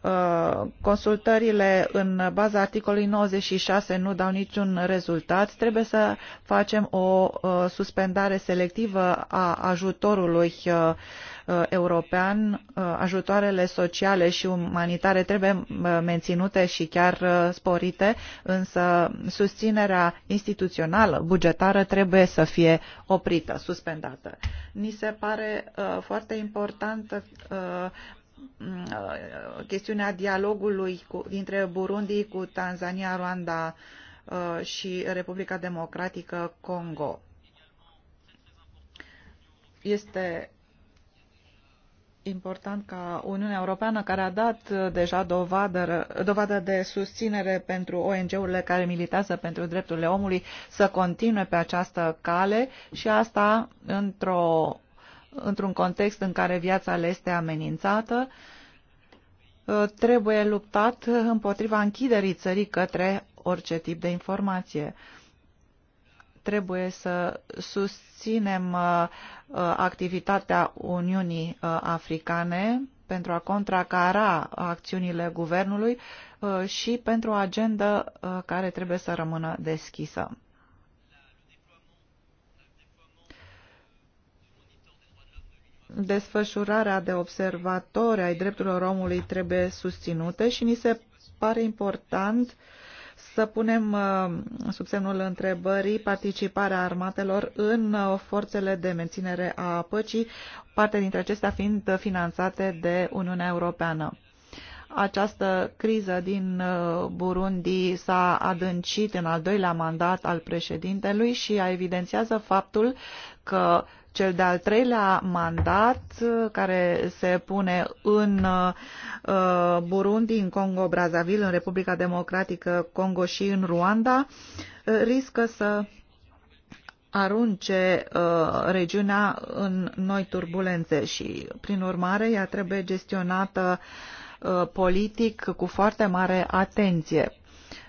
Speaker 5: uh, consultările în baza articolului 96 nu dau niciun rezultat, trebuie să facem o uh, suspendare selectivă a ajutorului uh, Uh, european, uh, ajutoarele sociale și umanitare trebuie uh, menținute și chiar sporite, însă susținerea instituțională, bugetară, trebuie să fie oprită, suspendată. Ni se pare foarte important chestiunea dialogului cu, dintre Burundi cu Tanzania, Rwanda și Republica Democratică Congo. Este important ca Uniunea Europeană, care a dat uh, deja dovadă, dovadă de susținere pentru ONG-urile care militează pentru drepturile omului, să continue pe această cale și asta într-o, într-un context în care viața le este amenințată. Uh, trebuie luptat împotriva închiderii țării către orice tip de informație trebuie să susținem uh, uh, activitatea Uniunii uh, Africane pentru a contracara acțiunile guvernului și pentru o agendă care trebuie să rămână deschisă. Desfășurarea de observatori ai drepturilor omului trebuie susținute și ni se pare important uh, să punem uh, sub semnul întrebării participarea armatelor în uh, forțele de menținere a păcii, parte dintre acestea fiind finanțate de Uniunea Europeană această criză din uh, Burundi s-a adâncit în al doilea mandat al președintelui și a evidențiază faptul că cel de-al treilea mandat uh, care se pune în uh, Burundi, în Congo, Brazzaville, în Republica Democratică Congo și în Ruanda uh, riscă să arunce uh, regiunea în noi turbulențe și, prin urmare, ea trebuie gestionată uh, politic cu foarte mare atenție.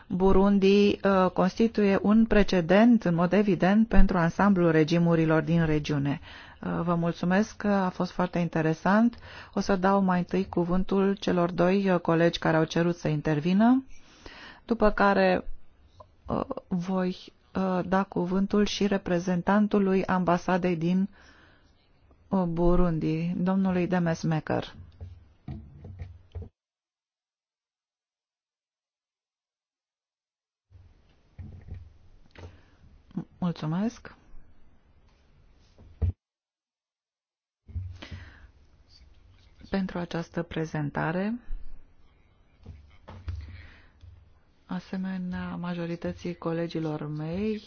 Speaker 5: Burundi uh, constituie un precedent, în mod evident, pentru ansamblul regimurilor din regiune. Uh, vă mulțumesc, că a fost foarte interesant. O să dau mai întâi cuvântul celor doi uh, colegi care au cerut să intervină, după care voi da cuvântul și reprezentantului ambasadei din Burundi, domnului Mecker. Mulțumesc. Pentru această prezentare, asemenea majorității colegilor mei,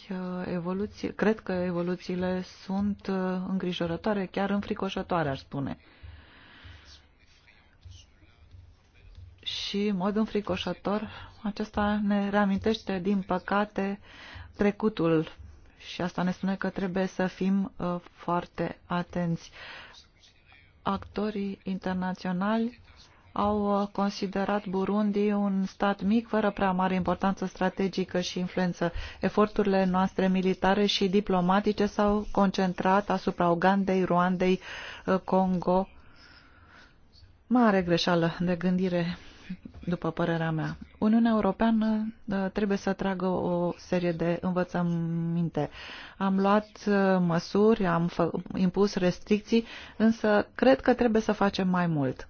Speaker 5: evoluții, cred că evoluțiile sunt îngrijorătoare, chiar înfricoșătoare, aș spune. și, în mod înfricoșător, acesta ne reamintește, din păcate, trecutul și asta ne spune că trebuie să fim uh, foarte atenți. Actorii internaționali au uh, considerat Burundi un stat mic, fără prea mare importanță strategică și influență. Eforturile noastre militare și diplomatice s-au concentrat asupra Ugandei, Ruandei, uh, Congo. Mare greșeală de gândire după părerea mea. Uniunea Europeană da, trebuie să tragă o serie de învățăminte. Am luat uh, măsuri, am impus restricții, însă cred că trebuie să facem mai mult.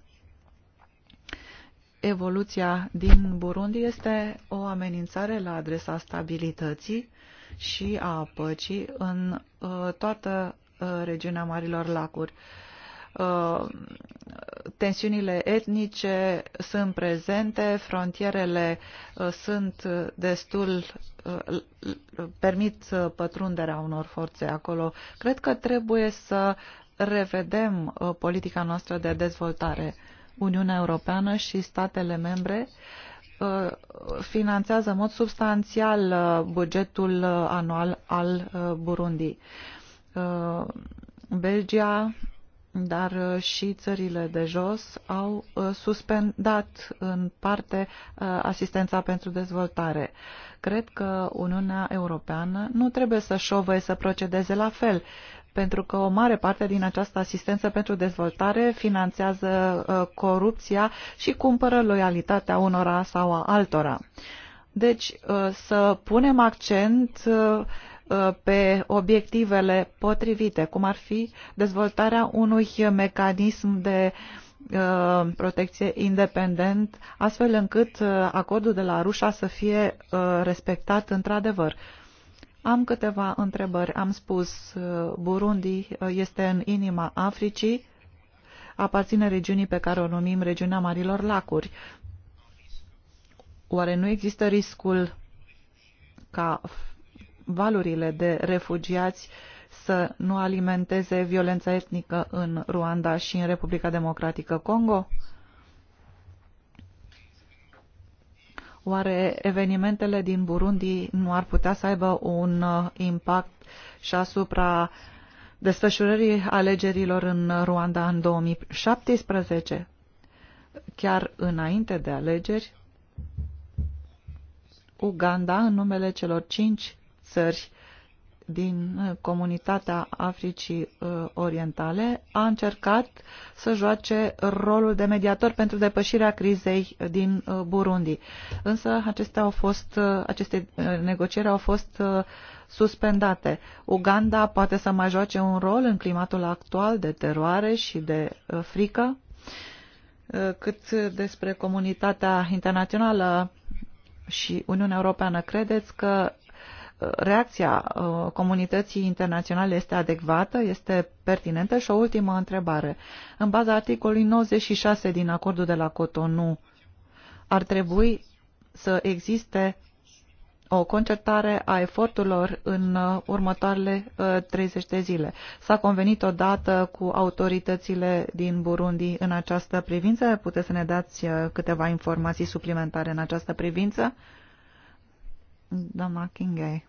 Speaker 5: Evoluția din Burundi este o amenințare la adresa stabilității și a păcii în uh, toată uh, regiunea Marilor Lacuri. Uh, tensiunile etnice sunt prezente, frontierele uh, sunt uh, destul, permit pătrunderea unor forțe acolo. Cred că trebuie să revedem politica noastră de dezvoltare. Uniunea Europeană și statele membre finanțează în mod substanțial bugetul anual al Burundi. Belgia dar uh, și țările de jos au uh, suspendat în parte uh, asistența pentru dezvoltare. Cred că Uniunea Europeană nu trebuie să șovăie să procedeze la fel, pentru că o mare parte din această asistență pentru dezvoltare finanțează corupția și cumpără loialitatea unora sau a altora. Deci să punem accent Uh, pe obiectivele potrivite, cum ar fi dezvoltarea unui mecanism de uh, protecție independent, astfel încât uh, acordul de la Rușa să fie respectat într-adevăr. Am câteva întrebări. Am spus, Burundi este în inima Africii, aparține regiunii pe care o numim regiunea Marilor Lacuri. Oare nu există riscul ca valurile de refugiați să nu alimenteze violența etnică în Ruanda și în Republica Democratică Congo? Oare evenimentele din Burundi nu ar putea să aibă un uh, impact și asupra desfășurării alegerilor în Ruanda în 2017, chiar înainte de alegeri? Uganda, în numele celor cinci țări din uh, comunitatea Africii uh, Orientale a încercat să joace rolul de mediator pentru depășirea crizei din uh, Burundi. Însă acestea au fost, aceste negocieri au fost suspendate. Uganda poate să mai joace un rol în climatul actual de teroare și de frică. Cât despre comunitatea internațională și Uniunea Europeană, credeți că reacția uh, comunității internaționale este adecvată, este pertinentă? Și o ultimă întrebare. În baza articolului 96 din acordul de la Cotonou, ar trebui să existe o concertare a eforturilor în uh, următoarele 30 uh, de zile. S-a convenit odată cu autoritățile din Burundi în această privință. Puteți să ne dați câteva informații suplimentare în această privință? doamna Kingay.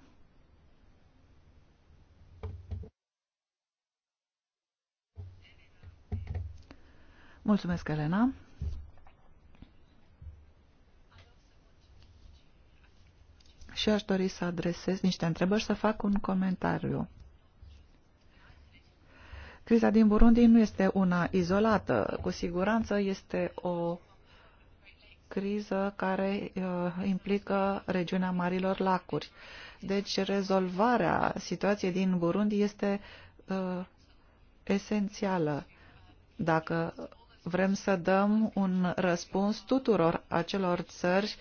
Speaker 5: Mulțumesc, Elena. Și aș dori să adresez niște întrebări și să fac un comentariu. Criza din Burundi nu este una izolată. Cu siguranță este o criză care uh, implică regiunea Marilor Lacuri. Deci rezolvarea situației din Burundi este uh, esențială. Dacă vrem să dăm un răspuns tuturor acelor țări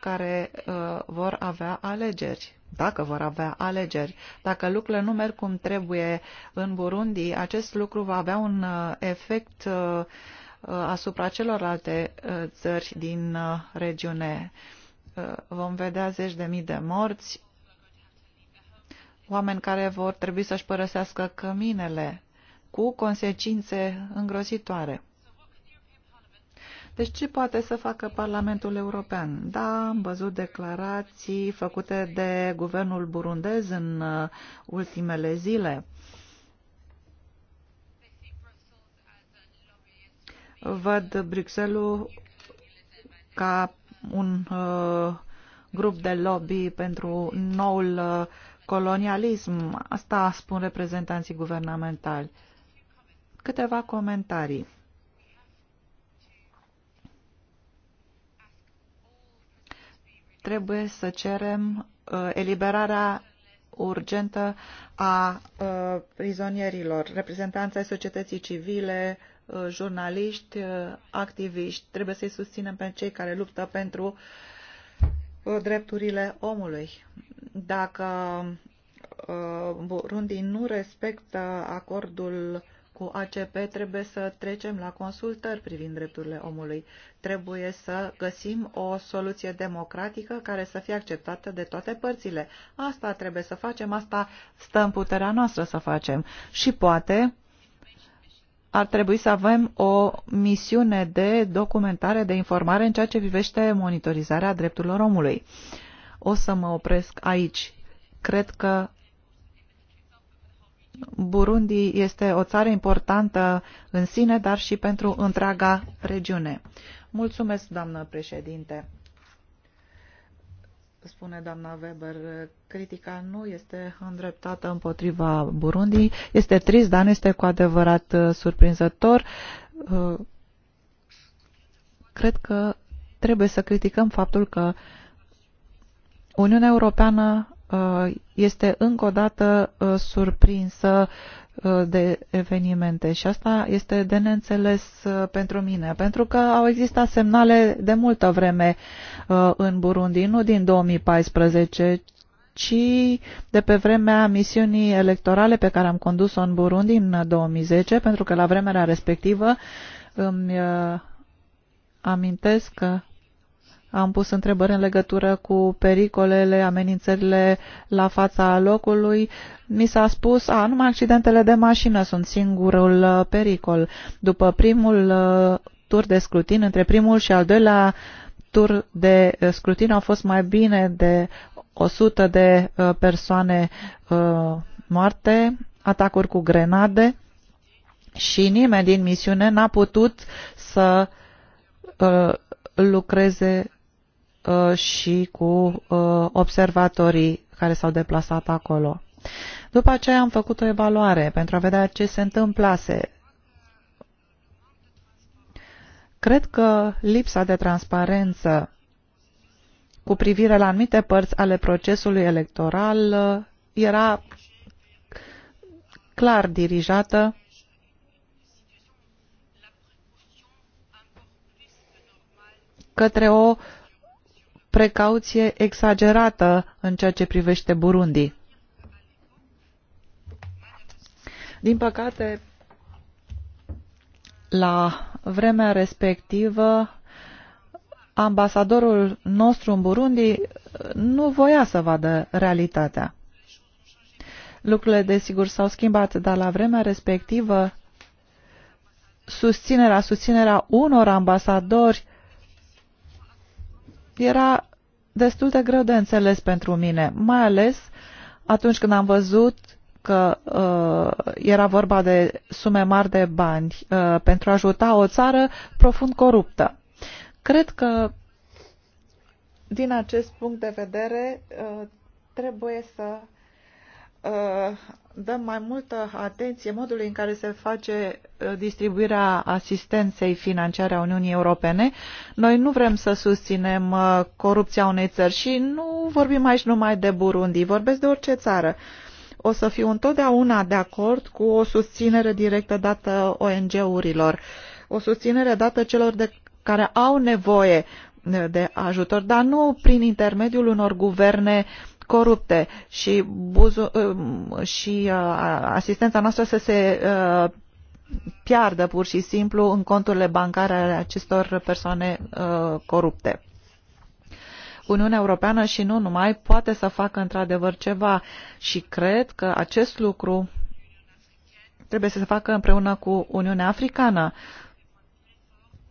Speaker 5: care uh, vor avea alegeri. Dacă vor avea alegeri, dacă lucrurile nu merg cum trebuie în Burundi, acest lucru va avea un uh, efect uh, Uh, asupra celorlalte uh, țări din uh, regiune. Vom vedea zeci de mii de morți, oameni care vor trebui să-și părăsească căminele cu consecințe îngrozitoare. Deci ce poate să facă Parlamentul European? Da, am văzut declarații făcute de guvernul burundez în ultimele zile văd Bruxelles ca un uh, grup de lobby pentru noul uh, colonialism. Asta spun reprezentanții guvernamentali. Câteva comentarii. Trebuie să cerem uh, eliberarea urgentă a uh, prizonierilor, reprezentanța societății civile, Uh, jurnaliști, uh, activiști. Trebuie să-i susținem pe cei care luptă pentru uh, drepturile omului. Dacă Burundi nu respectă acordul cu ACP, trebuie să trecem la consultări privind drepturile omului. Trebuie să găsim o soluție democratică care să fie acceptată de toate părțile. Asta trebuie să facem, asta stă în puterea noastră să facem. Și poate ar trebui să avem o misiune de documentare, de informare în ceea ce privește monitorizarea drepturilor omului. O să mă opresc aici. Cred că Burundi este o țară importantă în sine, dar și pentru întreaga regiune. Mulțumesc, doamnă președinte spune doamna Weber, critica nu este îndreptată împotriva Burundi. Este trist, dar nu este cu adevărat uh, surprinzător. Uh, cred că trebuie să criticăm faptul că Uniunea Europeană uh, este încă o dată surprinsă Uh, de evenimente și asta este de neînțeles uh, pentru mine, pentru că au existat semnale de multă vreme uh, în Burundi, nu din 2014, ci de pe vremea misiunii electorale pe care am condus-o în Burundi în 2010, pentru că la vremea respectivă îmi amintesc că am pus întrebări în legătură cu pericolele, amenințările la fața locului. Mi s-a spus, a, numai accidentele de mașină sunt singurul uh, pericol. După primul uh, tur de scrutin, între primul și al doilea tur de uh, scrutin au fost mai bine de 100 de persoane moarte, atacuri cu grenade și nimeni din misiune n-a putut să lucreze Uh, și cu uh, observatorii care s-au deplasat acolo. După aceea am făcut o evaluare pentru a vedea ce se întâmplase. Cred că lipsa de transparență cu privire la anumite părți ale procesului electoral uh, era clar dirijată către o precauție exagerată în ceea ce privește Burundi. Din păcate, la vremea respectivă, ambasadorul nostru în Burundi nu voia să vadă realitatea. Lucrurile, desigur, s-au schimbat, dar la vremea respectivă, susținerea, susținerea unor ambasadori era destul de greu de înțeles pentru mine, mai ales atunci când am văzut că uh, era vorba de sume mari de bani uh, pentru a ajuta o țară profund coruptă. Cred că, din acest punct de vedere, uh, trebuie să Uh, dăm mai multă atenție modului în care se face uh, distribuirea asistenței financiare a Uniunii Europene. Noi nu vrem să susținem uh, corupția unei țări și nu vorbim aici numai de Burundi, vorbesc de orice țară. O să fiu întotdeauna de acord cu o susținere directă dată ONG-urilor, o susținere dată celor de care au nevoie de ajutor, dar nu prin intermediul unor guverne corupte și, buzu, um, și uh, asistența noastră să se uh, piardă pur și simplu în conturile bancare ale acestor persoane uh, corupte. Uniunea Europeană și nu numai poate să facă într-adevăr ceva și cred că acest lucru trebuie să se facă împreună cu Uniunea Africană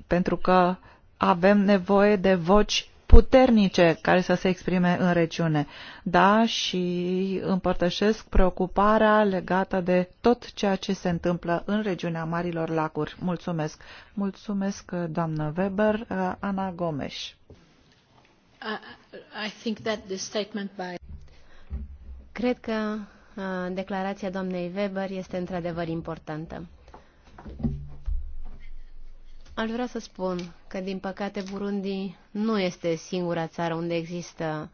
Speaker 5: pentru că avem nevoie de voci puternice care să se exprime în regiune. Da, și împărtășesc preocuparea legată de tot ceea ce se întâmplă în regiunea Marilor Lacuri. Mulțumesc. Mulțumesc, doamnă Weber, Ana Gomes.
Speaker 2: Uh, Cred că uh, declarația doamnei Weber este într-adevăr importantă. Aș vrea să spun că, din păcate, Burundi nu este singura țară unde există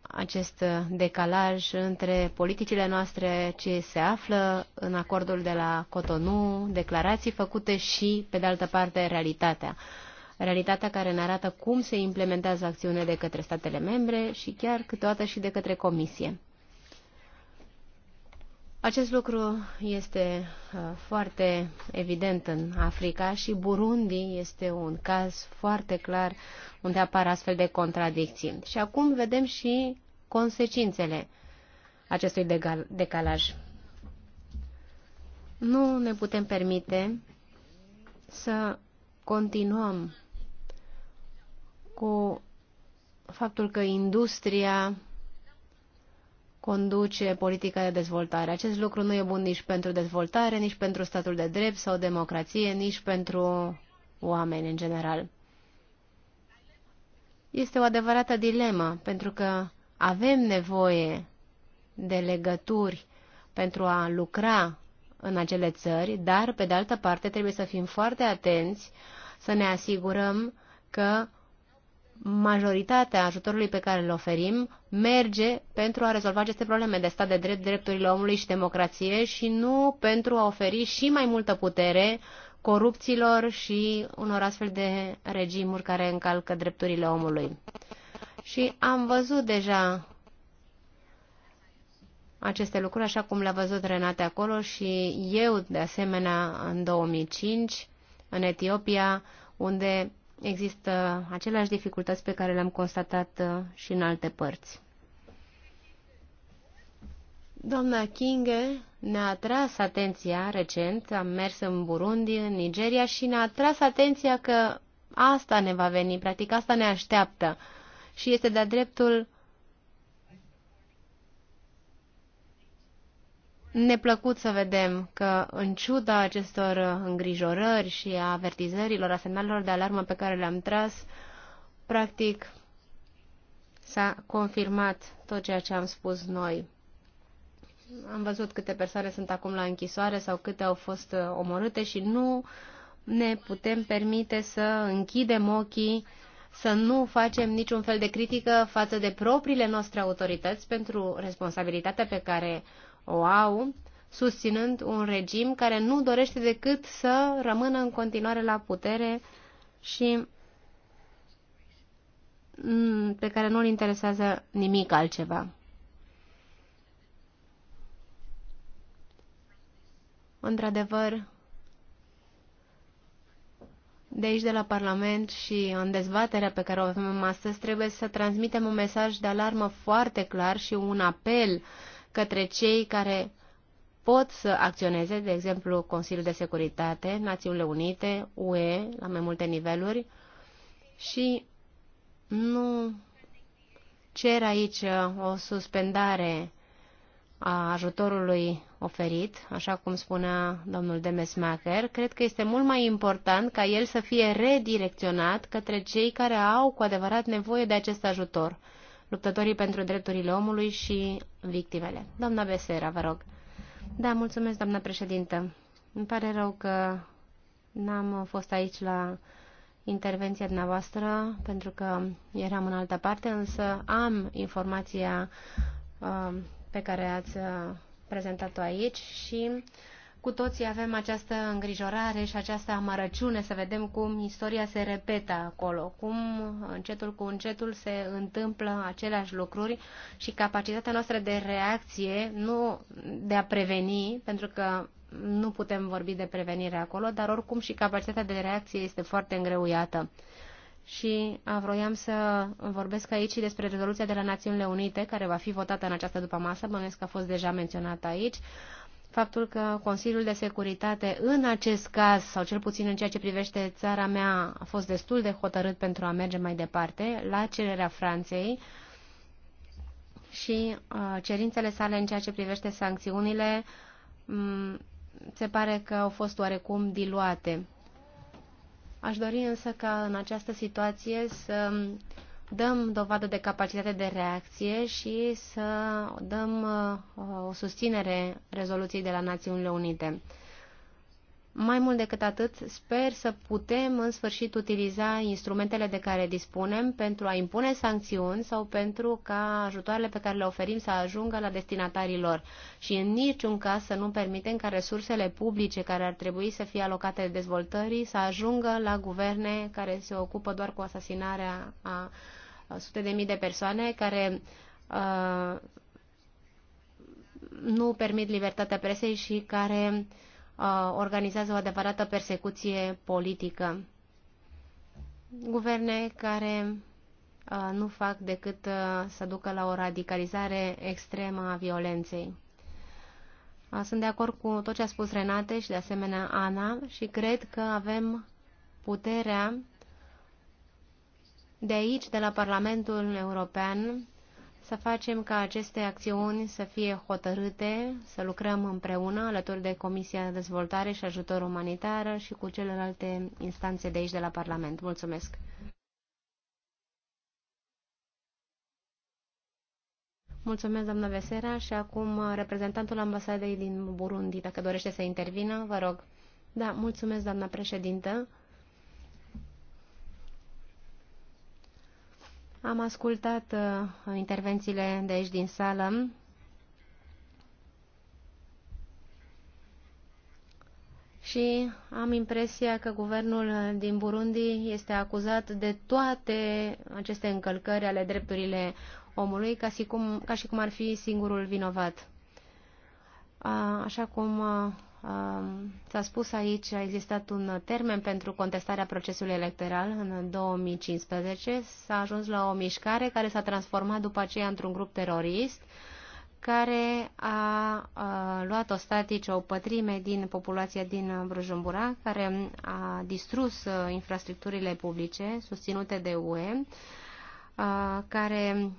Speaker 2: acest decalaj între politicile noastre ce se află în acordul de la Cotonou, declarații făcute și, pe de altă parte, realitatea. Realitatea care ne arată cum se implementează acțiune de către statele membre și chiar câteodată și de către Comisie. Acest lucru este uh, foarte evident în Africa și Burundi este un caz foarte clar unde apar astfel de contradicții. Și acum vedem și consecințele acestui decalaj. Nu ne putem permite să continuăm cu faptul că industria conduce politica de dezvoltare. Acest lucru nu e bun nici pentru dezvoltare, nici pentru statul de drept sau democrație, nici pentru oameni în general. Este o adevărată dilemă, pentru că avem nevoie de legături pentru a lucra în acele țări, dar, pe de altă parte, trebuie să fim foarte atenți, să ne asigurăm că majoritatea ajutorului pe care îl oferim merge pentru a rezolva aceste probleme de stat de drept, drepturile omului și democrație și nu pentru a oferi și mai multă putere corupților și unor astfel de regimuri care încalcă drepturile omului. Și am văzut deja aceste lucruri, așa cum le-a văzut Renate acolo și eu, de asemenea, în 2005, în Etiopia, unde există aceleași dificultăți pe care le-am constatat uh, și în alte părți. Doamna Kinge ne-a atras atenția recent, am mers în Burundi, în Nigeria și ne-a atras atenția că asta ne va veni, practic asta ne așteaptă și este de-a dreptul neplăcut să vedem că, în ciuda acestor îngrijorări și a avertizărilor, a semnalelor de alarmă pe care le-am tras, practic s-a confirmat tot ceea ce am spus noi. Am văzut câte persoane sunt acum la închisoare sau câte au fost uh, omorâte și nu ne putem permite să închidem ochii să nu facem niciun fel de critică față de propriile noastre autorități pentru responsabilitatea pe care o au, susținând un regim care nu dorește decât să rămână în continuare la putere și pe care nu-l interesează nimic altceva. Într-adevăr, de aici, de la Parlament și în dezbaterea pe care o avem astăzi, trebuie să transmitem un mesaj de alarmă foarte clar și un apel uh, către cei care pot să acționeze, de exemplu Consiliul de Securitate, Națiunile Unite, UE, la mai multe niveluri, și nu cer aici uh, o suspendare a ajutorului oferit, așa cum spunea domnul Demesmacher, cred că este mult mai important ca el să fie redirecționat către cei care au cu adevărat nevoie de acest ajutor luptătorii pentru drepturile omului și victimele. Doamna Besera, vă rog. Da, mulțumesc, doamna președintă. Îmi pare rău că n-am fost aici la intervenția dumneavoastră, pentru că eram în altă parte, însă am informația uh, pe care ați uh, prezentat-o aici și uh, cu toții avem această îngrijorare și această amărăciune să vedem cum istoria se repetă acolo, cum încetul cu încetul se întâmplă aceleași lucruri și capacitatea noastră de reacție, nu de a preveni, pentru că nu putem vorbi de prevenire acolo, dar oricum și capacitatea de reacție este foarte îngreuiată și vroiam să vorbesc aici despre rezoluția de la Națiunile Unite, care va fi votată în această după masă, bănuiesc că a fost deja menționată aici faptul că Consiliul de Securitate în acest caz, sau cel puțin în ceea ce privește țara mea, a fost destul de hotărât pentru a merge mai departe la cererea Franței și uh, cerințele sale în ceea ce privește sancțiunile mm, se pare că au fost oarecum diluate. Aș dori însă ca în această situație să dăm dovadă de capacitate de reacție și să dăm uh, o susținere rezoluției de la Națiunile Unite. Mai mult decât atât, sper să putem în sfârșit utiliza instrumentele de care dispunem pentru a impune sancțiuni sau pentru ca ajutoarele pe care le oferim să ajungă la destinatarii lor și în niciun caz să nu permitem ca resursele publice care ar trebui să fie alocate de dezvoltării să ajungă la guverne care se ocupă doar cu asasinarea a sute de mii de persoane care uh, nu permit libertatea presei și care uh, organizează o adevărată persecuție politică. Guverne care nu fac decât să ducă la o radicalizare extremă a violenței. Sunt de acord cu tot ce a spus Renate și de asemenea Ana și cred că avem puterea de aici, de la Parlamentul European, să facem ca aceste acțiuni să fie hotărâte, să lucrăm împreună alături de Comisia de Dezvoltare și Ajutor Umanitar și cu celelalte instanțe de aici de la Parlament. Mulțumesc! Mulțumesc, doamna Vesera, și acum reprezentantul ambasadei din Burundi, dacă dorește să intervină, vă rog. Da, mulțumesc, doamna președintă. Am ascultat uh, intervențiile de aici din sală. Și am impresia că guvernul din Burundi este acuzat de toate aceste încălcări ale drepturile omului, ca și cum, ca și cum ar fi singurul vinovat. Așa cum uh, S-a spus aici, a existat un termen pentru contestarea procesului electoral în 2015. S-a ajuns la o mișcare care s-a transformat după aceea într-un grup terorist care a, a luat statice, o pătrime din populația din Brujumbura, care a distrus uh, infrastructurile publice susținute de UE care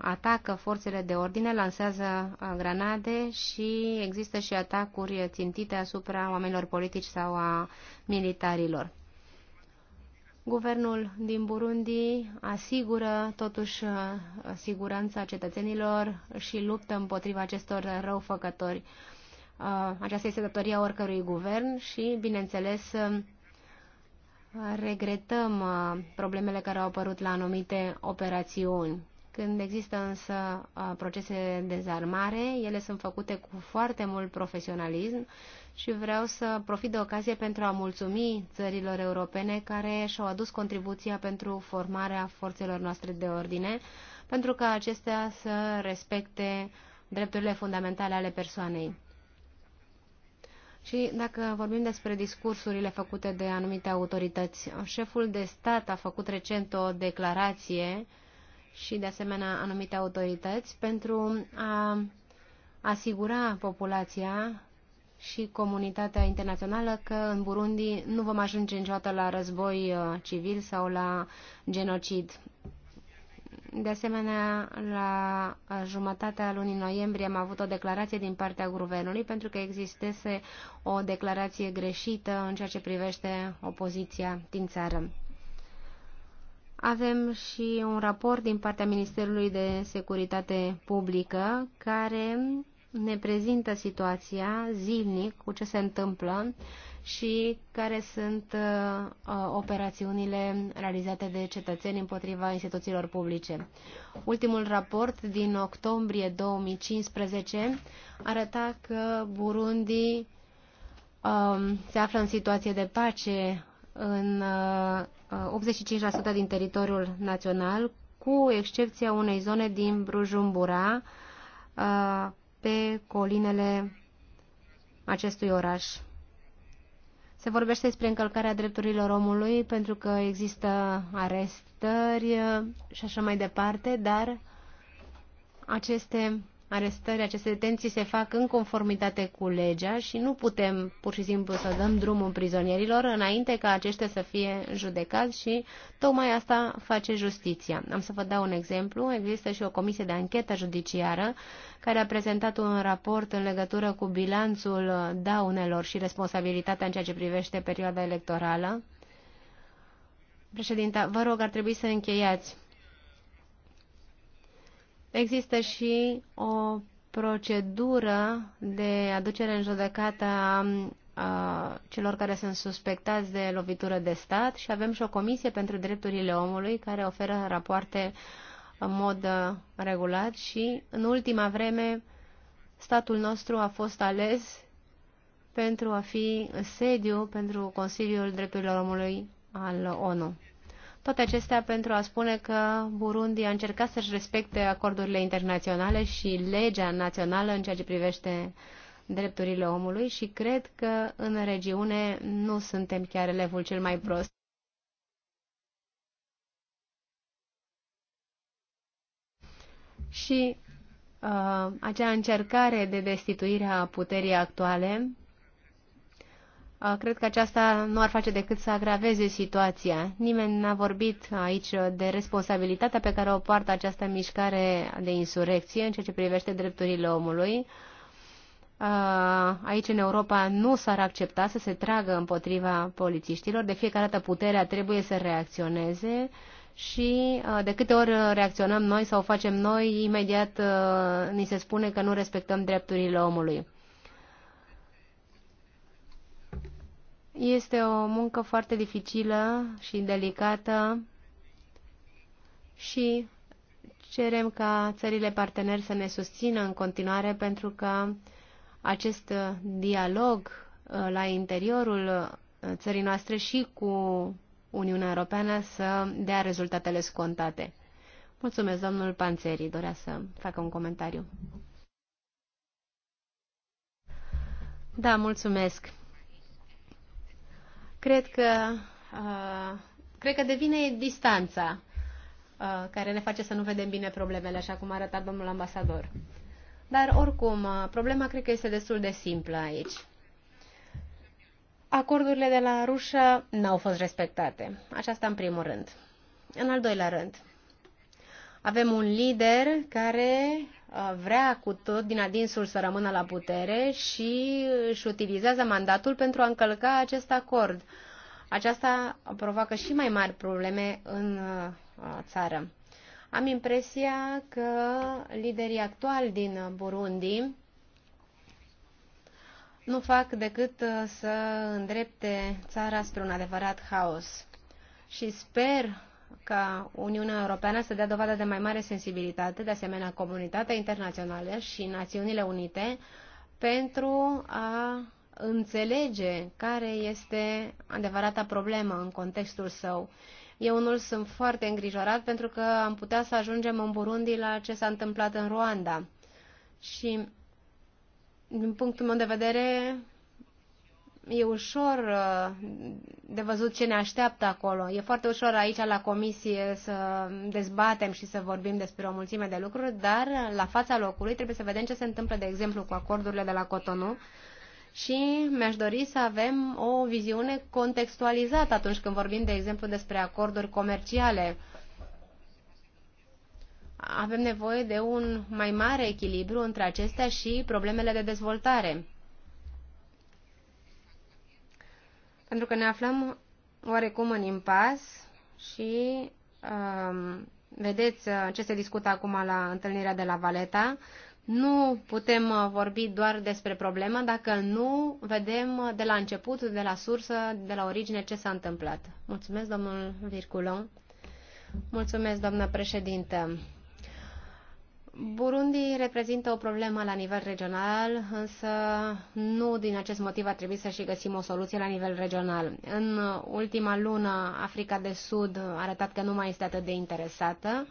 Speaker 2: atacă forțele de ordine, lansează granade și există și atacuri țintite asupra oamenilor politici sau a militarilor. Guvernul din Burundi asigură totuși siguranța cetățenilor și luptă împotriva acestor răufăcători. Aceasta este datoria oricărui guvern și, bineînțeles, regretăm uh, problemele care au apărut la anumite operațiuni. Când există însă uh, procese de dezarmare, ele sunt făcute cu foarte mult profesionalism și vreau să profit de ocazie pentru a mulțumi țărilor europene care și-au adus contribuția pentru formarea forțelor noastre de ordine, pentru ca acestea să respecte drepturile fundamentale ale persoanei. Și dacă vorbim despre discursurile făcute de anumite autorități, șeful de stat a făcut recent o declarație și de asemenea anumite autorități pentru a asigura populația și comunitatea internațională că în Burundi nu vom ajunge niciodată la război uh, civil sau la genocid. De asemenea, la jumătatea lunii noiembrie am avut o declarație din partea guvernului pentru că existese o declarație greșită în ceea ce privește opoziția din țară. Avem și un raport din partea Ministerului de Securitate Publică care ne prezintă situația zilnic cu ce se întâmplă și care sunt uh, uh, operațiunile realizate de cetățeni împotriva instituțiilor publice. Ultimul raport din octombrie 2015 arăta că Burundi uh, se află în situație de pace în uh, 85% uh, din teritoriul național, cu excepția unei zone din Brujumbura, uh, pe colinele acestui oraș. Se vorbește despre încălcarea drepturilor omului pentru că există arestări uh, și așa mai departe, dar aceste arestări, aceste detenții se fac în conformitate cu legea și nu putem pur și simplu să dăm drumul prizonierilor înainte ca aceștia să fie judecați și tocmai asta face justiția. Am să vă dau un exemplu. Există și o comisie de anchetă judiciară care a prezentat un raport în legătură cu bilanțul daunelor și responsabilitatea în ceea ce privește perioada electorală. Președinta, vă rog, ar trebui să încheiați. Există și o procedură de aducere în judecată a, celor care sunt suspectați de lovitură de stat și avem și o comisie pentru drepturile omului care oferă rapoarte în mod regulat și în ultima vreme statul nostru a fost ales pentru a fi sediu pentru Consiliul Drepturilor Omului al ONU. Toate acestea pentru a spune că Burundi a încercat să-și respecte acordurile internaționale și legea națională în ceea ce privește drepturile omului și cred că în regiune nu suntem chiar elevul cel mai prost. Și uh, acea încercare de destituire a puterii actuale Cred că aceasta nu ar face decât să agraveze situația. Nimeni n-a vorbit aici de responsabilitatea pe care o poartă această mișcare de insurecție în ceea ce privește drepturile omului. Aici, în Europa, nu s-ar accepta să se tragă împotriva polițiștilor. De fiecare dată puterea trebuie să reacționeze și de câte ori reacționăm noi sau facem noi, imediat ni se spune că nu respectăm drepturile omului. Este o muncă foarte dificilă și delicată și cerem ca țările parteneri să ne susțină în continuare pentru că acest dialog uh, la interiorul uh, țării noastre și cu Uniunea Europeană să dea rezultatele scontate. Mulțumesc, domnul Panțeri, dorea să facă un comentariu. Da, mulțumesc. Cred că, uh, cred că devine distanța uh, care ne face să nu vedem bine problemele, așa cum a arătat domnul ambasador. Dar, oricum, uh, problema cred că este destul de simplă aici. Acordurile de la Rușă n-au fost respectate. Aceasta în primul rând. În al doilea rând, avem un lider care vrea cu tot din adinsul să rămână la putere și își utilizează mandatul pentru a încălca acest acord. Aceasta provoacă și mai mari probleme în uh, țară. Am impresia că liderii actuali din Burundi nu fac decât uh, să îndrepte țara spre un adevărat haos. Și sper ca Uniunea Europeană să dea dovadă de mai mare sensibilitate, de asemenea comunitatea internațională și Națiunile Unite, pentru a înțelege care este adevărata problemă în contextul său. Eu unul sunt foarte îngrijorat pentru că am putea să ajungem în Burundi la ce s-a întâmplat în Ruanda. Și din punctul meu de vedere, e ușor uh, de văzut ce ne așteaptă acolo. E foarte ușor aici la comisie să dezbatem și să vorbim despre o mulțime de lucruri, dar la fața locului trebuie să vedem ce se întâmplă, de exemplu, cu acordurile de la Cotonou și mi-aș dori să avem o viziune contextualizată atunci când vorbim, de exemplu, despre acorduri comerciale. Avem nevoie de un mai mare echilibru între acestea și problemele de dezvoltare. pentru că ne aflăm oarecum în impas și um, vedeți uh, ce se discută acum la întâlnirea de la Valeta. Nu putem uh, vorbi doar despre problemă dacă nu vedem uh, de la început, de la sursă, de la origine ce s-a întâmplat. Mulțumesc, domnul Virculon. Mulțumesc, doamnă președintă. Burundi reprezintă o problemă la nivel regional, însă nu din acest motiv a trebuit să și găsim o soluție la nivel regional. În ultima lună, Africa de Sud a arătat că nu mai este atât de interesată.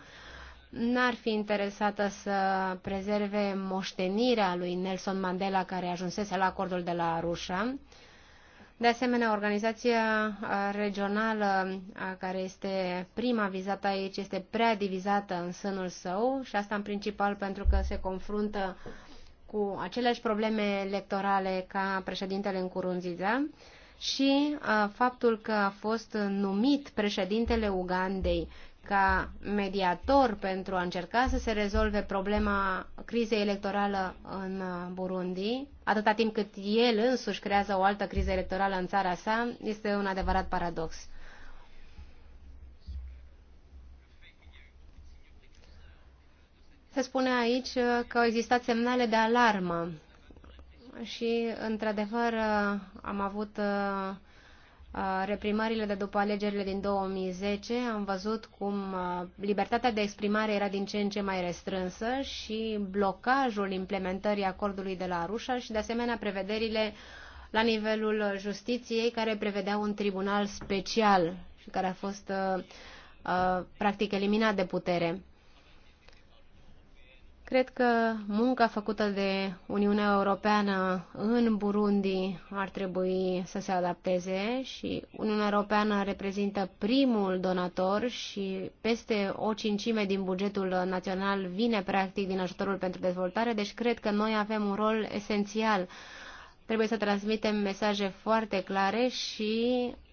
Speaker 2: N-ar fi interesată să prezerve moștenirea lui Nelson Mandela care ajunsese la acordul de la Arusha de asemenea, organizația regională care este prima vizată aici este prea divizată în sânul său și asta în principal pentru că se confruntă cu aceleași probleme electorale ca președintele în Nkurunziza și faptul că a fost numit președintele Ugandei ca mediator pentru a încerca să se rezolve problema crizei electorală în Burundi, atâta timp cât el însuși creează o altă criză electorală în țara sa, este un adevărat paradox. Se spune aici că au existat semnale de alarmă și, într-adevăr, am avut Uh, reprimările de după alegerile din 2010, am văzut cum uh, libertatea de exprimare era din ce în ce mai restrânsă și blocajul implementării acordului de la Arușa și, de asemenea, prevederile la nivelul justiției care prevedea un tribunal special și care a fost, uh, practic, eliminat de putere. Cred că munca făcută de Uniunea Europeană în Burundi ar trebui să se adapteze și Uniunea Europeană reprezintă primul donator și peste o cincime din bugetul național vine practic din ajutorul pentru dezvoltare, deci cred că noi avem un rol esențial. Trebuie să transmitem mesaje foarte clare și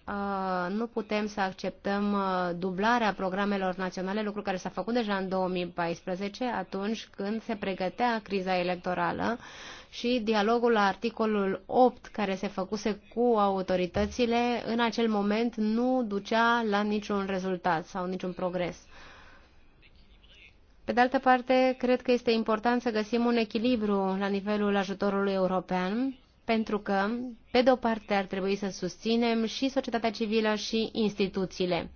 Speaker 2: Uh, nu putem să acceptăm uh, dublarea programelor naționale, lucru care s-a făcut deja în 2014, atunci când se pregătea criza electorală și dialogul la articolul 8 care se făcuse cu autoritățile în acel moment nu ducea la niciun rezultat sau niciun progres. Pe de altă parte, cred că este important să găsim un echilibru la nivelul ajutorului european pentru că, pe de o parte, ar trebui să susținem și societatea civilă și instituțiile.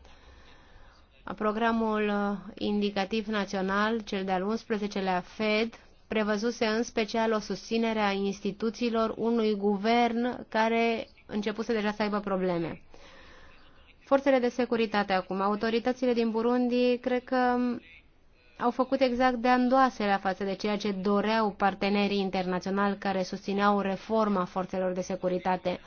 Speaker 2: Programul indicativ național, cel de-al 11-lea FED, prevăzuse în special o susținere a instituțiilor unui guvern care începuse deja să aibă probleme. Forțele de securitate acum, autoritățile din Burundi, cred că au făcut exact de la față de ceea ce doreau partenerii internaționali care susțineau reforma forțelor de securitate.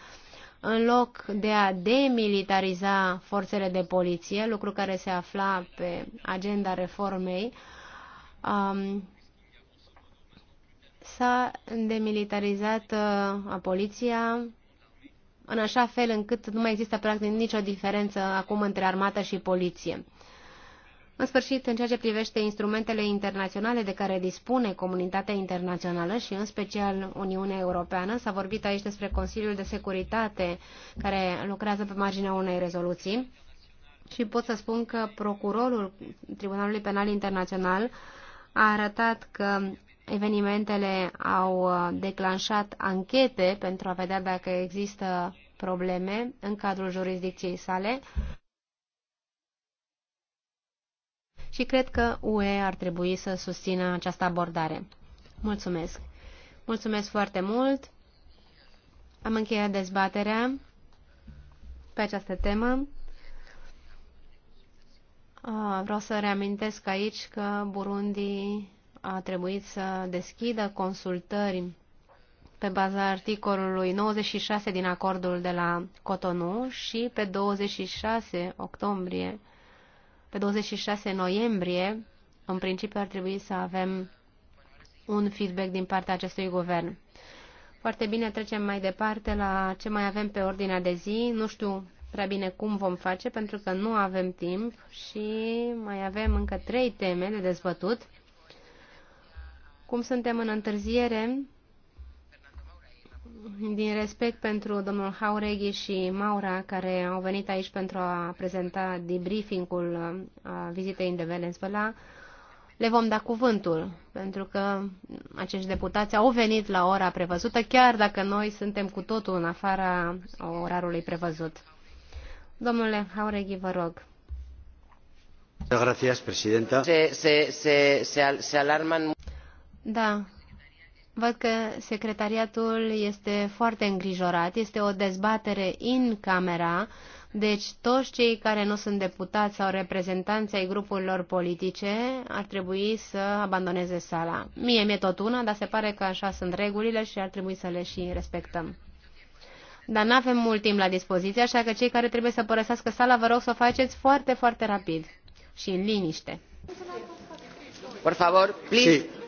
Speaker 2: În loc de a demilitariza forțele de poliție, lucru care se afla pe agenda reformei, um, s-a demilitarizat uh, poliția în așa fel încât nu mai există practic nicio diferență acum între armată și poliție. În sfârșit, în ceea ce privește instrumentele internaționale de care dispune comunitatea internațională și în special Uniunea Europeană, s-a vorbit aici despre Consiliul de Securitate care lucrează pe marginea unei rezoluții și pot să spun că procurorul Tribunalului Penal Internațional a arătat că evenimentele au declanșat anchete pentru a vedea dacă există probleme în cadrul jurisdicției sale și cred că UE ar trebui să susțină această abordare. Mulțumesc! Mulțumesc foarte mult! Am încheiat dezbaterea pe această temă. Vreau să reamintesc aici că Burundi a trebuit să deschidă consultări pe baza articolului 96 din acordul de la Cotonou și pe 26 octombrie pe 26 noiembrie, în principiu, ar trebui să avem un feedback din partea acestui guvern. Foarte bine, trecem mai departe la ce mai avem pe ordinea de zi. Nu știu prea bine cum vom face, pentru că nu avem timp și mai avem încă trei teme de dezbătut. Cum suntem în întârziere, din respect pentru domnul Haureghi și Maura, care au venit aici pentru a prezenta debriefing-ul uh, vizitei în Venezuela, le vom da cuvântul, pentru că acești deputați au venit la ora prevăzută, chiar dacă noi suntem cu totul în afara orarului prevăzut. Domnule Haureghi, vă rog.
Speaker 1: Gracias, Se, se, se, se, se alarman...
Speaker 2: Da, Văd că secretariatul este foarte îngrijorat, este o dezbatere în camera, deci toți cei care nu sunt deputați sau reprezentanți ai grupurilor politice ar trebui să abandoneze sala. Mie mi-e tot una, dar se pare că așa sunt regulile și ar trebui să le și respectăm. Dar nu avem mult timp la dispoziție, așa că cei care trebuie să părăsească sala, vă rog să o faceți foarte, foarte rapid și în liniște. Por favor, please. Sí.